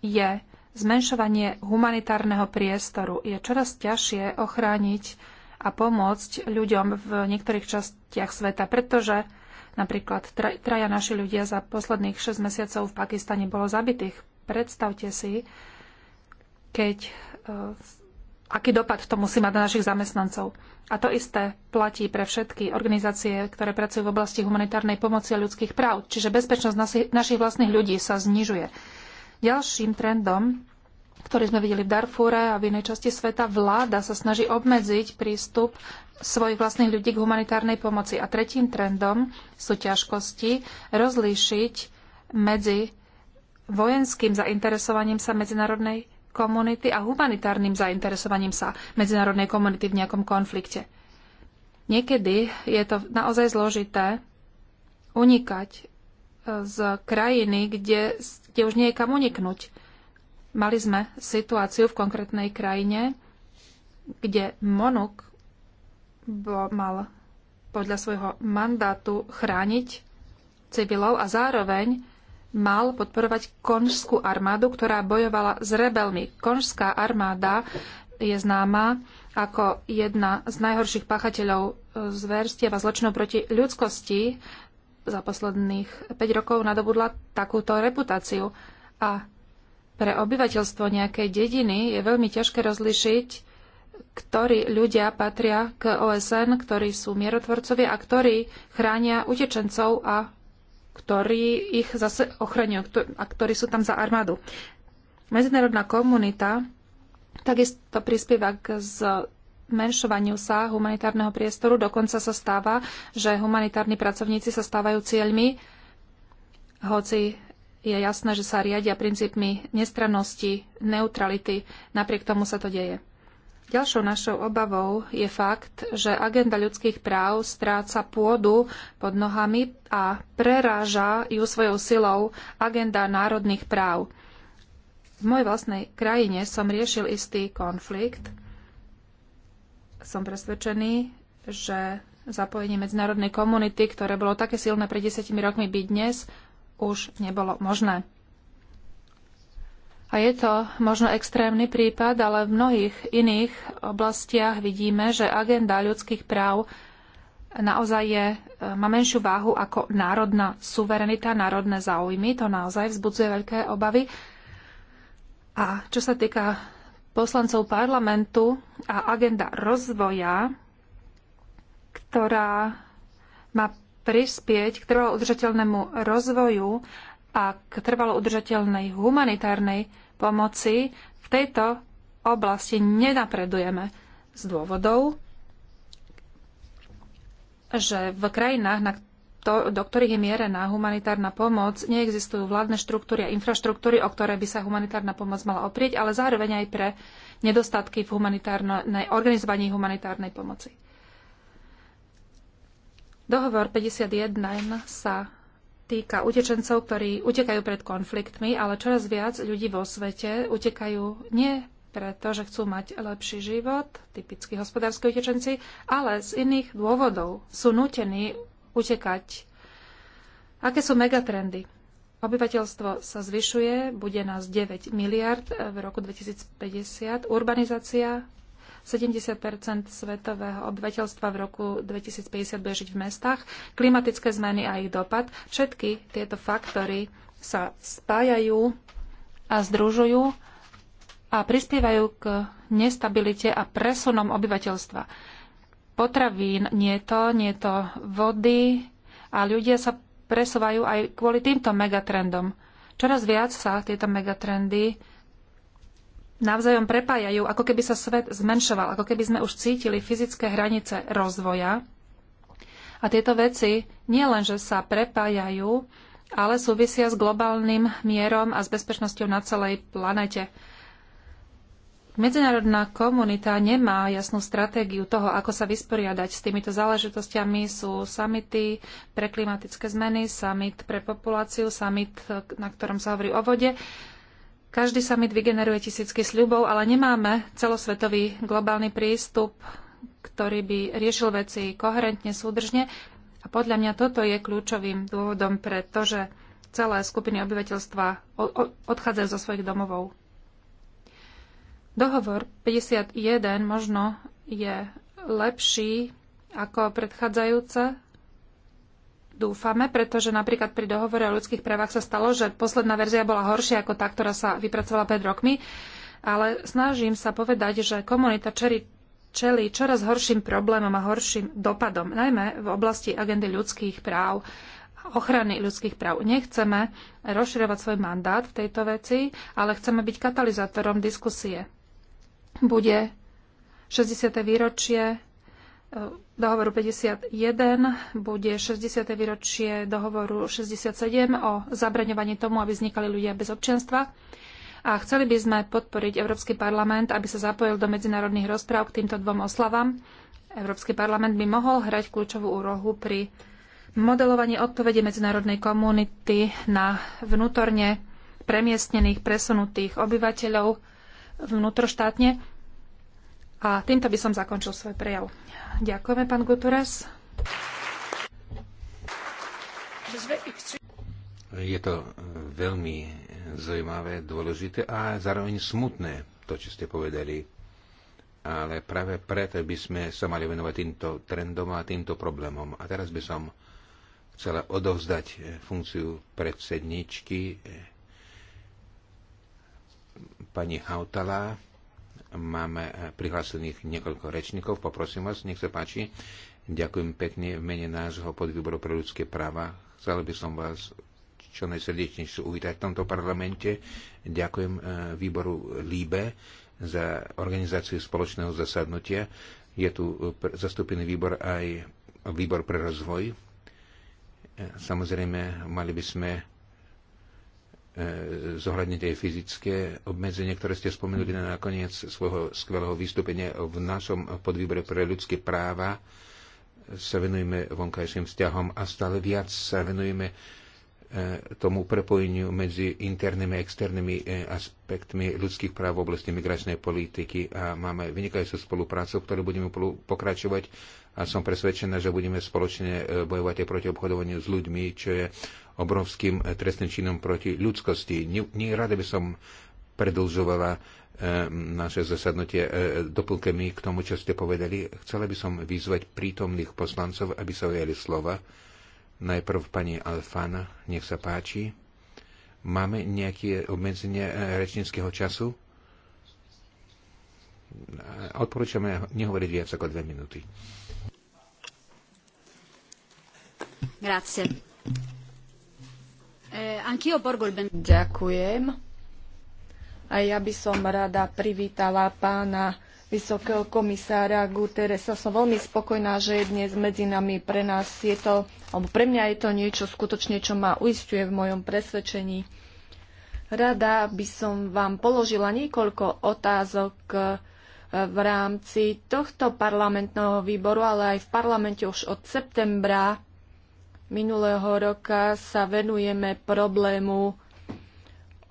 je zmenšovanie humanitárneho priestoru. Je čoraz ťažšie ochrániť a pomôcť ľuďom v niektorých častiach sveta, pretože Napríklad traja naši ľudia za posledných 6 mesiacov v Pakistane bolo zabitých. Predstavte si, keď, eh, aký dopad to musí mať na našich zamestnancov. A to isté platí pre všetky organizácie, ktoré pracujú v oblasti humanitárnej pomoci a ľudských práv. Čiže bezpečnosť našich vlastných ľudí sa znižuje. Ďalším trendom ktoré sme videli v Darfúre a v inej časti sveta, vláda sa snaží obmedziť prístup svojich vlastných ľudí k humanitárnej pomoci. A tretím trendom sú ťažkosti rozlíšiť medzi vojenským zainteresovaním sa medzinárodnej komunity a humanitárnym zainteresovaním sa medzinárodnej komunity v nejakom konflikte. Niekedy je to naozaj zložité unikať e, z krajiny, kde, kde už nie je kam uniknúť Mali sme situáciu v konkrétnej krajine, kde Monuk mal podľa svojho mandátu chrániť civilov a zároveň mal podporovať konžskú armádu, ktorá bojovala s rebelmi. Konžská armáda je známa ako jedna z najhorších páchateľov e, zverstiev a zločinov proti ľudskosti. Za posledných 5 rokov nadobudla takúto reputáciu. A pre obyvateľstvo nejakej dediny je veľmi ťažké rozlišiť, ktorí ľudia patria k OSN, ktorí sú mierotvorcovia a ktorí chránia utečencov a ktorí ich zase ochraňujú a ktorí sú tam za armádu. Medzinárodná komunita takisto prispieva k zmenšovaniu sa humanitárneho priestoru. Dokonca sa stáva, že humanitárni pracovníci sa stávajú cieľmi, hoci je jasné, že sa riadia princípmi nestrannosti, neutrality, napriek tomu sa to deje. Ďalšou našou obavou je fakt, že agenda ľudských práv stráca pôdu pod nohami a preráža ju svojou silou agenda národných práv. V mojej vlastnej krajine som riešil istý konflikt. Som presvedčený, že zapojenie medzinárodnej komunity, ktoré bolo také silné pred desiatimi rokmi, by dnes už nebolo možné. A je to možno extrémny prípad, ale v mnohých iných oblastiach vidíme, že agenda ľudských práv naozaj je, e, má menšiu váhu ako národná suverenita, národné záujmy. To naozaj vzbudzuje veľké obavy. A čo sa týka poslancov parlamentu a agenda rozvoja, ktorá má prispieť k trvalo udržateľnému rozvoju a k trvalo udržateľnej humanitárnej pomoci v tejto oblasti nenapredujeme z dôvodov, že v krajinách, na to, do ktorých je mierená humanitárna pomoc, neexistujú vládne štruktúry a infraštruktúry, o ktoré by sa humanitárna pomoc mala oprieť, ale zároveň aj pre nedostatky v humanitárnej, organizovaní humanitárnej pomoci. Dohovor 51 sa týka utečencov, ktorí utekajú pred konfliktmi, ale čoraz viac ľudí vo svete utekajú nie preto, že chcú mať lepší život, typicky hospodárske utečenci, ale z iných dôvodov sú nútení utekať. Aké sú megatrendy? Obyvateľstvo sa zvyšuje, bude nás 9 miliard v roku 2050, urbanizácia 70 svetového obyvateľstva v roku 2050 bude žiť v mestách, klimatické zmeny a ich dopad. Všetky tieto faktory sa spájajú a združujú a prispievajú k nestabilite a presunom obyvateľstva. Potravín nie to, nie to vody a ľudia sa presúvajú aj kvôli týmto megatrendom. Čoraz viac sa tieto megatrendy navzájom prepájajú, ako keby sa svet zmenšoval, ako keby sme už cítili fyzické hranice rozvoja. A tieto veci len, že sa prepájajú, ale súvisia s globálnym mierom a s bezpečnosťou na celej planete. Medzinárodná komunita nemá jasnú stratégiu toho, ako sa vysporiadať s týmito záležitostiami. Sú samity pre klimatické zmeny, summit pre populáciu, summit, na ktorom sa hovorí o vode. Každý summit vygeneruje tisícky sľubov, ale nemáme celosvetový globálny prístup, ktorý by riešil veci koherentne, súdržne. A podľa mňa toto je kľúčovým dôvodom, že celé skupiny obyvateľstva odchádzajú zo svojich domovov. Dohovor 51 možno je lepší ako predchádzajúce dúfame, pretože napríklad pri dohovore o ľudských právach sa stalo, že posledná verzia bola horšia ako tá, ktorá sa vypracovala pred rokmi, ale snažím sa povedať, že komunita čeri, čelí čoraz horším problémom a horším dopadom, najmä v oblasti agendy ľudských práv ochrany ľudských práv. Nechceme rozširovať svoj mandát v tejto veci, ale chceme byť katalizátorom diskusie. Bude 60. výročie dohovoru 51 bude 60. výročie dohovoru 67 o zabraňovaní tomu, aby vznikali ľudia bez občianstva. A chceli by sme podporiť Európsky parlament, aby sa zapojil do medzinárodných rozpráv k týmto dvom oslavám. Európsky parlament by mohol hrať kľúčovú úrohu pri modelovaní odpovede medzinárodnej komunity na vnútorne premiestnených, presunutých obyvateľov vnútroštátne a týmto by som zakončil svoj prejav. Ďakujeme, pán Guterres. Je to veľmi zaujímavé, dôležité a zároveň smutné, to, čo ste povedali. Ale práve preto by sme sa mali venovať týmto trendom a týmto problémom. A teraz by som chcela odovzdať funkciu predsedničky eh, pani Hautala Máme eh, prihlásených niekoľko rečníkov. Poprosím vás, nech sa páči. Ďakujem pekne v mene nášho podvýboru pre ľudské práva. Chcel by som vás čo najsrdečnejšie uvítať v tomto parlamente. Ďakujem eh, výboru LIBE za organizáciu spoločného zasadnutia. Je tu eh, zastúpený výbor aj výbor pre rozvoj. Samozrejme, mali by sme E, zohľadniť aj fyzické obmedzenia, ktoré ste spomenuli na koniec svojho skvelého vystúpenia v našom podvýbore pre ľudské práva sa venujeme vonkajším vzťahom a stále viac sa venujeme e, tomu prepojeniu medzi internými a externými e, aspektmi ľudských práv v oblasti migračnej politiky a máme vynikajúcu spoluprácu, ktorú budeme pokračovať a som presvedčená, že budeme spoločne bojovať aj proti obchodovaniu s ľuďmi, čo je obrovským eh, trestným činom proti ľudskosti. Nie, nie rada by som predlžovala eh, naše zasadnutie eh, doplnkami k tomu, čo ste povedali. Chcela by som vyzvať prítomných poslancov, aby sa ujali slova. Najprv pani Alfana, nech sa páči. Máme nejaké obmedzenie rečníckého času? Odporúčame nehovoriť viac ako dve minúty. Grazie. Eh, Ďakujem. A ja by som rada privítala pána vysokého komisára Guterresa. Som veľmi spokojná, že je dnes medzi nami. Pre nás je to, alebo pre mňa je to niečo skutočne, čo ma uistuje v mojom presvedčení. Rada by som vám položila niekoľko otázok eh, v rámci tohto parlamentného výboru, ale aj v parlamente už od septembra minulého roka sa venujeme problému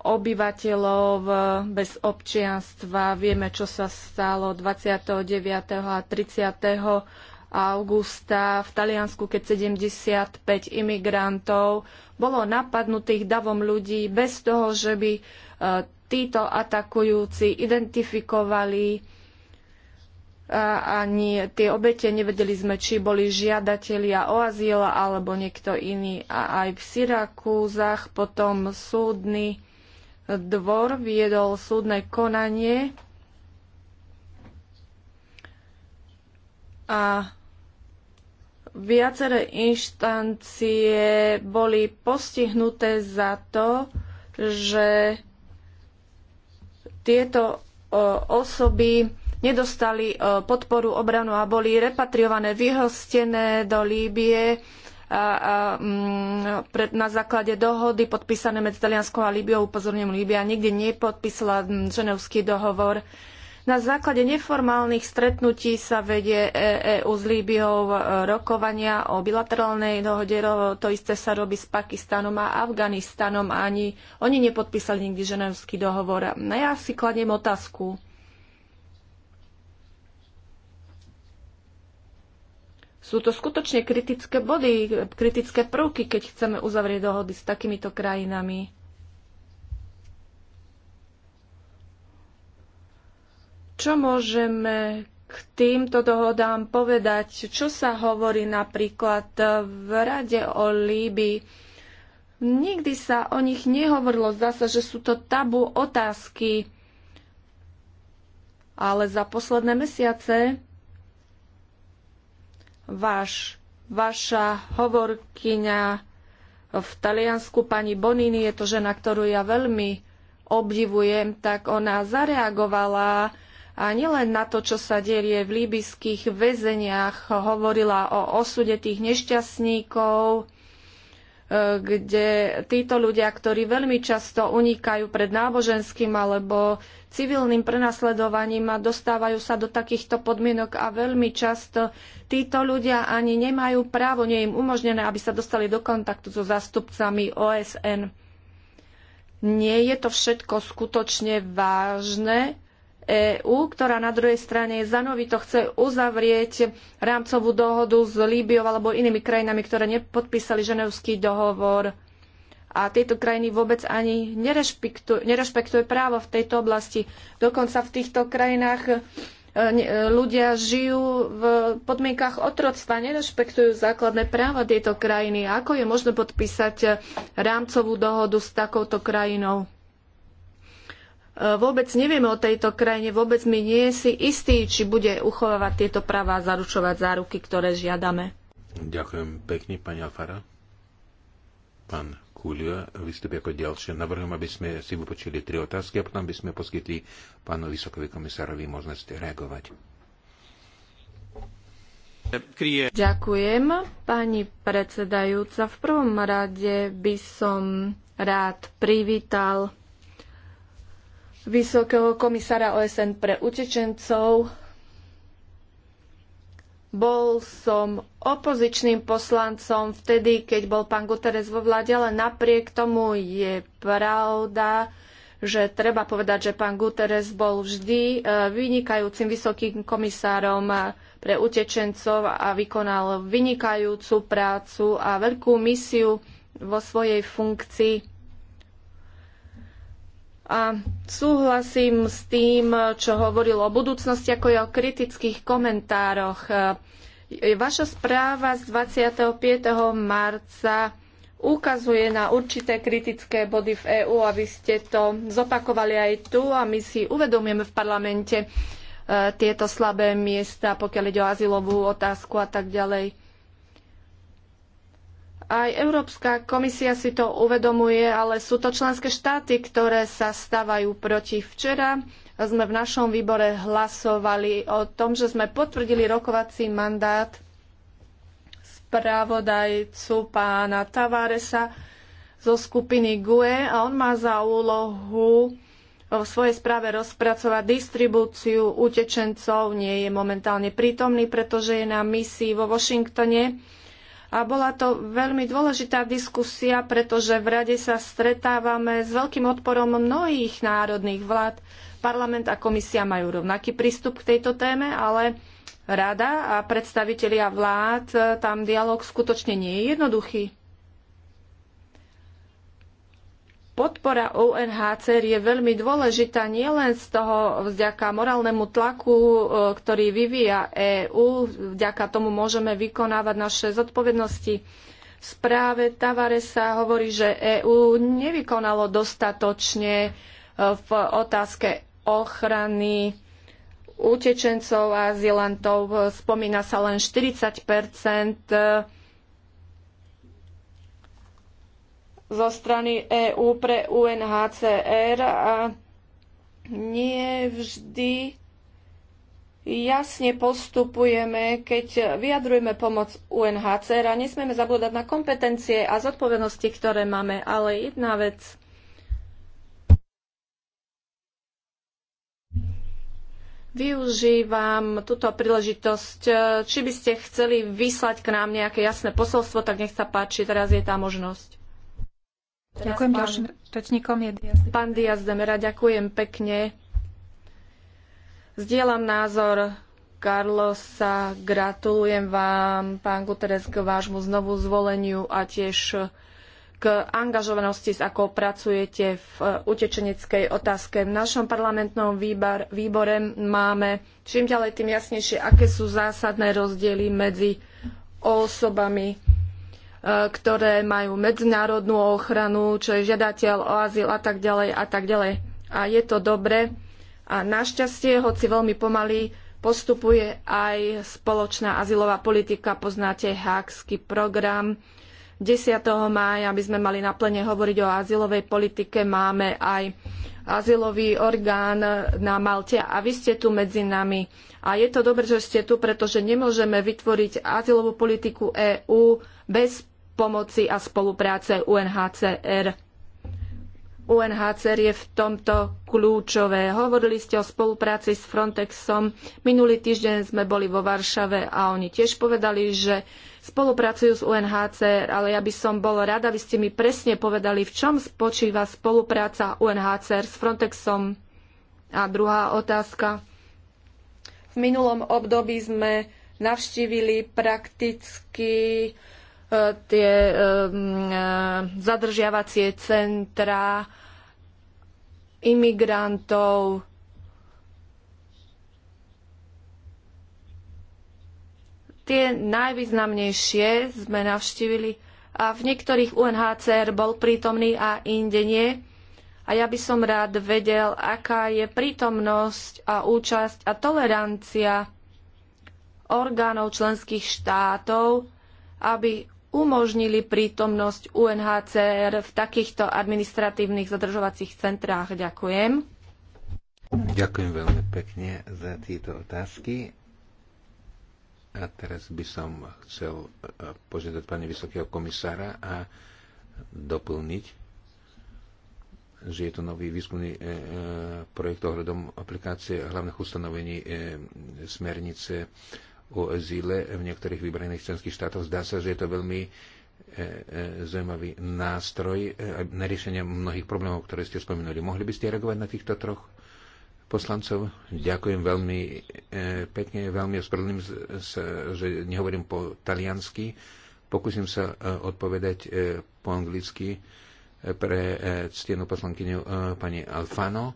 obyvateľov bez občianstva. Vieme, čo sa stalo 29. a 30. augusta v Taliansku, keď 75 imigrantov bolo napadnutých davom ľudí bez toho, že by e, títo atakujúci identifikovali ani tie obete nevedeli sme, či boli žiadatelia o azyl alebo niekto iný. A aj v Syrakúzach potom súdny dvor viedol súdne konanie a viaceré inštancie boli postihnuté za to, že tieto osoby nedostali e, podporu obranu a boli repatriované, vyhostené do Líbie a, a, mm, pred, na základe dohody podpísané medzi Talianskou a Líbiou. Upozorňujem, Líbia nikdy nepodpísala ženevský dohovor. Na základe neformálnych stretnutí sa vedie EÚ e s Líbiou e, rokovania o bilaterálnej dohode. To isté sa robí s Pakistanom a Afganistanom. Ani oni nepodpísali nikdy ženevský dohovor. No ja si kladiem otázku. sú to skutočne kritické body, kritické prvky, keď chceme uzavrieť dohody s takýmito krajinami. Čo môžeme k týmto dohodám povedať? Čo sa hovorí napríklad v Rade o Líbii? Nikdy sa o nich nehovorilo. Zdá sa, že sú to tabu otázky. Ale za posledné mesiace váš, vaša hovorkyňa v Taliansku, pani Bonini, je to žena, ktorú ja veľmi obdivujem, tak ona zareagovala a nielen na to, čo sa derie v líbyských väzeniach, hovorila o osude tých nešťastníkov, kde títo ľudia, ktorí veľmi často unikajú pred náboženským alebo civilným prenasledovaním a dostávajú sa do takýchto podmienok a veľmi často títo ľudia ani nemajú právo, nie je im umožnené, aby sa dostali do kontaktu so zástupcami OSN. Nie je to všetko skutočne vážne EÚ, ktorá na druhej strane zanovito chce uzavrieť rámcovú dohodu s Líbiou alebo inými krajinami, ktoré nepodpísali ženevský dohovor. A tieto krajiny vôbec ani nerešpektuje, nerešpektuje právo v tejto oblasti. Dokonca v týchto krajinách e, e, ľudia žijú v podmienkach otroctva, nerešpektujú základné práva tieto krajiny. Ako je možné podpísať e, rámcovú dohodu s takouto krajinou? E, vôbec nevieme o tejto krajine, vôbec mi nie si istý, či bude uchovávať tieto práva a zaručovať záruky, ktoré žiadame. Ďakujem pekne, pani Alfara. Pán Kulia vystúpi ako ďalšie. Navrhujem, aby sme si vypočuli tri otázky a potom by sme poskytli pánu vysokovi komisárovi možnosť reagovať. Ďakujem, pani predsedajúca. V prvom rade by som rád privítal vysokého komisára OSN pre utečencov. Bol som opozičným poslancom vtedy, keď bol pán Guterres vo vláde, ale napriek tomu je pravda, že treba povedať, že pán Guterres bol vždy e, vynikajúcim vysokým komisárom e, pre utečencov a vykonal vynikajúcu prácu a veľkú misiu vo svojej funkcii a súhlasím s tým, čo hovoril o budúcnosti, ako je o kritických komentároch. Vaša správa z 25. marca ukazuje na určité kritické body v EÚ a vy ste to zopakovali aj tu a my si uvedomujeme v parlamente e, tieto slabé miesta, pokiaľ ide o azylovú otázku a tak ďalej. Aj Európska komisia si to uvedomuje, ale sú to členské štáty, ktoré sa stavajú proti. Včera sme v našom výbore hlasovali o tom, že sme potvrdili rokovací mandát spravodajcu pána Tavaresa zo skupiny GUE a on má za úlohu v svojej správe rozpracovať distribúciu utečencov. Nie je momentálne prítomný, pretože je na misii vo Washingtone a bola to veľmi dôležitá diskusia, pretože v rade sa stretávame s veľkým odporom mnohých národných vlád. Parlament a komisia majú rovnaký prístup k tejto téme, ale rada a predstavitelia vlád, e, tam dialog skutočne nie je jednoduchý. podpora UNHCR je veľmi dôležitá nielen z toho vďaka morálnemu tlaku, e, ktorý vyvíja EÚ, vďaka tomu môžeme vykonávať naše zodpovednosti. V správe Tavare sa hovorí, že EÚ nevykonalo dostatočne e, v otázke ochrany utečencov a azilantov. Spomína sa len 40 zo strany EÚ pre UNHCR a nie vždy jasne postupujeme, keď vyjadrujeme pomoc UNHCR a nesmieme zabúdať na kompetencie a zodpovednosti, ktoré máme. Ale jedna vec. Využívam túto príležitosť. Či by ste chceli vyslať k nám nejaké jasné posolstvo, tak nech sa páči, teraz je tá možnosť. Teraz ďakujem pán, ďalším rečníkom. Je Pán Diaz Demera, ďakujem pekne. Zdieľam názor Carlosa, gratulujem vám, pán Guterres, k vášmu znovu zvoleniu a tiež k angažovanosti, s akou pracujete v e, utečeneckej otázke. V našom parlamentnom výbar, výbore máme čím ďalej tým jasnejšie, aké sú zásadné rozdiely medzi osobami, ktoré majú medzinárodnú ochranu, čo je žiadateľ o azyl a tak ďalej a tak ďalej. A je to dobre. A našťastie, hoci veľmi pomaly, postupuje aj spoločná azylová politika. Poznáte Hákský program. 10. mája by sme mali naplne hovoriť o azylovej politike. Máme aj azylový orgán na Malte a vy ste tu medzi nami. A je to dobré, že ste tu, pretože nemôžeme vytvoriť azylovú politiku EÚ bez pomoci a spolupráce UNHCR. UNHCR je v tomto kľúčové. Hovorili ste o spolupráci s Frontexom. Minulý týždeň sme boli vo Varšave a oni tiež povedali, že spolupracujú s UNHCR, ale ja by som bol rada, aby ste mi presne povedali, v čom spočíva spolupráca UNHCR s Frontexom. A druhá otázka. V minulom období sme navštívili prakticky tie um, eh, zadržiavacie centra imigrantov, tie najvýznamnejšie sme navštívili a v niektorých UNHCR bol prítomný a inde nie. A ja by som rád vedel, aká je prítomnosť a účasť a tolerancia orgánov členských štátov, aby umožnili prítomnosť UNHCR v takýchto administratívnych zadržovacích centrách. Ďakujem. Ďakujem veľmi pekne za tieto otázky. A teraz by som chcel e, požiadať pani vysokého komisára a doplniť, že je to nový výskumný e, e, projekt ohľadom aplikácie hlavných ustanovení smernice o ezile v niektorých vybraných členských štátoch. Zdá sa, že je to veľmi e, e, zaujímavý nástroj e, na riešenie mnohých problémov, ktoré ste spomenuli. Mohli by ste reagovať na týchto troch poslancov? Ďakujem veľmi pekne, veľmi ospravedlňujem sa, že nehovorím po taliansky. Pokúsim sa odpovedať po anglicky pre ctenú poslankyňu pani Alfano.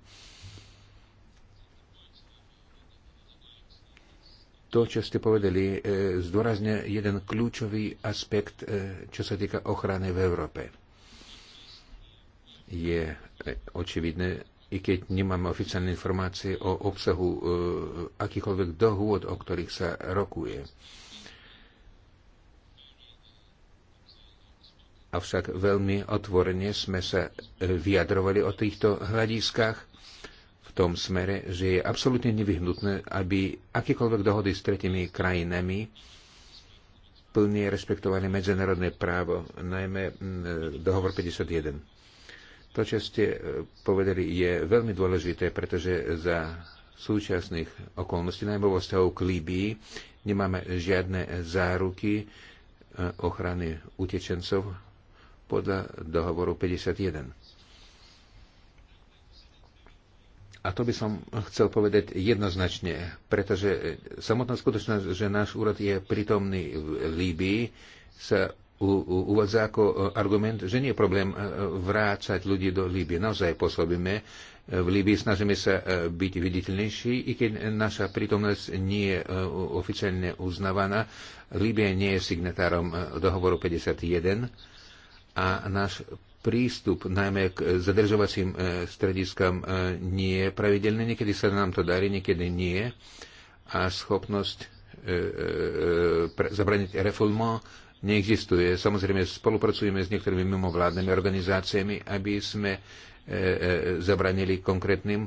to, čo ste povedali, e, zdôrazňuje jeden kľúčový aspekt, e, čo sa týka ochrany v Európe. Je e, očividné, i keď nemáme oficiálne informácie o obsahu akýchkoľvek dohôd, o ktorých sa rokuje. Avšak veľmi otvorene sme sa vyjadrovali o týchto hľadiskách tom smere, že je absolútne nevyhnutné, aby akékoľvek dohody s tretimi krajinami plne rešpektované medzinárodné právo, najmä dohovor 51. To, čo ste e, povedali, je veľmi dôležité, pretože za súčasných okolností, najmä vo vzťahu k Líbii, nemáme žiadne záruky e, ochrany utečencov podľa dohovoru 51 A to by som chcel povedať jednoznačne, pretože samotná skutočnosť, že náš úrad je prítomný v Líbii, sa u, u, uvádza ako argument, že nie je problém e, vrácať ľudí do Líbie. Naozaj pôsobíme v Líbii, snažíme sa e, byť viditeľnejší, i keď naša prítomnosť nie je e, oficiálne uznávaná. Líbia nie je signatárom dohovoru 51 a náš prístup najmä k zadržovacím e, strediskám e, nie je pravidelný. Niekedy sa nám to darí, niekedy nie. A schopnosť e, zabraniť reformu neexistuje. Samozrejme, spolupracujeme s niektorými mimovládnymi organizáciami, aby sme zabranili konkrétnym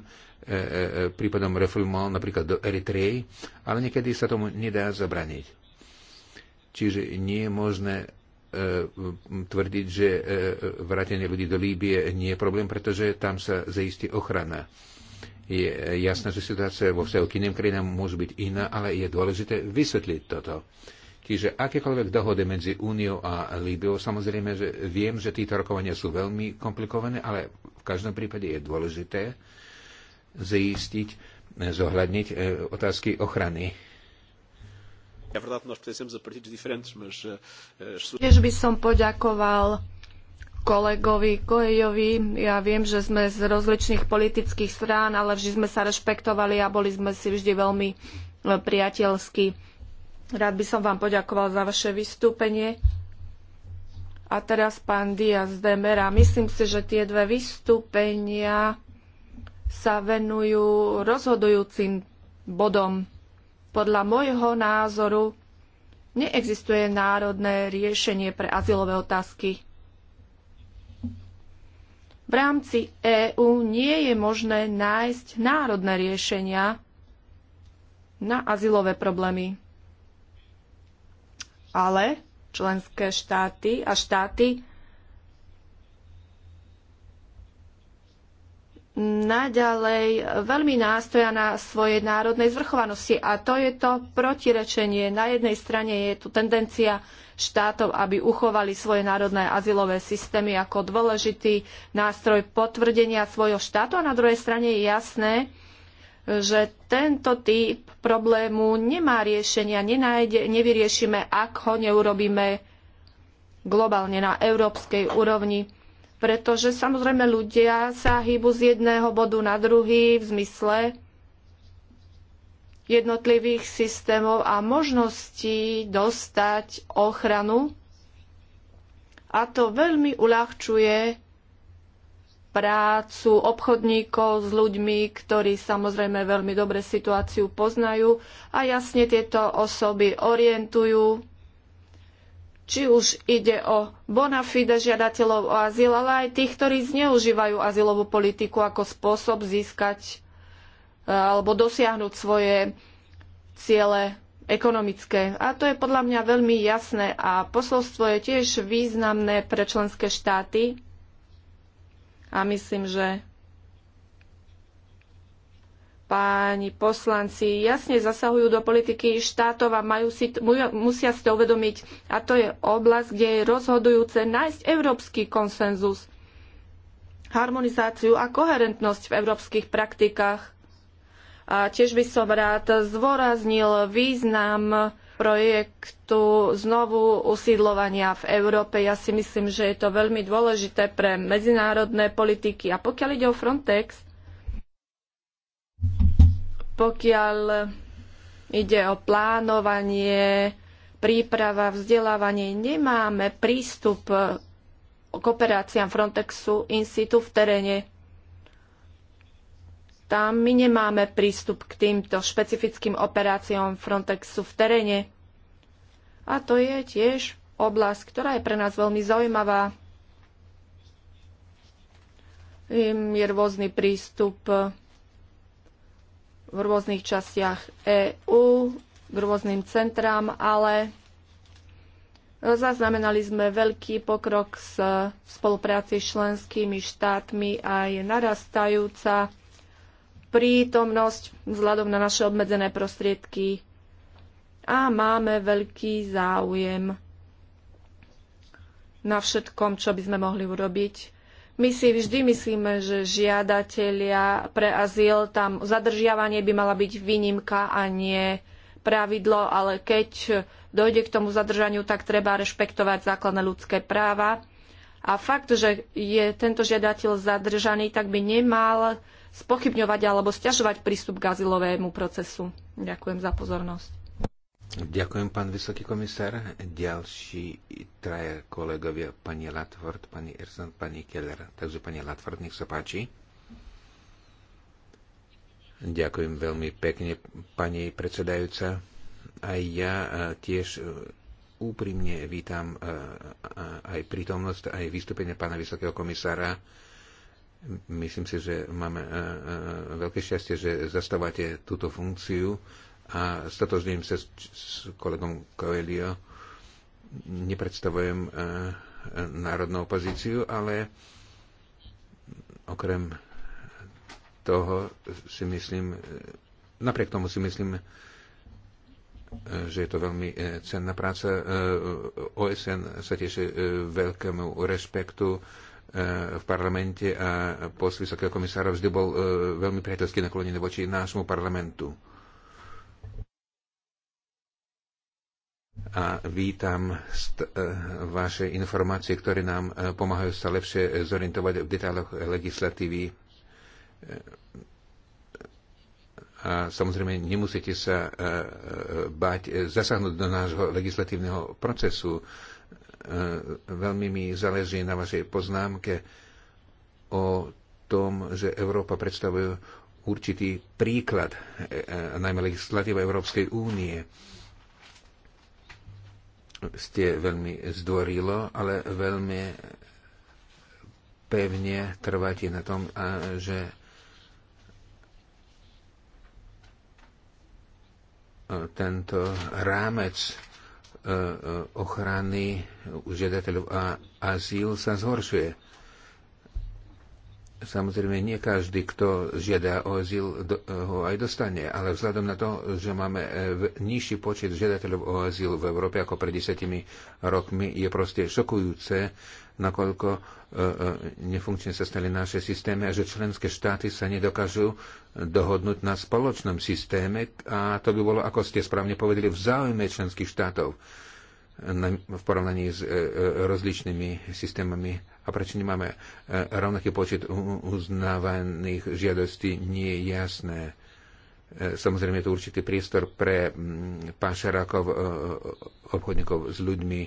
prípadom reformu napríklad do Eritreji, ale niekedy sa tomu nedá zabraniť. Čiže nie je možné E, tvrdiť, že e, vrátenie ľudí do Líbie nie je problém, pretože tam sa zaistí ochrana. Je jasné, že situácia vo vzťahu k iným krajinám môže byť iná, ale je dôležité vysvetliť toto. Čiže akékoľvek dohody medzi Úniou a Líbiou, samozrejme, že viem, že títo rokovania sú veľmi komplikované, ale v každom prípade je dôležité zaistiť, e, zohľadniť otázky ochrany É verdade, nós pertencemos a partidos diferentes, mas... Eh, eh, Tiež by som poďakoval kolegovi Kojejovi. Ja viem, že sme z rozličných politických strán, ale vždy sme sa rešpektovali a boli sme si vždy veľmi eh, priateľskí. Rád by som vám poďakoval za vaše vystúpenie. A teraz pán Diaz Demera. Myslím si, že tie dve vystúpenia sa venujú rozhodujúcim bodom podľa môjho názoru neexistuje národné riešenie pre azylové otázky. V rámci EÚ nie je možné nájsť národné riešenia na azylové problémy. Ale členské štáty a štáty naďalej veľmi nástoja na svojej národnej zvrchovanosti. A to je to protirečenie. Na jednej strane je tu tendencia štátov, aby uchovali svoje národné azylové systémy ako dôležitý nástroj potvrdenia svojho štátu a na druhej strane je jasné, že tento typ problému nemá riešenia, nenájde, nevyriešime, ak ho neurobíme globálne na európskej úrovni pretože samozrejme ľudia sa hýbu z jedného bodu na druhý v zmysle jednotlivých systémov a možností dostať ochranu. A to veľmi uľahčuje prácu obchodníkov s ľuďmi, ktorí samozrejme veľmi dobre situáciu poznajú a jasne tieto osoby orientujú či už ide o bona fide žiadateľov o azyl, ale aj tých, ktorí zneužívajú azylovú politiku ako spôsob získať e, alebo dosiahnuť svoje ciele ekonomické. A to je podľa mňa veľmi jasné a posolstvo je tiež významné pre členské štáty a myslím, že páni poslanci jasne zasahujú do politiky štátov a majú si, musia si to uvedomiť. A to je oblasť, kde je rozhodujúce nájsť európsky konsenzus, harmonizáciu a koherentnosť v európskych praktikách. A tiež by som rád zvoraznil význam projektu znovu usídlovania v Európe. Ja si myslím, že je to veľmi dôležité pre medzinárodné politiky. A pokiaľ ide o Frontex, pokiaľ ide o plánovanie, príprava, vzdelávanie, nemáme prístup k operáciám Frontexu in situ v teréne. Tam my nemáme prístup k týmto špecifickým operáciám Frontexu v teréne. A to je tiež oblasť, ktorá je pre nás veľmi zaujímavá. Je rôzny prístup v rôznych častiach EÚ, k rôznym centrám, ale zaznamenali sme veľký pokrok s spolupráci s členskými štátmi a je narastajúca prítomnosť vzhľadom na naše obmedzené prostriedky a máme veľký záujem na všetkom, čo by sme mohli urobiť my si vždy myslíme, že žiadatelia pre azyl, tam zadržiavanie by mala byť výnimka a nie pravidlo, ale keď dojde k tomu zadržaniu, tak treba rešpektovať základné ľudské práva. A fakt, že je tento žiadateľ zadržaný, tak by nemal spochybňovať alebo stiažovať prístup k azylovému procesu. Ďakujem za pozornosť. Ďakujem, pán vysoký komisár. Ďalší traja kolegovia, pani Latford, pani Erson, pani Keller. Takže pani Latford, nech sa páči. Ďakujem veľmi pekne, pani predsedajúca. Aj ja e, tiež e, úprimne vítam e, aj prítomnosť, aj vystúpenie pána vysokého komisára. Myslím si, že máme veľké šťastie, že zastávate túto funkciu a stotožňujem sa s kolegom Coelho. Nepredstavujem e, e, národnú opozíciu, ale okrem toho si myslím, e, napriek tomu si myslím, že je to veľmi cenná práca. OSN sa teší veľkému rešpektu v parlamente a post Vysokého komisára vždy bol veľmi priateľsky naklonený voči nášmu parlamentu. a vítam e, vaše informácie, ktoré nám e, pomáhajú sa lepšie zorientovať v detailoch legislatívy. E, a samozrejme, nemusíte sa bať zasahnuť do nášho legislatívneho procesu. Veľmi mi záleží na vašej poznámke o tom, že Európa predstavuje určitý príklad, najmä legislatíva Európskej únie ste veľmi zdvorilo, ale veľmi pevne trváte na tom, že e, tento rámec e, e, ochrany žiadateľov a azyl sa zhoršuje. Samozrejme, nie každý, kto žiada o azyl, ho aj dostane, ale vzhľadom na to, že máme e, nižší počet žiadateľov o azyl v Európe ako pred desiatimi rokmi, je proste šokujúce, nakoľko e, e, nefunkčne sa stali naše systémy a že členské štáty sa nedokážu dohodnúť na spoločnom systéme a to by bolo, ako ste správne povedali, v záujme členských štátov v porovnaní s e, e, rozličnými systémami a prečo nemáme e, rovnaký počet uznávaných žiadostí, nie je jasné. Samozrejme je to určitý priestor pre mm, pášerákov, obchodníkov s ľuďmi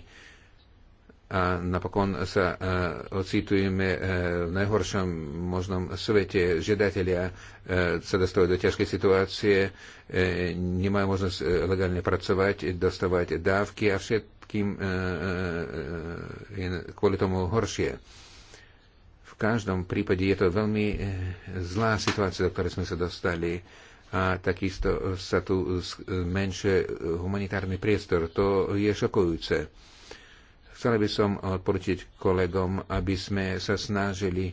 a napokon sa ocitujeme v najhoršom možnom svete. Žiadatelia sa dostávajú do ťažkej situácie, nemajú možnosť legálne pracovať, dostávať dávky a všetko všetkým e, e, e, je kvôli tomu horšie. V každom prípade je to veľmi zlá situácia, do ktorej sme sa dostali a takisto sa tu menšie humanitárny priestor. To je šokujúce. Chcel by som odporučiť kolegom, aby sme sa snažili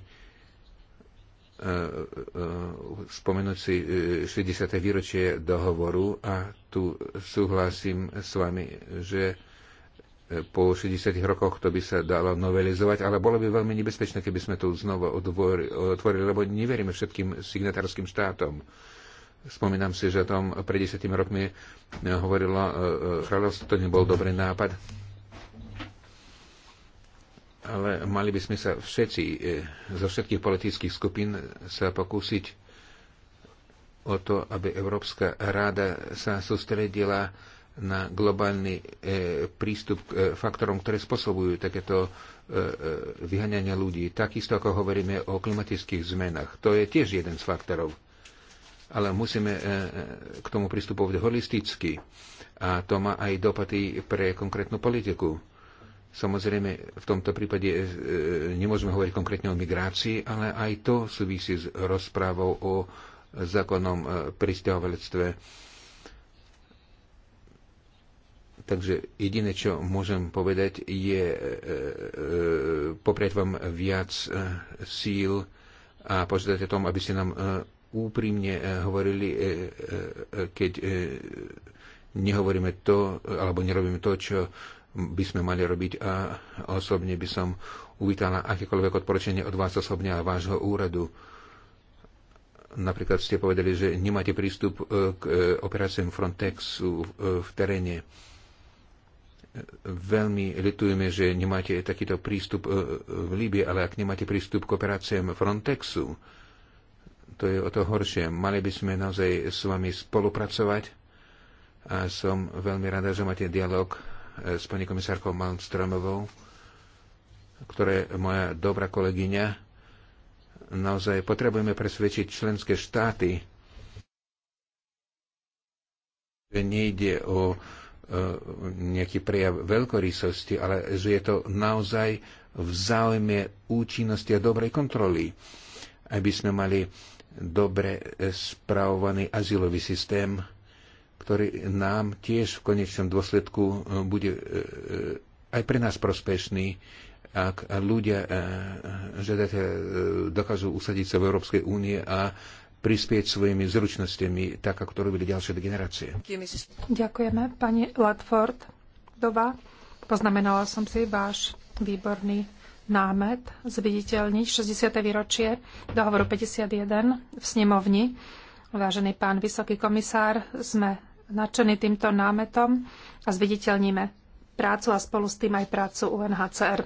spomenúť si 60. výročie dohovoru a tu súhlasím s vami, že po 60 rokoch to by sa dalo novelizovať, ale bolo by veľmi nebezpečné, keby sme to znova otvorili, lebo neveríme všetkým signatárským štátom. Spomínam si, že o tom pred 10 rokmi eh, hovorilo eh, eh, kráľovstvo, to nebol dobrý nápad. Ale mali by sme sa všetci, zo všetkých politických skupín sa pokúsiť o to, aby Európska rada sa sústredila na globálny e, prístup k e, faktorom, ktoré spôsobujú takéto e, vyhaňanie ľudí. Takisto ako hovoríme o klimatických zmenách. To je tiež jeden z faktorov. Ale musíme k tomu pristupovať holisticky. A to má aj dopady pre konkrétnu politiku. Samozrejme, v tomto prípade e, nemôžeme hovoriť konkrétne o migrácii, ale aj to súvisí s rozprávou o zákonom e, pristahovalectve. E, Takže jediné, čo môžem povedať, je e, e popriať vám viac e, síl a požiadať o tom, aby ste nám e, úprimne hovorili, keď nehovoríme to, alebo nerobíme to, čo by sme mali robiť a osobne by som uvítala akékoľvek odporúčanie od vás osobne a vášho úradu napríklad ste povedali, že nemáte prístup k operáciám Frontexu v teréne veľmi litujeme, že nemáte takýto prístup e, e, v Líbie, ale ak nemáte prístup k operáciám Frontexu, to je o to horšie. Mali by sme naozaj s vami spolupracovať a som veľmi rada, že máte dialog e, s pani komisárkou Malmstromovou, ktorá je moja dobrá kolegyňa. Naozaj potrebujeme presvedčiť členské štáty, že nejde o E, nejaký prejav veľkorysosti, ale že je to naozaj v záujme účinnosti a dobrej kontroly, aby sme mali dobre spravovaný azylový systém, ktorý nám tiež v konečnom dôsledku e, bude e, aj pre nás prospešný, ak ľudia, žiadate, dokážu usadiť sa v Európskej únie a prispieť svojimi zručnostiami, tak ako to robili ďalšie generácie. Ďakujeme, pani Ledford. Dova, poznamenala som si váš výborný námet zviditeľniť 60. výročie dohovoru 51 v snemovni. Vážený pán vysoký komisár, sme nadšení týmto námetom a zviditeľníme prácu a spolu s tým aj prácu UNHCR.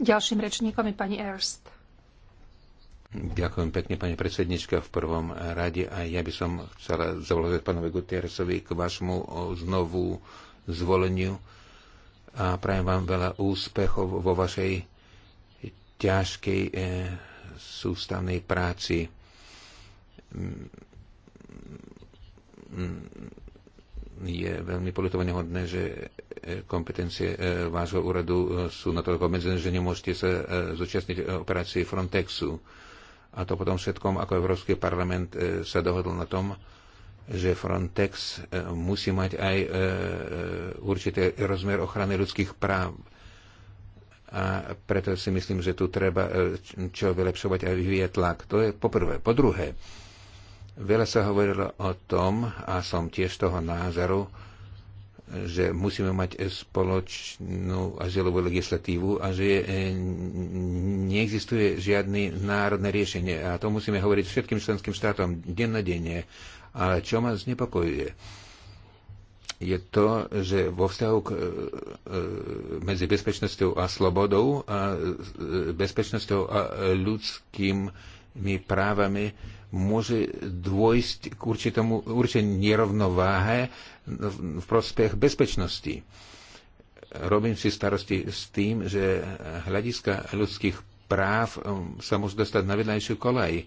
Ďalším rečníkom je pani Erst. Ďakujem pekne, pani predsednička. V prvom rade aj ja by som chcela zavolažiť pánovi Gutierrezovi k vašmu znovu zvoleniu a prajem vám veľa úspechov vo vašej ťažkej e, sústavnej práci. Je veľmi politovane hodné, že e, kompetencie e, vášho úradu e, sú natoľko obmedzené, že nemôžete sa zúčastniť operácie Frontexu a to potom všetkom, ako Európsky parlament e, sa dohodol na tom, že Frontex e, musí mať aj e, určitý rozmer ochrany ľudských práv. A preto si myslím, že tu treba čo vylepšovať a vyvíjať tlak. To je poprvé. Po druhé, veľa sa hovorilo o tom, a som tiež toho názoru, že musíme mať spoločnú azylovú legislatívu a že e, neexistuje žiadne národné riešenie. A to musíme hovoriť všetkým členským štátom dennodenne. Ale čo ma znepokojuje, je to, že vo vzťahu k, e, e, medzi bezpečnosťou a slobodou a bezpečnosťou a ľudskými právami môže dôjsť k určitému, určite nerovnováhe v prospech bezpečnosti. Robím si starosti s tým, že hľadiska ľudských práv um, sa môžu dostať na vedľajšiu kolej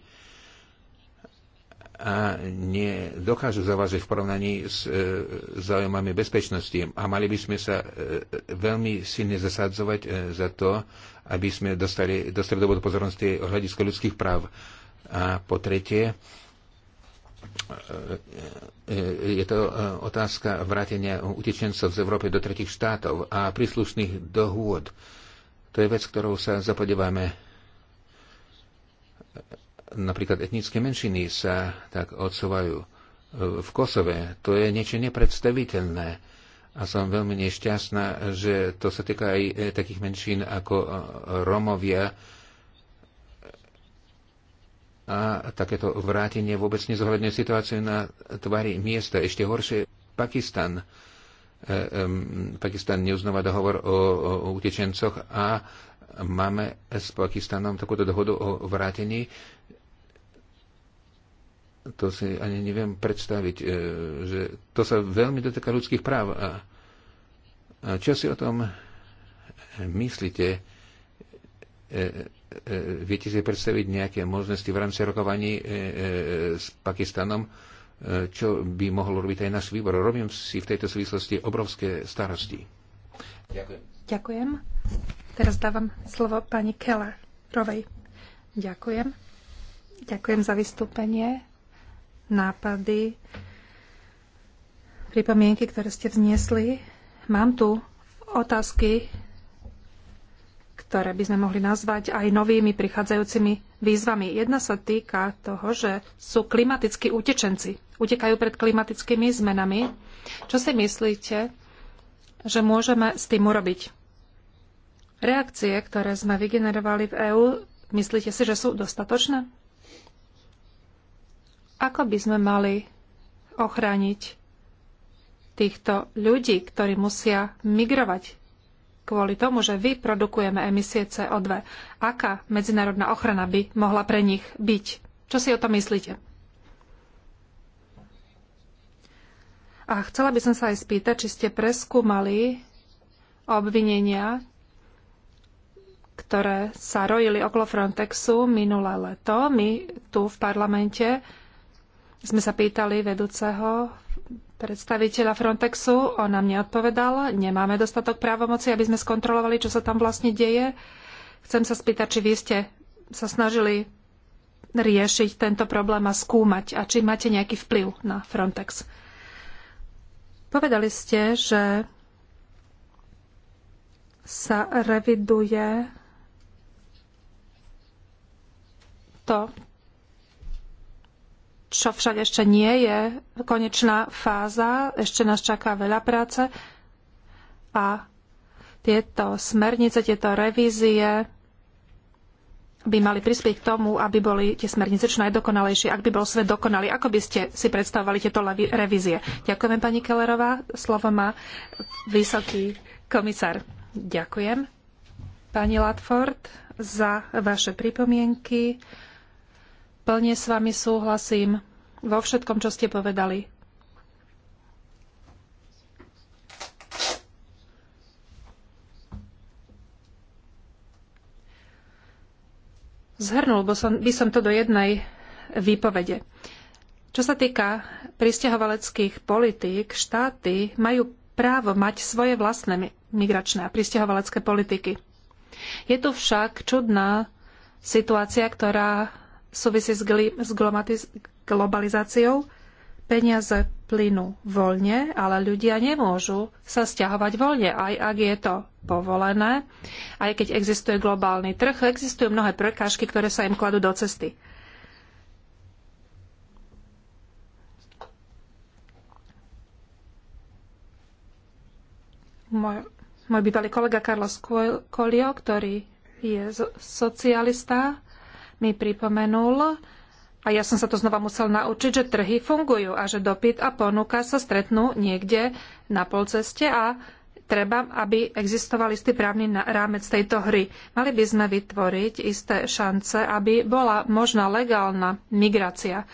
a nedokážu zavážiť v porovnaní s e, zaujímavými bezpečnosti. A mali by sme sa e, veľmi silne zasadzovať e, za to, aby sme dostali do stredobodu pozornosti hľadiska ľudských práv. E, a po tretie, e, e, je to e, otázka vrátenia utečencov z Európy do tretich štátov a príslušných dohôd. To je vec, ktorou sa zapodívame. Napríklad etnické menšiny sa tak odsúvajú v Kosove. To je niečo nepredstaviteľné. A som veľmi nešťastná, že to sa týka aj takých menšín ako Romovia, a takéto vrátenie vôbec nezohľadňuje situáciu na tvári miesta. Ešte horšie, Pakistan. E, Pakistan neuznáva dohovor o utečencoch a máme s Pakistanom takúto dohodu o vrátení. To si ani neviem predstaviť, e, že to sa veľmi dotýka ľudských práv. A čo si o tom myslíte? E, e, viete si predstaviť nejaké možnosti v rámci rokovaní e, s Pakistanom, čo by mohol robiť aj náš výbor. Robím si v tejto súvislosti obrovské starosti. Ďakujem. Ďakujem. Teraz dávam slovo pani Keller Rovej. Ďakujem. Ďakujem za vystúpenie, nápady, pripomienky, ktoré ste vzniesli. Mám tu otázky ktoré by sme mohli nazvať aj novými prichádzajúcimi výzvami. Jedna sa týka toho, že sú klimatickí utečenci. Utekajú pred klimatickými zmenami. Čo si myslíte, že môžeme s tým urobiť? Reakcie, ktoré sme vygenerovali v EÚ, myslíte si, že sú dostatočné? Ako by sme mali ochrániť týchto ľudí, ktorí musia migrovať kvôli tomu, že vyprodukujeme emisie CO2. Aká medzinárodná ochrana by mohla pre nich byť? Čo si o tom myslíte? A chcela by som sa aj spýtať, či ste preskúmali obvinenia, ktoré sa rojili okolo Frontexu minulé leto. My tu v parlamente sme sa pýtali vedúceho predstaviteľa Frontexu. On nám neodpovedal. Nemáme dostatok právomoci, aby sme skontrolovali, čo sa tam vlastne deje. Chcem sa spýtať, či vy ste sa snažili riešiť tento problém a skúmať a či máte nejaký vplyv na Frontex. Povedali ste, že sa reviduje to, čo však ešte nie je konečná fáza, ešte nás čaká veľa práce a tieto smernice, tieto revízie by mali prispieť k tomu, aby boli tie smernice čo najdokonalejšie, ak by bol svet dokonalý. Ako by ste si predstavovali tieto revízie? Ďakujem, pani Kellerová. Slovo má vysoký komisár. Ďakujem, pani Latford, za vaše pripomienky Plne s vami súhlasím vo všetkom, čo ste povedali. Zhrnul bo som, by som to do jednej výpovede. Čo sa týka pristahovaleckých politík, štáty majú právo mať svoje vlastné migračné a pristahovalecké politiky. Je tu však čudná situácia, ktorá súvisí s, globalizáciou. Peniaze plynú voľne, ale ľudia nemôžu sa stiahovať voľne, aj ak je to povolené. Aj keď existuje globálny trh, existujú mnohé prekážky, ktoré sa im kladú do cesty. Môj, môj bývalý kolega Carlos Colio, ktorý je socialista, mi pripomenul, a ja som sa to znova musel naučiť, že trhy fungujú a že dopyt a ponuka sa stretnú niekde na polceste a treba, aby existoval istý právny rámec tejto hry. Mali by sme vytvoriť isté šance, aby bola možná legálna migrácia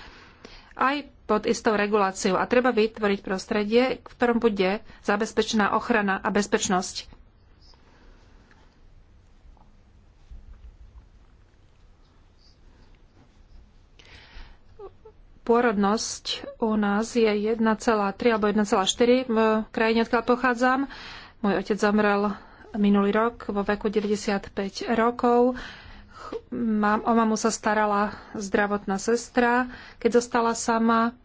aj pod istou reguláciou. A treba vytvoriť prostredie, v ktorom bude zabezpečená ochrana a bezpečnosť. Pôrodnosť u nás je 1,3 alebo 1,4 v krajine, odkiaľ pochádzam. Môj otec zomrel minulý rok vo veku 95 rokov. o mamu sa starala zdravotná sestra, keď zostala sama.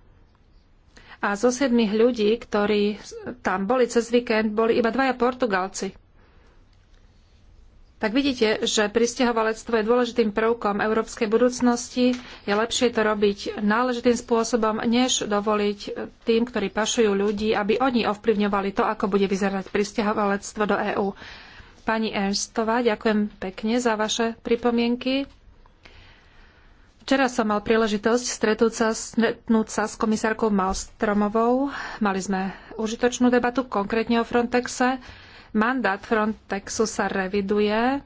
A zo siedmých ľudí, ktorí tam boli cez víkend, boli iba dvaja Portugalci tak vidíte, že pristahovalectvo je dôležitým prvkom európskej budúcnosti. Je lepšie to robiť náležitým spôsobom, než dovoliť tým, ktorí pašujú ľudí, aby oni ovplyvňovali to, ako bude vyzerať pristahovalectvo do EÚ. Pani Ernstová, ďakujem pekne za vaše pripomienky. Včera som mal príležitosť stretnúť sa, stretnúť sa s komisárkou Malstromovou. Mali sme užitočnú debatu konkrétne o Frontexe. Mandát Frontexu sa reviduje,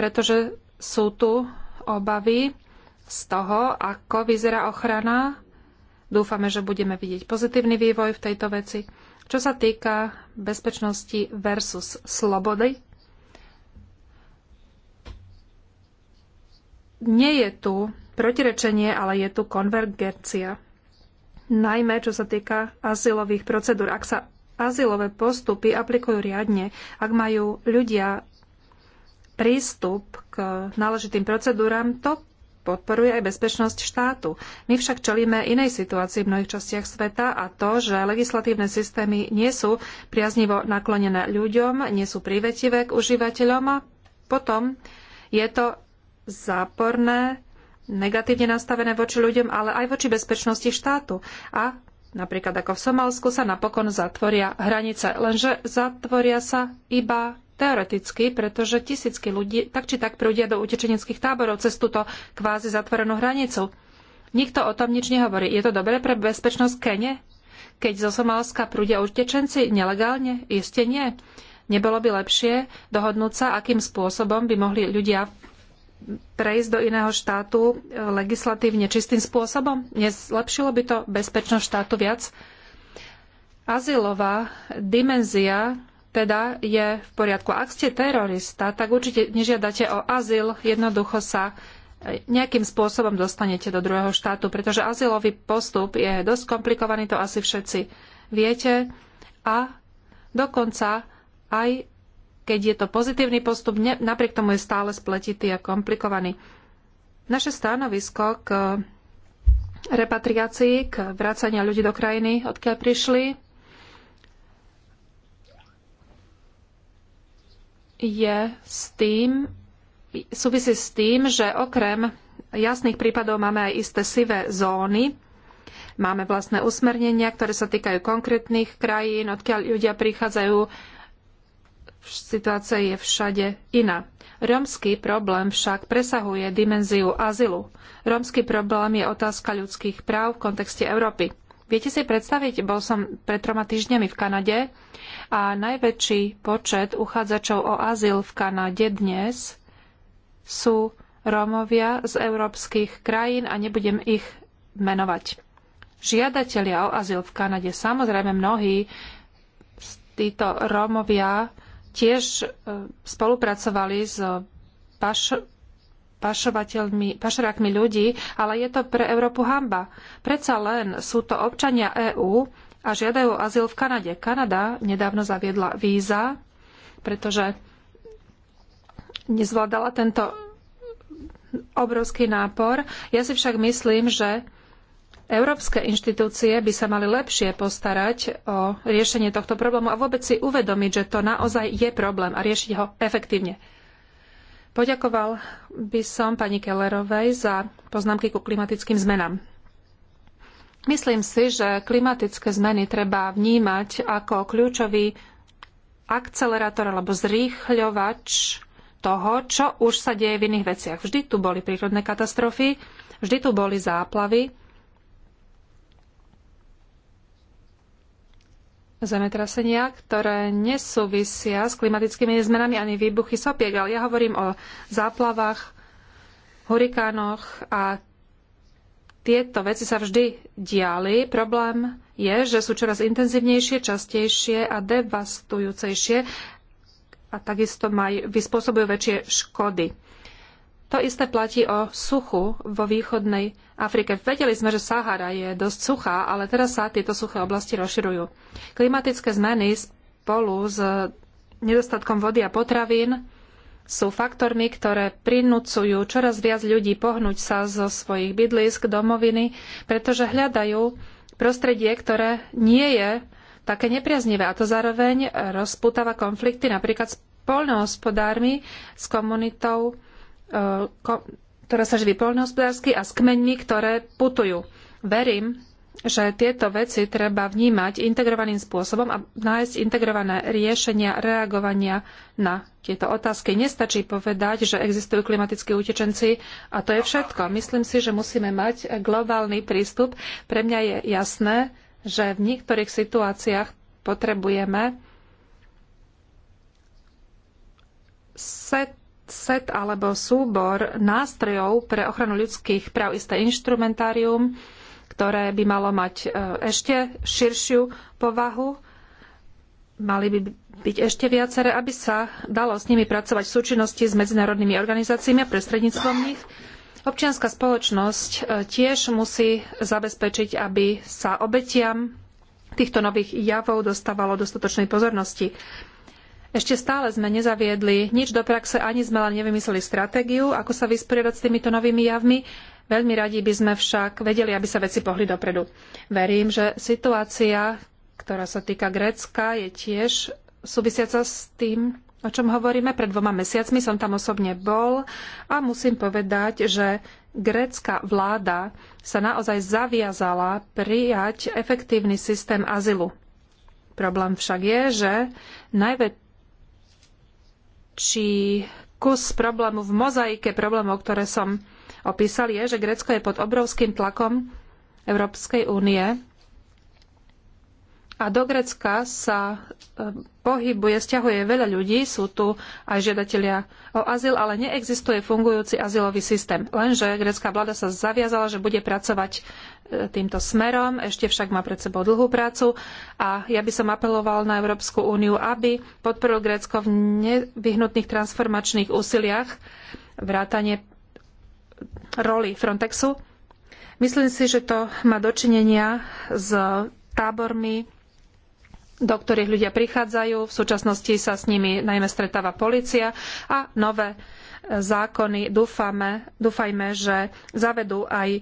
pretože sú tu obavy z toho, ako vyzerá ochrana. Dúfame, že budeme vidieť pozitívny vývoj v tejto veci. Čo sa týka bezpečnosti versus slobody, nie je tu protirečenie, ale je tu konvergencia. Najmä čo sa týka azylových procedúr. Ak sa azylové postupy aplikujú riadne, ak majú ľudia prístup k náležitým procedúram, to podporuje aj bezpečnosť štátu. My však čelíme inej situácii v mnohých častiach sveta a to, že legislatívne systémy nie sú priaznivo naklonené ľuďom, nie sú privetivé k užívateľom a potom je to záporné negatívne nastavené voči ľuďom, ale aj voči bezpečnosti štátu. A Napríklad ako v Somálsku sa napokon zatvoria hranice, lenže zatvoria sa iba teoreticky, pretože tisícky ľudí tak či tak prúdia do utečeneckých táborov cez túto kvázi zatvorenú hranicu. Nikto o tom nič nehovorí. Je to dobré pre bezpečnosť Kene? Keď zo Somálska prúdia utečenci nelegálne? Iste nie. Nebolo by lepšie dohodnúť sa, akým spôsobom by mohli ľudia prejsť do iného štátu e, legislatívne čistým spôsobom? Nezlepšilo by to bezpečnosť štátu viac? Azylová dimenzia teda je v poriadku. Ak ste terorista, tak určite nežiadate o azyl, jednoducho sa e, nejakým spôsobom dostanete do druhého štátu, pretože azylový postup je dosť komplikovaný, to asi všetci viete. A dokonca aj keď je to pozitívny postup, ne, napriek tomu je stále spletitý a komplikovaný. Naše stanovisko k repatriácii, k vracania ľudí do krajiny, odkiaľ prišli, je s tým, súvisí s tým, že okrem jasných prípadov máme aj isté sivé zóny, Máme vlastné usmernenia, ktoré sa týkajú konkrétnych krajín, odkiaľ ľudia prichádzajú, situácia je všade iná. Rómsky problém však presahuje dimenziu azylu. Rómsky problém je otázka ľudských práv v kontexte Európy. Viete si predstaviť, bol som pred troma týždňami v Kanade a najväčší počet uchádzačov o azyl v Kanade dnes sú Rómovia z európskych krajín a nebudem ich menovať. Žiadatelia o azyl v Kanade, samozrejme mnohí títo Rómovia tiež e, spolupracovali s paš, pašovateľmi, pašerákmi ľudí, ale je to pre Európu hamba. Predsa len sú to občania EÚ a žiadajú azyl v Kanade. Kanada nedávno zaviedla víza, pretože nezvládala tento obrovský nápor. Ja si však myslím, že Európske inštitúcie by sa mali lepšie postarať o riešenie tohto problému a vôbec si uvedomiť, že to naozaj je problém a riešiť ho efektívne. Poďakoval by som pani Kellerovej za poznámky ku klimatickým zmenám. Myslím si, že klimatické zmeny treba vnímať ako kľúčový akcelerátor alebo zrýchľovač toho, čo už sa deje v iných veciach. Vždy tu boli prírodné katastrofy, vždy tu boli záplavy, zemetrasenia, ktoré nesúvisia s klimatickými zmenami ani výbuchy sopiek, ale ja hovorím o záplavách, hurikánoch a tieto veci sa vždy diali. Problém je, že sú čoraz intenzívnejšie, častejšie a devastujúcejšie a takisto maj, vyspôsobujú väčšie škody. To isté platí o suchu vo východnej Afrike. Vedeli sme, že Sahara je dosť suchá, ale teraz sa tieto suché oblasti rozširujú. Klimatické zmeny spolu s nedostatkom vody a potravín sú faktormi, ktoré prinúcujú čoraz viac ľudí pohnúť sa zo svojich bydlisk, domoviny, pretože hľadajú prostredie, ktoré nie je také nepriaznivé. A to zároveň rozputáva konflikty napríklad s poľnohospodármi, s komunitou E, ktoré sa živí poľnohospodársky a s kmeňmi, ktoré putujú. Verím, že tieto veci treba vnímať integrovaným spôsobom a nájsť integrované riešenia reagovania na tieto otázky. Nestačí povedať, že existujú klimatickí utečenci a to je všetko. Myslím si, že musíme mať globálny prístup. Pre mňa je jasné, že v niektorých situáciách potrebujeme set set alebo súbor nástrojov pre ochranu ľudských práv, isté inštrumentárium, ktoré by malo mať e, ešte širšiu povahu, mali by byť ešte viaceré, aby sa dalo s nimi pracovať v súčinnosti s medzinárodnými organizáciami a prostredníctvom nich. Občianska spoločnosť e, tiež musí zabezpečiť, aby sa obetiam týchto nových javov dostávalo dostatočnej pozornosti. Ešte stále sme nezaviedli nič do praxe, ani sme len nevymysleli stratégiu, ako sa vysporiadať s týmito novými javmi. Veľmi radi by sme však vedeli, aby sa veci pohli dopredu. Verím, že situácia, ktorá sa týka Grécka, je tiež súvisiaca s tým, o čom hovoríme. Pred dvoma mesiacmi som tam osobne bol a musím povedať, že grécka vláda sa naozaj zaviazala prijať efektívny systém azylu. Problém však je, že najväč- či kus problému v mozaike problémov, ktoré som opísal, je, že Grécko je pod obrovským tlakom Európskej únie a do Grécka sa e, pohybuje, sťahuje veľa ľudí, sú tu aj žiadatelia o azyl, ale neexistuje fungujúci azylový systém. Lenže grécka vláda sa zaviazala, že bude pracovať týmto smerom. Ešte však má pred sebou dlhú prácu a ja by som apeloval na Európsku úniu, aby podporil Grécko v nevyhnutných transformačných úsiliach vrátanie roli Frontexu. Myslím si, že to má dočinenia s tábormi, do ktorých ľudia prichádzajú. V súčasnosti sa s nimi najmä stretáva polícia a nové zákony dúfame, dúfajme, že zavedú aj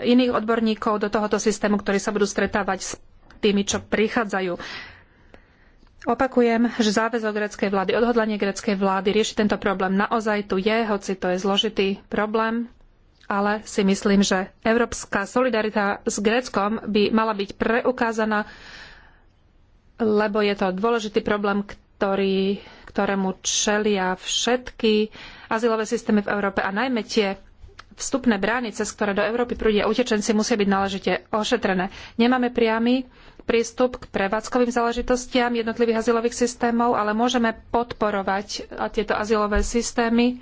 iných odborníkov do tohoto systému, ktorí sa budú stretávať s tými, čo prichádzajú. Opakujem, že záväzok greckej vlády, odhodlanie greckej vlády riešiť tento problém naozaj tu je, hoci to je zložitý problém, ale si myslím, že európska solidarita s Gréckom by mala byť preukázaná, lebo je to dôležitý problém, ktorý, ktorému čelia všetky azylové systémy v Európe a najmä tie vstupné brány, cez ktoré do Európy prúdia utečenci, musia byť náležite ošetrené. Nemáme priamy prístup k prevádzkovým záležitostiam jednotlivých azylových systémov, ale môžeme podporovať tieto azylové systémy.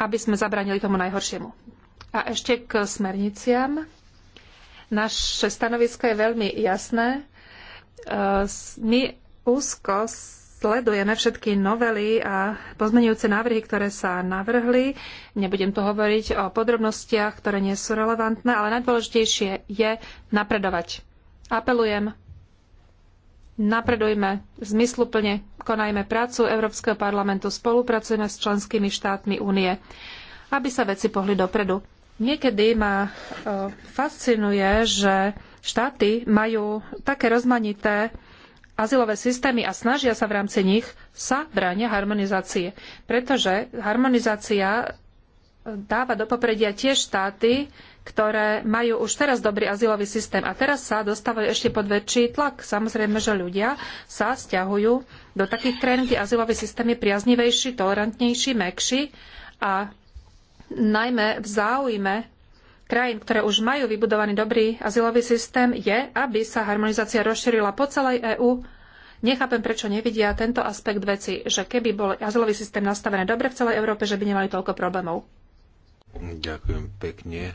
aby sme zabránili tomu najhoršiemu. A ešte k smerniciam. Naše stanovisko je veľmi jasné. E, my úzko sledujeme všetky novely a pozmenujúce návrhy, ktoré sa navrhli. Nebudem tu hovoriť o podrobnostiach, ktoré nie sú relevantné, ale najdôležitejšie je napredovať. Apelujem, napredujme zmysluplne, konajme prácu Európskeho parlamentu, spolupracujeme s členskými štátmi únie, aby sa veci pohli dopredu. Niekedy ma e, fascinuje, že štáty majú také rozmanité azylové systémy a snažia sa v rámci nich, sa bránia harmonizácie. Pretože harmonizácia dáva do popredia tie štáty, ktoré majú už teraz dobrý azylový systém a teraz sa dostávajú ešte pod väčší tlak. Samozrejme, že ľudia sa stiahujú do takých krajín, kde azylový systém je priaznivejší, tolerantnejší, mekší a najmä v záujme krajín, ktoré už majú vybudovaný dobrý azylový systém, je, aby sa harmonizácia rozšírila po celej EÚ. Nechápem, prečo nevidia tento aspekt veci, že keby bol azylový systém nastavený dobre v celej Európe, že by nemali toľko problémov. Ďakujem pekne.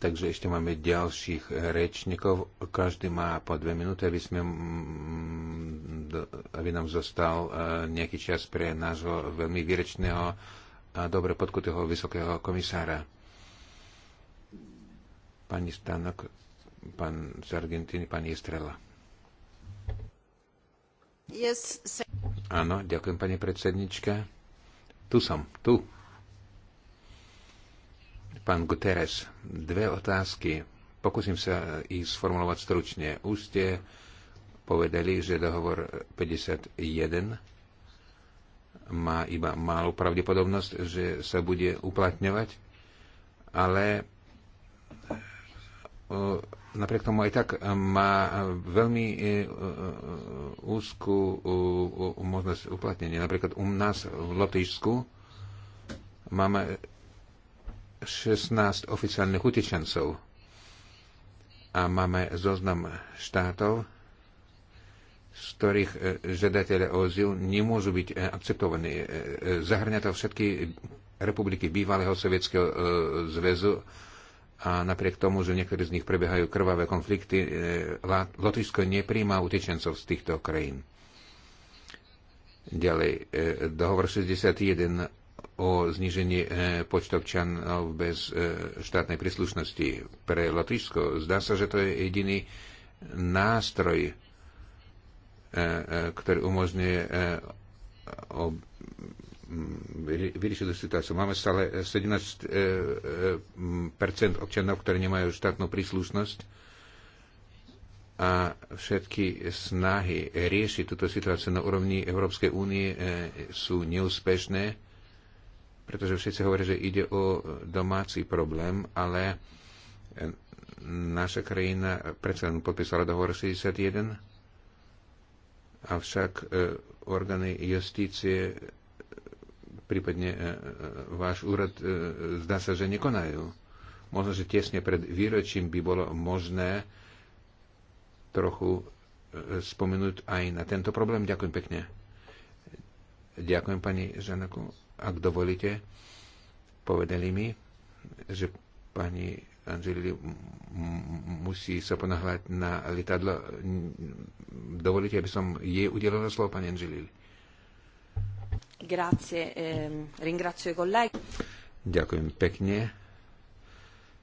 Takže ešte máme ďalších rečníkov. Každý má po dve minúty, aby, sme, mm, aby nám zostal e, nejaký čas pre nášho veľmi výrečného a dobre podkutého vysokého komisára pani Stanok, pán z Argentíny, pani Estrela. Yes, Áno, ďakujem, pani predsednička. Tu som, tu. Pán Guterres, dve otázky. Pokúsim sa ich sformulovať stručne. Už ste povedali, že dohovor 51 má iba malú pravdepodobnosť, že sa bude uplatňovať, ale E, napriek tomu aj tak e, má e, veľmi úzkú možnosť uplatnenia. Napríklad u nás v Lotyšsku máme 16 oficiálnych utečencov a máme zoznam štátov, z ktorých žiadatelia o azyl nemôžu byť akceptovaní. Zahrňa to všetky republiky bývalého Sovietskeho zväzu a napriek tomu, že niektoré z nich prebiehajú krvavé konflikty, e, Lotyšsko nepríjma utečencov z týchto krajín. Ďalej, e, dohovor 61 o znižení e, počtu občanov bez štátnej príslušnosti pre Lotyšsko. Zdá sa, že to je jediný nástroj, ktorý umožňuje vyriešili situáciu. Máme stále 17 e, e, občanov, ktorí nemajú štátnu príslušnosť a všetky snahy riešiť túto situáciu na úrovni Európskej únie e, sú neúspešné, pretože všetci hovoria, že ide o domáci problém, ale naša krajina predsa len podpísala dohovor 61, avšak orgány justície prípadne e, e, e, váš úrad zdá sa, že nekonajú. Možno, že tesne pred výročím by bolo možné trochu spomenúť aj na tento problém. Ďakujem pekne. Ďakujem pani Žanaku. Ak dovolíte, povedali mi, že pani Anželili musí sa ponáhľať na lietadlo. Dovolíte, aby som jej udelila slovo, pani Anželili. Grazie, ehm, ringrazio i colleghi. Ďakujem pekne.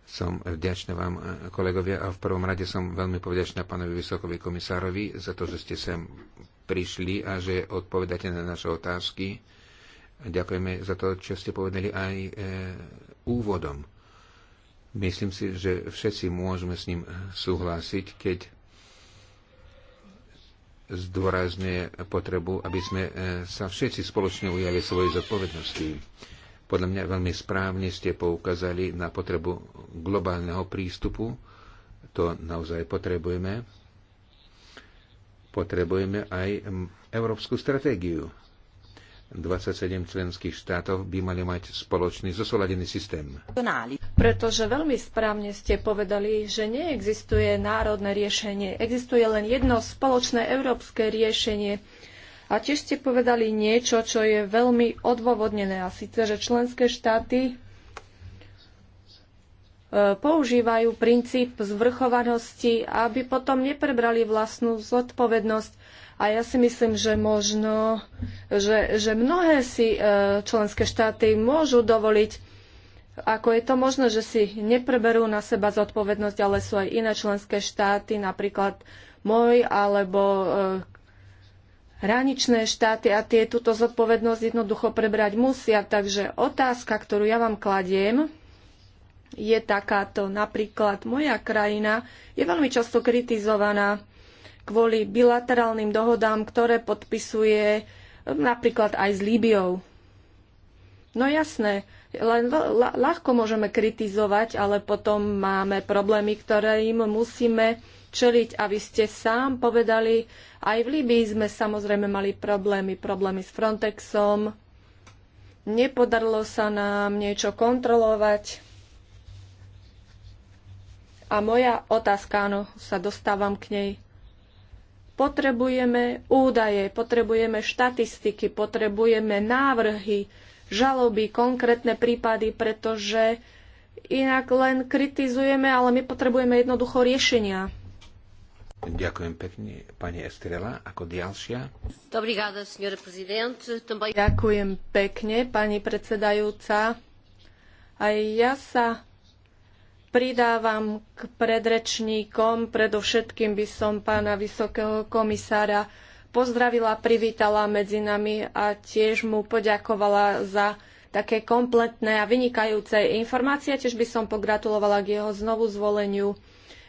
Som vďačný vám, e, kolegovia, a v prvom rade som veľmi povďačná pánovi Vysokovi komisárovi za to, že ste sem prišli a že odpovedáte na naše otázky. Ďakujeme za to, čo ste povedali aj e, úvodom. Myslím si, že všetci môžeme s ním e, súhlasiť, keď zdôrazňuje potrebu, aby sme e, sa všetci spoločne ujali svoje zodpovednosti. Podľa mňa veľmi správne ste poukázali na potrebu globálneho prístupu. To naozaj potrebujeme. Potrebujeme aj európsku stratégiu 27 členských štátov by mali mať spoločný zosoladený systém. Pretože veľmi správne ste povedali, že neexistuje národné riešenie, existuje len jedno spoločné európske riešenie. A tiež ste povedali niečo, čo je veľmi odôvodnené, a síce, že členské štáty e, používajú princíp zvrchovanosti, aby potom neprebrali vlastnú zodpovednosť a ja si myslím, že možno, že, že mnohé si e, členské štáty môžu dovoliť ako je to možné, že si nepreberú na seba zodpovednosť, ale sú aj iné členské štáty, napríklad môj alebo e, hraničné štáty a tie túto zodpovednosť jednoducho prebrať musia. Takže otázka, ktorú ja vám kladiem, je takáto. Napríklad moja krajina je veľmi často kritizovaná kvôli bilaterálnym dohodám, ktoré podpisuje napríklad aj s Líbiou. No jasné, len ľahko môžeme kritizovať, ale potom máme problémy, ktoré im musíme čeliť. A vy ste sám povedali, aj v Líbii sme samozrejme mali problémy, problémy s Frontexom. Nepodarilo sa nám niečo kontrolovať. A moja otázka, áno, sa dostávam k nej. Potrebujeme údaje, potrebujeme štatistiky, potrebujeme návrhy, žaloby, konkrétne prípady, pretože inak len kritizujeme, ale my potrebujeme jednoducho riešenia. Ďakujem pekne, pani Estrela, ako ďalšia. Ďakujem pekne, pani predsedajúca. Aj ja sa pridávam k predrečníkom. Predovšetkým by som pána vysokého komisára pozdravila, privítala medzi nami a tiež mu poďakovala za také kompletné a vynikajúce informácie. Tiež by som pogratulovala k jeho znovu zvoleniu.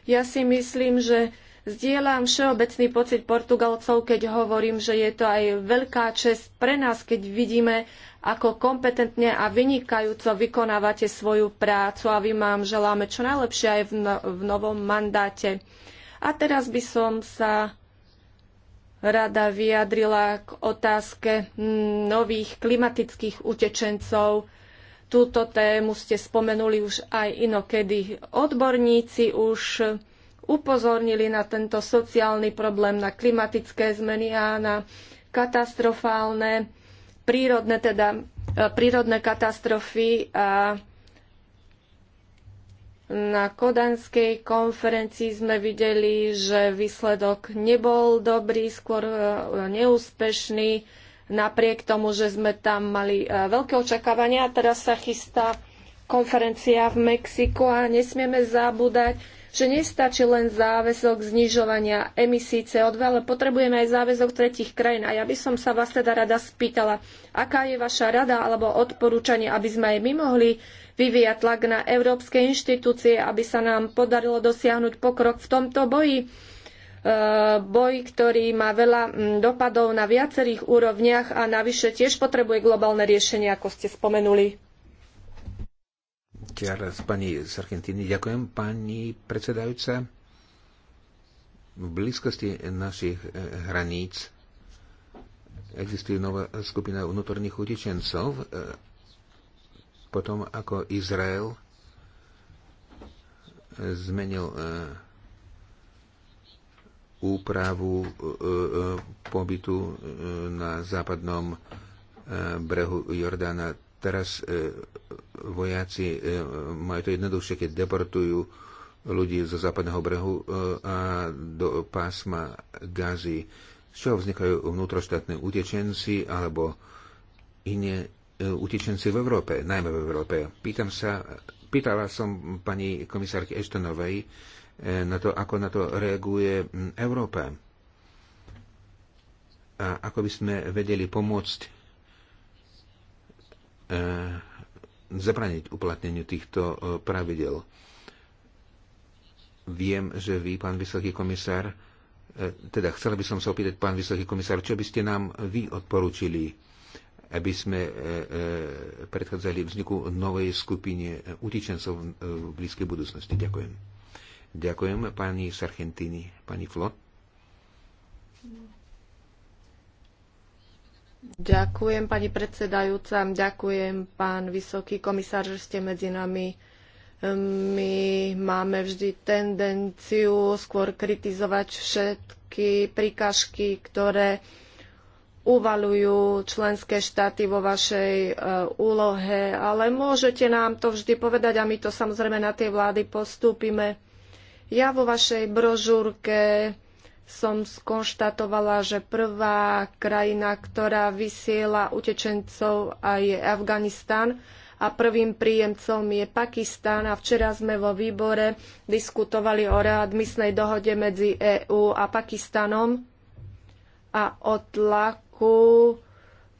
Ja si myslím, že Zdieľam všeobecný pocit Portugalcov, keď hovorím, že je to aj veľká čest pre nás, keď vidíme, ako kompetentne a vynikajúco vykonávate svoju prácu a vy vám želáme čo najlepšie aj v, no- v novom mandáte. A teraz by som sa rada vyjadrila k otázke hm, nových klimatických utečencov. Túto tému ste spomenuli už aj inokedy. Odborníci už upozornili na tento sociálny problém, na klimatické zmeny a na katastrofálne prírodné, teda, e, prírodné katastrofy a na kodanskej konferencii sme videli, že výsledok nebol dobrý, skôr e, neúspešný, napriek tomu, že sme tam mali e, veľké očakávania. Teraz sa chystá konferencia v Mexiku a nesmieme zabúdať, že nestačí len záväzok znižovania emisí CO2, ale potrebujeme aj záväzok tretich krajín. A ja by som sa vás teda rada spýtala, aká je vaša rada alebo odporúčanie, aby sme aj my mohli vyvíjať tlak na európske inštitúcie, aby sa nám podarilo dosiahnuť pokrok v tomto boji e, boj, ktorý má veľa dopadov na viacerých úrovniach a navyše tiež potrebuje globálne riešenie, ako ste spomenuli pani z Argentíny. Ďakujem, pani predsedajúca. V blízkosti našich eh, hraníc existuje nová skupina vnútorných utečencov. Eh, potom, ako Izrael zmenil eh, úpravu pobytu na západnom brehu Jordána. Teraz vojaci e, majú to jednoduchšie, keď deportujú ľudí zo západného brehu e, a do pásma Gazy, z čoho vznikajú vnútroštátne utečenci alebo iné e, utečenci v Európe, najmä v Európe. Pýtam sa, pýtala som pani komisárky Eštonovej na to, ako na to reaguje Európa a ako by sme vedeli pomôcť zabraniť uplatneniu týchto e, pravidel. Viem, že vy, pán vysoký komisár, e, teda chcel by som sa opýtať, pán vysoký komisár, čo by ste nám vy odporúčili, aby sme e, predchádzali vzniku novej skupine utečencov v blízkej budúcnosti. Ďakujem. Ďakujem pani Sargentini, pani Flot. Ďakujem, pani predsedajúca. Ďakujem, pán vysoký komisár, že ste medzi nami. Ehm, my máme vždy tendenciu skôr kritizovať všetky príkažky, ktoré uvalujú členské štáty vo vašej e, úlohe, ale môžete nám to vždy povedať a my to samozrejme na tie vlády postúpime. Ja vo vašej brožúrke som skonštatovala, že prvá krajina, ktorá vysiela utečencov a je Afganistan a prvým príjemcom je Pakistan a včera sme vo výbore diskutovali o readmisnej dohode medzi EÚ a Pakistanom a o tlaku,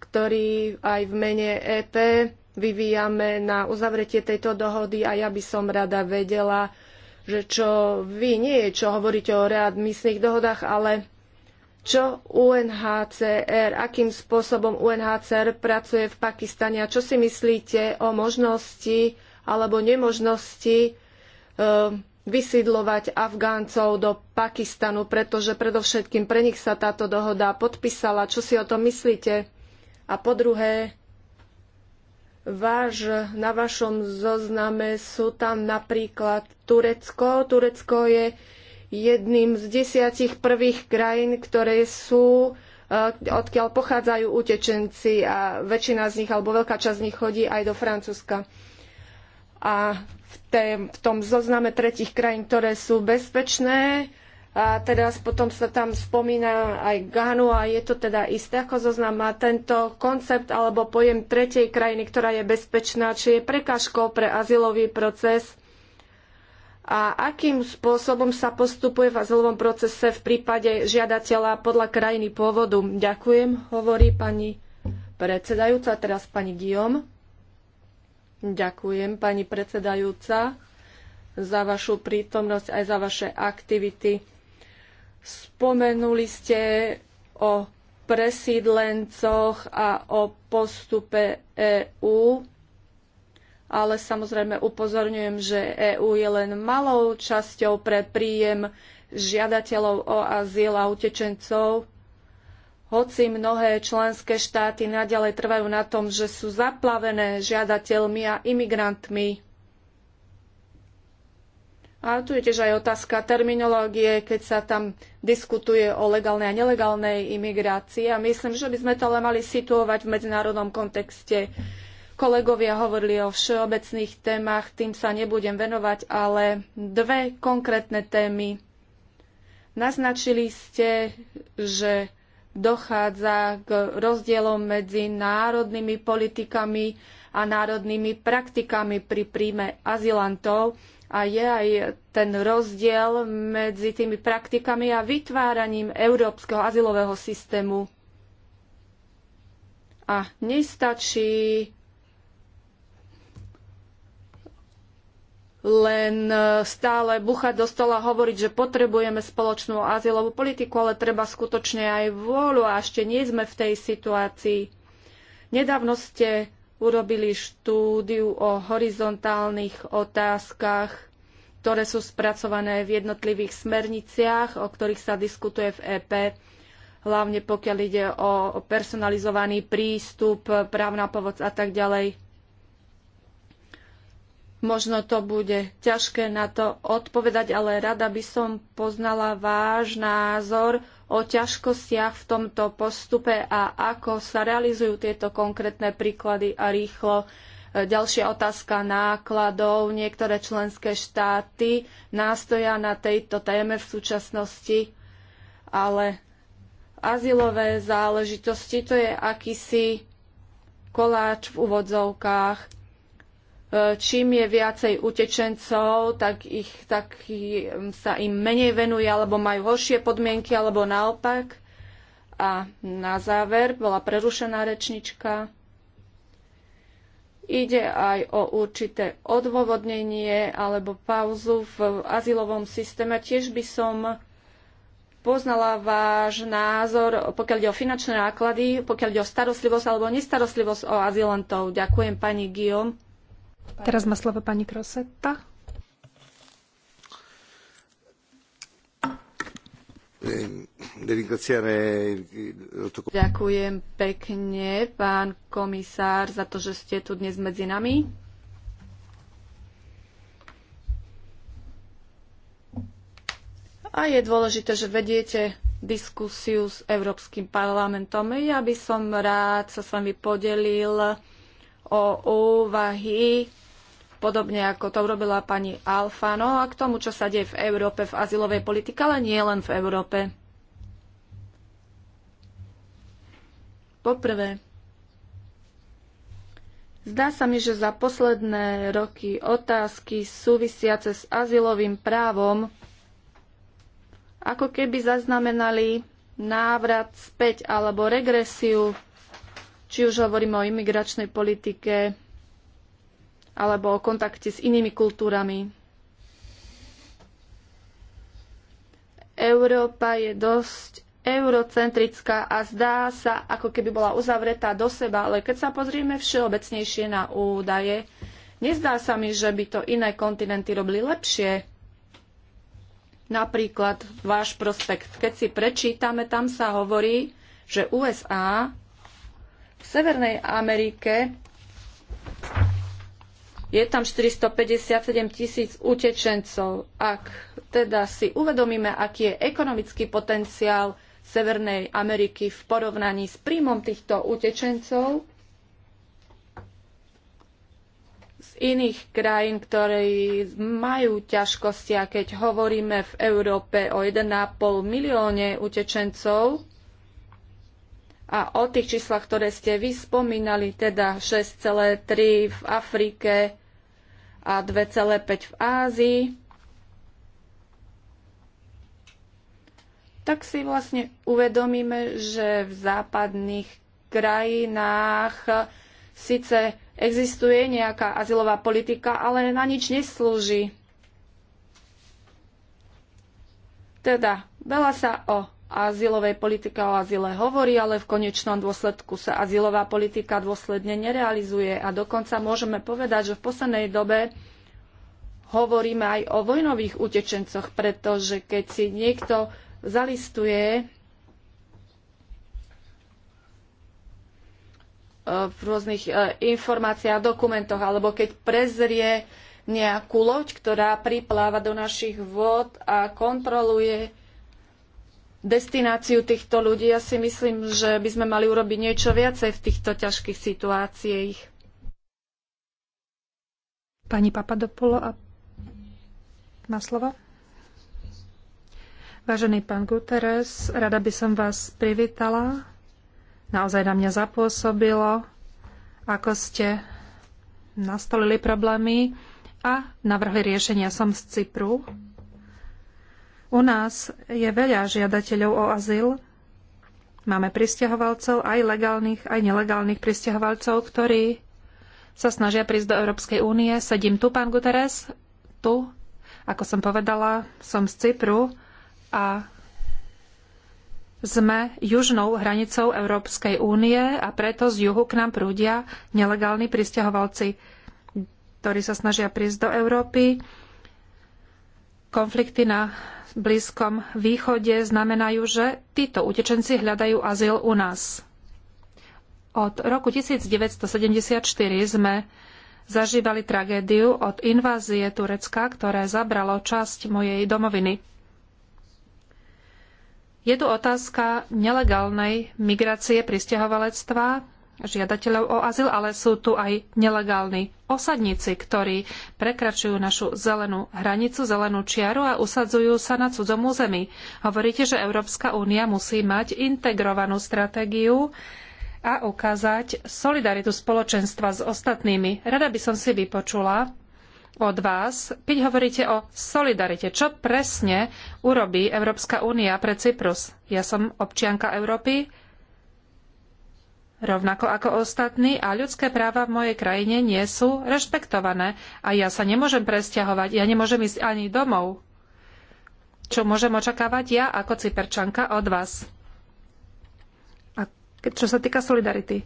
ktorý aj v mene EP vyvíjame na uzavretie tejto dohody a ja by som rada vedela, že čo vy nie je, čo hovoríte o readmisných dohodách, ale čo UNHCR, akým spôsobom UNHCR pracuje v Pakistane a čo si myslíte o možnosti alebo nemožnosti e, ehm, vysídlovať Afgáncov do Pakistanu, pretože predovšetkým pre nich sa táto dohoda podpísala. Čo si o tom myslíte? A po druhé, váš, na vašom zozname sú tam napríklad Turecko. Turecko je jedným z desiatich prvých krajín, ktoré sú eh, odkiaľ pochádzajú utečenci a väčšina z nich alebo veľká časť z nich chodí aj do Francúzska. A v, v tom zozname tretich krajín, ktoré sú bezpečné, a teda potom sa tam spomína aj Ghanu a je to teda isté, ako zoznam má tento koncept alebo pojem tretej krajiny, ktorá je bezpečná, či je prekažkou pre azylový proces a akým spôsobom sa postupuje v azylovom procese v prípade žiadateľa podľa krajiny pôvodu. Ďakujem, hovorí pani predsedajúca, teraz pani Diom. Ďakujem, pani predsedajúca, za vašu prítomnosť aj za vaše aktivity Spomenuli ste o presídlencoch a o postupe EÚ, ale samozrejme upozorňujem, že EÚ je len malou časťou pre príjem žiadateľov o azyl a utečencov. Hoci mnohé členské štáty nadalej trvajú na tom, že sú zaplavené žiadateľmi a imigrantmi. A tu je tiež aj otázka terminológie, keď sa tam diskutuje o legálnej a nelegálnej imigrácii. A myslím, že by sme to ale mali situovať v medzinárodnom kontexte. Kolegovia hovorili o všeobecných témach, tým sa nebudem venovať, ale dve konkrétne témy. Naznačili ste, že dochádza k rozdielom medzi národnými politikami a národnými praktikami pri príjme azylantov a je aj ten rozdiel medzi tými praktikami a vytváraním európskeho azylového systému. A nestačí len stále buchať do stola a hovoriť, že potrebujeme spoločnú azylovú politiku, ale treba skutočne aj vôľu a ešte nie sme v tej situácii. Nedávno ste urobili štúdiu o horizontálnych otázkach, ktoré sú spracované v jednotlivých smerniciach, o ktorých sa diskutuje v EP, hlavne pokiaľ ide o personalizovaný prístup, právna pomoc a tak ďalej. Možno to bude ťažké na to odpovedať, ale rada by som poznala váš názor, o ťažkostiach v tomto postupe a ako sa realizujú tieto konkrétne príklady a rýchlo. E, ďalšia otázka nákladov. Niektoré členské štáty nástoja na tejto téme v súčasnosti, ale azylové záležitosti to je akýsi koláč v úvodzovkách čím je viacej utečencov, tak, ich, tak sa im menej venuje, alebo majú horšie podmienky, alebo naopak. A na záver bola prerušená rečnička. Ide aj o určité odôvodnenie alebo pauzu v azylovom systéme. Tiež by som poznala váš názor, pokiaľ ide o finančné náklady, pokiaľ ide o starostlivosť alebo nestarostlivosť o azylantov. Ďakujem pani Guillaume. Teraz má slovo pani Krosetta. Ďakujem pekne, pán komisár, za to, že ste tu dnes medzi nami. A je dôležité, že vediete diskusiu s Európskym parlamentom. Ja by som rád sa s vami podelil o úvahy, podobne ako to urobila pani Alfano, a k tomu, čo sa deje v Európe v azylovej politike, ale nie len v Európe. Poprvé, zdá sa mi, že za posledné roky otázky súvisiace s azylovým právom ako keby zaznamenali návrat späť alebo regresiu či už hovoríme o imigračnej politike alebo o kontakte s inými kultúrami. Európa je dosť eurocentrická a zdá sa, ako keby bola uzavretá do seba, ale keď sa pozrieme všeobecnejšie na údaje, nezdá sa mi, že by to iné kontinenty robili lepšie. Napríklad váš prospekt, keď si prečítame, tam sa hovorí, že USA v Severnej Amerike je tam 457 tisíc utečencov. Ak teda si uvedomíme, aký je ekonomický potenciál Severnej Ameriky v porovnaní s príjmom týchto utečencov z iných krajín, ktoré majú ťažkosti, a keď hovoríme v Európe o 1,5 milióne utečencov, a o tých číslach, ktoré ste vy spomínali, teda 6,3 v Afrike a 2,5 v Ázii, tak si vlastne uvedomíme, že v západných krajinách síce existuje nejaká azylová politika, ale na nič neslúži. Teda veľa sa o azylovej politike o azyle hovorí, ale v konečnom dôsledku sa azylová politika dôsledne nerealizuje. A dokonca môžeme povedať, že v poslednej dobe hovoríme aj o vojnových utečencoch, pretože keď si niekto zalistuje e, v rôznych e, informáciách, dokumentoch, alebo keď prezrie nejakú loď, ktorá pripláva do našich vôd a kontroluje destináciu týchto ľudí. Ja si myslím, že by sme mali urobiť niečo viacej v týchto ťažkých situáciách. Pani Papadopolo a má slovo. Vážený pán Guterres, rada by som vás privítala. Naozaj na mňa zapôsobilo, ako ste nastolili problémy a navrhli riešenia. Som z Cypru u nás je veľa žiadateľov o azyl. Máme pristahovalcov, aj legálnych, aj nelegálnych pristahovalcov, ktorí sa snažia prísť do Európskej únie. Sedím tu, pán Guterres, tu. Ako som povedala, som z Cypru a sme južnou hranicou Európskej únie a preto z juhu k nám prúdia nelegálni pristahovalci, ktorí sa snažia prísť do Európy Konflikty na Blízkom východe znamenajú, že títo utečenci hľadajú azyl u nás. Od roku 1974 sme zažívali tragédiu od invázie Turecka, ktoré zabralo časť mojej domoviny. Je tu otázka nelegálnej migrácie pristahovalectva, žiadateľov o azyl, ale sú tu aj nelegálni osadníci, ktorí prekračujú našu zelenú hranicu, zelenú čiaru a usadzujú sa na cudzom území. Hovoríte, že Európska únia musí mať integrovanú stratégiu a ukázať solidaritu spoločenstva s ostatnými. Rada by som si vypočula od vás, keď hovoríte o solidarite. Čo presne urobí Európska únia pre Cyprus? Ja som občianka Európy, rovnako ako ostatní a ľudské práva v mojej krajine nie sú rešpektované a ja sa nemôžem presťahovať, ja nemôžem ísť ani domov. Čo môžem očakávať ja ako cyperčanka od vás? A čo sa týka solidarity?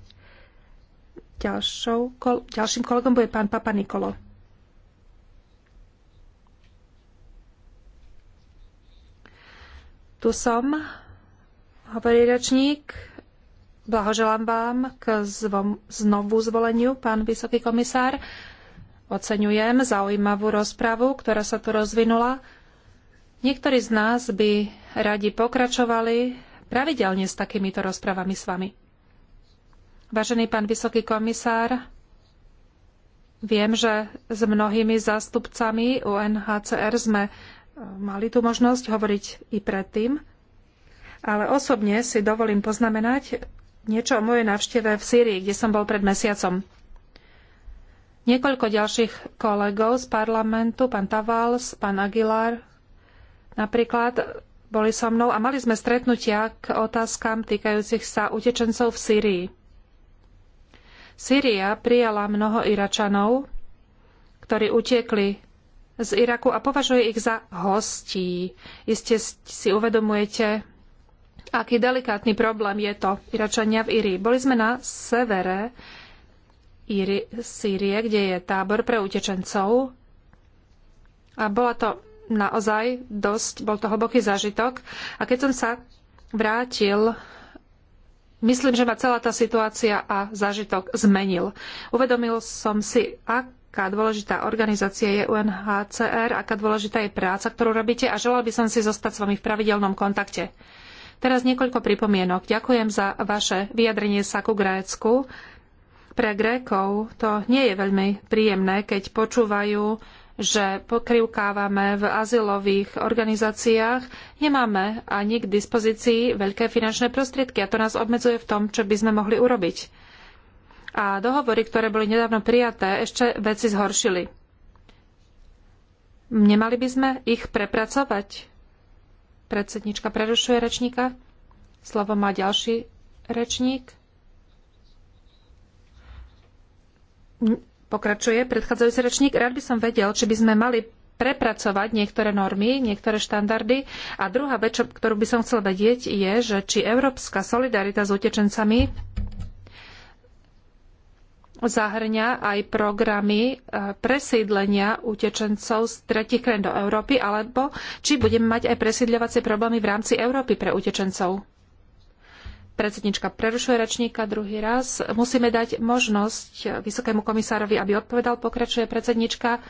Ďalšou, kol, ďalším kolegom bude pán Papa Nikolo. Tu som, hovorí rečník. Blahoželám vám k zvom, znovu zvoleniu, pán vysoký komisár. Oceňujem zaujímavú rozpravu, ktorá sa tu rozvinula. Niektorí z nás by radi pokračovali pravidelne s takýmito rozprávami s vami. Vážený pán vysoký komisár, viem, že s mnohými zástupcami UNHCR sme e, mali tú možnosť hovoriť i predtým, ale osobne si dovolím poznamenať, niečo o mojej návšteve v Sýrii, kde som bol pred mesiacom. Niekoľko ďalších kolegov z parlamentu, pán Tavals, pán Aguilar, napríklad boli so mnou a mali sme stretnutia k otázkam týkajúcich sa utečencov v Sýrii. Sýria prijala mnoho Iračanov, ktorí utekli z Iraku a považuje ich za hostí. Iste si uvedomujete, Aký delikátny problém je to Iračania v Írii. Boli sme na severe Iri, Sýrie, kde je tábor pre utečencov. A bola to naozaj dosť, bol to hlboký zážitok. A keď som sa vrátil, myslím, že ma celá tá situácia a zážitok zmenil. Uvedomil som si, aká dôležitá organizácia je UNHCR, aká dôležitá je práca, ktorú robíte a želal by som si zostať s vami v pravidelnom kontakte. Teraz niekoľko pripomienok. Ďakujem za vaše vyjadrenie sa ku Grécku. Pre Grékov to nie je veľmi príjemné, keď počúvajú, že pokrivkávame v azylových organizáciách, nemáme ani k dispozícii veľké finančné prostriedky a to nás obmedzuje v tom, čo by sme mohli urobiť. A dohovory, ktoré boli nedávno prijaté, ešte veci zhoršili. Nemali by sme ich prepracovať? Predsednička prerušuje rečníka. Slovo má ďalší rečník. Pokračuje predchádzajúci rečník. Rád by som vedel, či by sme mali prepracovať niektoré normy, niektoré štandardy. A druhá vec, ktorú by som chcel vedieť, je, že či európska solidarita s utečencami zahrňa aj programy e, presídlenia utečencov z tretich krajín do Európy, alebo či budeme mať aj presídľovacie problémy v rámci Európy pre utečencov. Predsednička prerušuje rečníka druhý raz. Musíme dať možnosť vysokému komisárovi, aby odpovedal, pokračuje predsednička.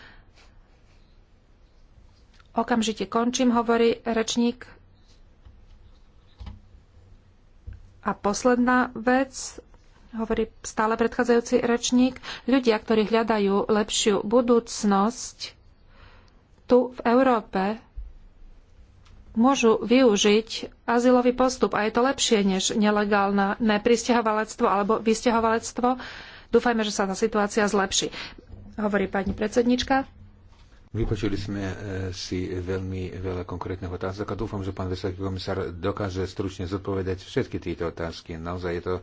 Okamžite končím, hovorí rečník. A posledná vec, hovorí stále predchádzajúci rečník, ľudia, ktorí hľadajú lepšiu budúcnosť tu v Európe, môžu využiť azylový postup a je to lepšie než nelegálne nepristahovalectvo alebo vysťahovalectvo. Dúfajme, že sa tá situácia zlepší. Hovorí pani predsednička. Vypočuli sme e, si veľmi veľa konkrétnych otázok a dúfam, že pán vysoký komisár dokáže stručne zodpovedať všetky tieto otázky. Naozaj je to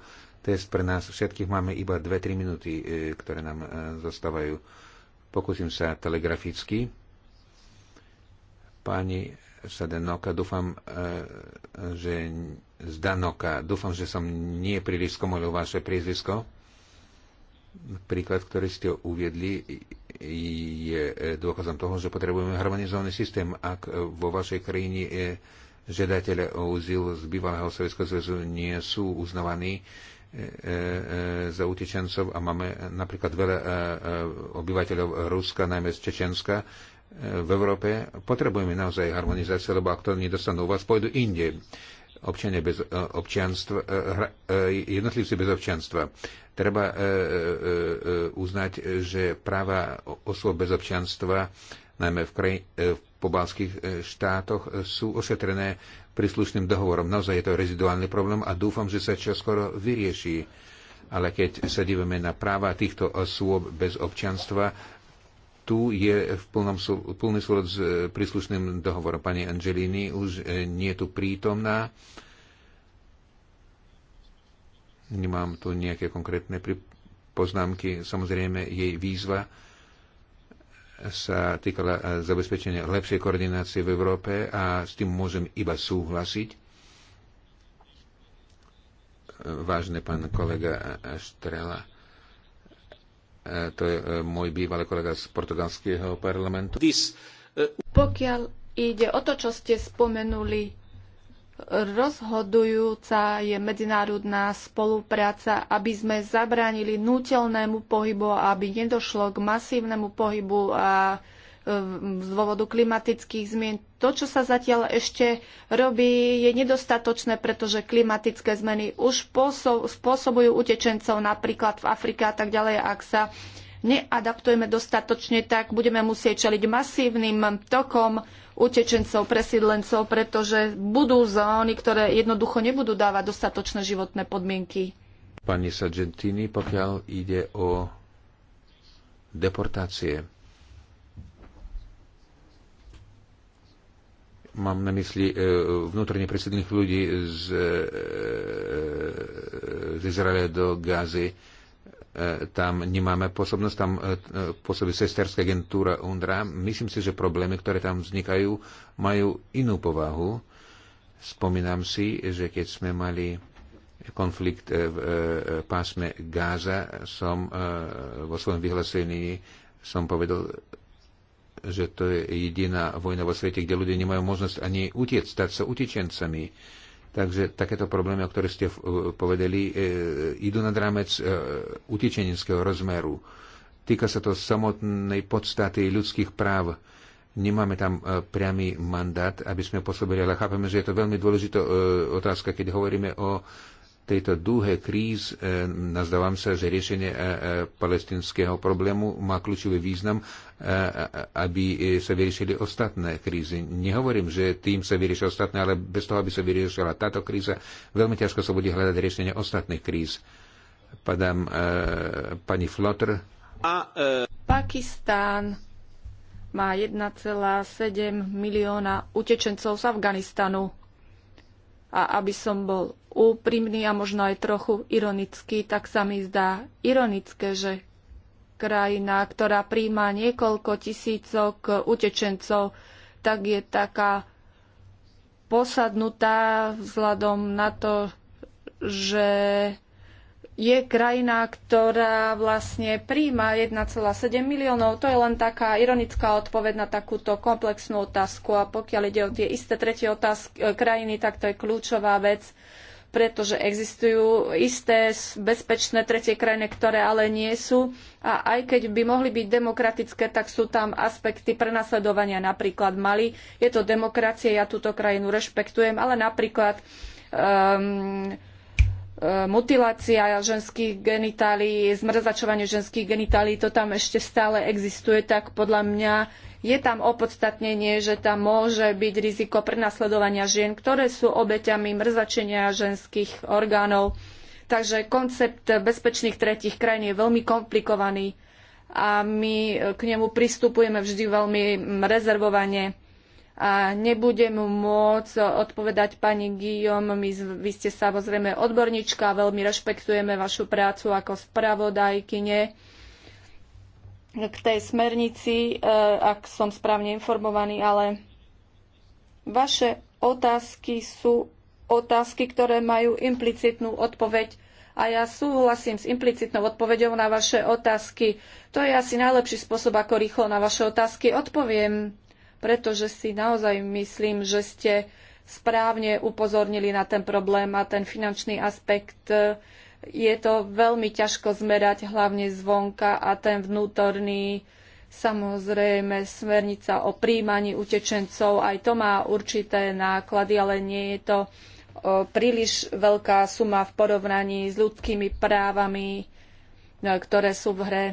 test pre nás všetkých. Máme iba 2-3 minúty, e, ktoré nám e, zostávajú. Pokúsim sa telegraficky. Pani Sadenoka, dúfam, e, že Zdanoka, dúfam, že som nie príliš skomolil vaše priezvisko. Príklad, ktorý ste uviedli, je dôkazom toho, že potrebujeme harmonizovaný systém. Ak vo vašej krajine žiadatelia o úzil z bývalého Sovjetského zväzu nie sú uznávaní, E, e, e, za utečencov a máme napríklad veľa obyvateľov Ruska, najmä z Čečenska v Európe. Potrebujeme naozaj harmonizáciu, lebo ak to nedostanú vás, pôjdu inde. Občania bez občianstva, jednotlivci bez občianstva. Treba uznať, že práva osôb bez občianstva najmä v, kraj, v pobalských štátoch, sú ošetrené príslušným dohovorom. Naozaj je to reziduálny problém a dúfam, že sa čoskoro vyrieši. Ale keď sa dívame na práva týchto osôb bez občanstva, tu je v plnom, plný súlad s e, príslušným dohovorom. Pani Angelini už e, nie je tu prítomná. Nemám tu nejaké konkrétne poznámky. Samozrejme, jej výzva sa týkala eh, zabezpečenia lepšej koordinácie v Európe a s tým môžem iba súhlasiť. Vážne pán kolega Štrela, eh, to je eh, môj bývalý kolega z portugalského parlamentu. Pokiaľ ide o to, čo ste spomenuli Rozhodujúca je medzinárodná spolupráca, aby sme zabránili nutelnému pohybu, aby nedošlo k masívnemu pohybu a e, z dôvodu klimatických zmien. To, čo sa zatiaľ ešte robí, je nedostatočné, pretože klimatické zmeny už spôsobujú utečencov napríklad v Afrike a tak ďalej. Ak sa neadaptujeme dostatočne, tak budeme musieť čeliť masívnym tokom utečencov, presídlencov, pretože budú zóny, ktoré jednoducho nebudú dávať dostatočné životné podmienky. Pani Sargentini, pokiaľ ide o deportácie, mám na mysli e, vnútorne presídlených ľudí z, e, e, z Izraela do Gazy, E, tam nemáme pôsobnosť, tam e, pôsobí sesterská agentúra UNDRA. Myslím si, že problémy, ktoré tam vznikajú, majú inú povahu. Spomínam si, že keď sme mali konflikt e, v pásme Gáza, som vo svojom vyhlásení som povedal, že to je jediná vojna vo svete, kde ľudia nemajú možnosť ani utiec, stať sa utečencami Takže takéto problémy, o ktorých ste eh, povedali, eh, idú nad rámec eh, utečeneckého rozmeru. Týka sa to samotnej podstaty ľudských práv. Nemáme tam priamy mandát, aby sme pôsobili, ale chápeme, že je to veľmi dôležitá otázka, keď hovoríme o tejto dúhe kríz e, nazdávam sa, že riešenie e, e, palestinského problému má kľúčový význam, aby sa vyriešili ostatné krízy. Nehovorím, že tým sa vyriešia ostatné, ale bez toho, aby sa vyriešila táto kríza, veľmi ťažko sa bude hľadať riešenie ostatných kríz. Padám pani Flotr. A, e... Pakistán má 1,7 milióna utečencov z Afganistanu. A aby som bol úprimný a možno aj trochu ironický, tak sa mi zdá ironické, že krajina, ktorá príjma niekoľko tisícok utečencov, tak je taká posadnutá vzhľadom na to, že je krajina, ktorá vlastne príjma 1,7 miliónov. To je len taká ironická odpoveď na takúto komplexnú otázku. A pokiaľ ide o tie isté tretie otázky, e, krajiny, tak to je kľúčová vec pretože existujú isté bezpečné tretie krajiny, ktoré ale nie sú. A aj keď by mohli byť demokratické, tak sú tam aspekty prenasledovania. Napríklad Mali, je to demokracie, ja túto krajinu rešpektujem, ale napríklad um, mutilácia ženských genitálií, zmrzačovanie ženských genitálií, to tam ešte stále existuje, tak podľa mňa je tam opodstatnenie, že tam môže byť riziko prenasledovania žien, ktoré sú obeťami mrzačenia ženských orgánov. Takže koncept bezpečných tretich krajín je veľmi komplikovaný a my k nemu pristupujeme vždy veľmi rezervovane. A nebudem môcť odpovedať pani Guillaume, my, vy ste samozrejme odborníčka, veľmi rešpektujeme vašu prácu ako spravodajkyne k tej smernici, e, ak som správne informovaný, ale vaše otázky sú otázky, ktoré majú implicitnú odpoveď a ja súhlasím s implicitnou odpoveďou na vaše otázky. To je asi najlepší spôsob, ako rýchlo na vaše otázky odpoviem, pretože si naozaj myslím, že ste správne upozornili na ten problém a ten finančný aspekt e, je to veľmi ťažko zmerať, hlavne zvonka a ten vnútorný, samozrejme, smernica o príjmaní utečencov, aj to má určité náklady, ale nie je to príliš veľká suma v porovnaní s ľudskými právami, no, ktoré sú v hre.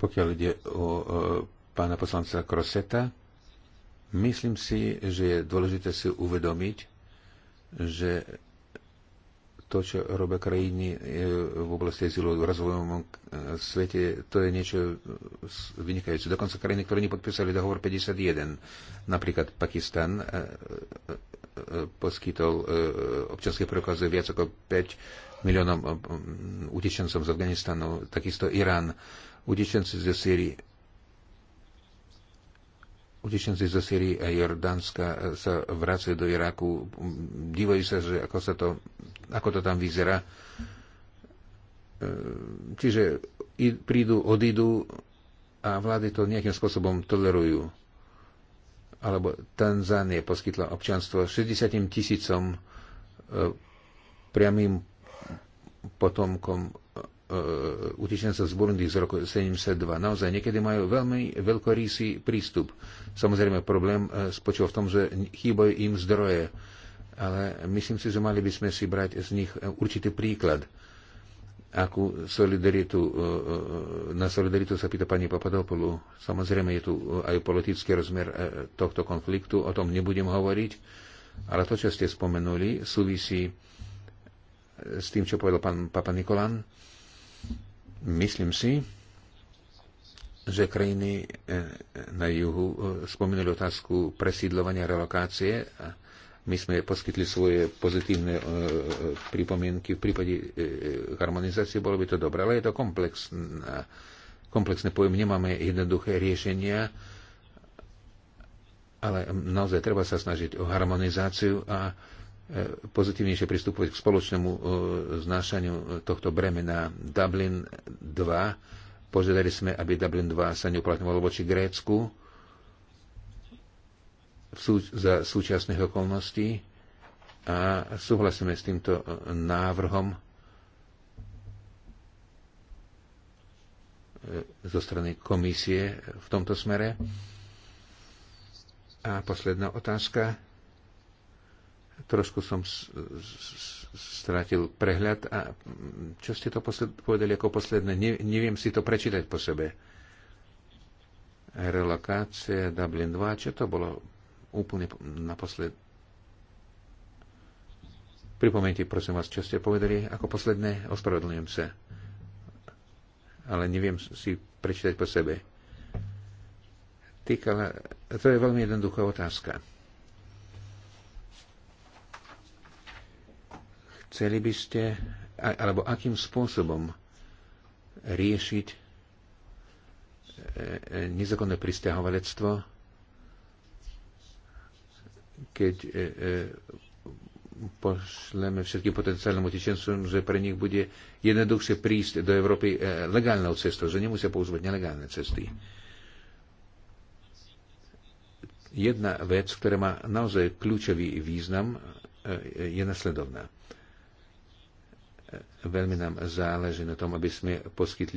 Pokiaľ ide o pána poslanca Kroseta, Myslím si, že je dôležité si uvedomiť, že to, čo robia krajiny e, v oblasti azylu v rozvojovom e, svete, to je niečo e, vynikajúce. Dokonca krajiny, ktoré nepodpísali dohovor 51, napríklad Pakistan, poskytol občanské preukazy viac ako 5 miliónom utečencom z Afganistanu, takisto Irán, utečenci ze Syrii, utečenci zo Syrii a Jordánska sa vracajú do Iraku, dívajú sa, že ako, sa to, ako to tam vyzerá. E, čiže prídu, odídu a vlády to nejakým spôsobom tolerujú. Alebo Tanzánie poskytla občanstvo 60 tisícom e, priamým potomkom uh, e, utečencov z Burundi z roku 72. Naozaj niekedy majú veľmi veľkorysý prístup. Samozrejme, problém uh, spočíva v tom, že chýbajú im zdroje. Ale myslím si, že mali by sme si brať z nich e, určitý príklad. Akú solidaritu, na solidaritu sa pýta pani Papadopoulou. Samozrejme, je tu aj politický rozmer tohto konfliktu, o tom nebudem hovoriť. Ale to, čo ste spomenuli, súvisí s tým, čo povedal pán Papa Nikolán Myslím si, že krajiny e, e, na juhu e, spomenuli otázku presídlovania relokácie. My sme poskytli svoje pozitívne pripomienky v prípade harmonizácie. Bolo by to dobré, ale je to komplexná, komplexné pojem. Nemáme jednoduché riešenia, ale naozaj treba sa snažiť o harmonizáciu a E, pozitívnejšie pristupovať k spoločnému e, znášaniu e, tohto bremena Dublin 2. Požiadali sme, aby Dublin 2 sa neuplatňovalo voči Grécku za súčasných okolností a súhlasíme s týmto návrhom zo strany komisie v tomto smere. A posledná otázka trošku som stratil prehľad. A čo ste to posled, povedali ako posledné? Ne, neviem si to prečítať po sebe. Relokácia Dublin 2, čo to bolo úplne naposled? Pripomente, prosím vás, čo ste povedali ako posledné. Ospravedlňujem sa. Ale neviem si prečítať po sebe. Týkala, to je veľmi jednoduchá otázka Chceli by ste, alebo akým spôsobom riešiť e, e, nezákonné pristahovalectvo, keď e, pošleme všetkým potenciálnym utečencom, že pre nich bude jednoduchšie prísť do Európy legálnou cestou, že nemusia používať nelegálne cesty. Jedna vec, ktorá má naozaj kľúčový význam, je nasledovná veľmi nám záleží na tom, aby sme poskytli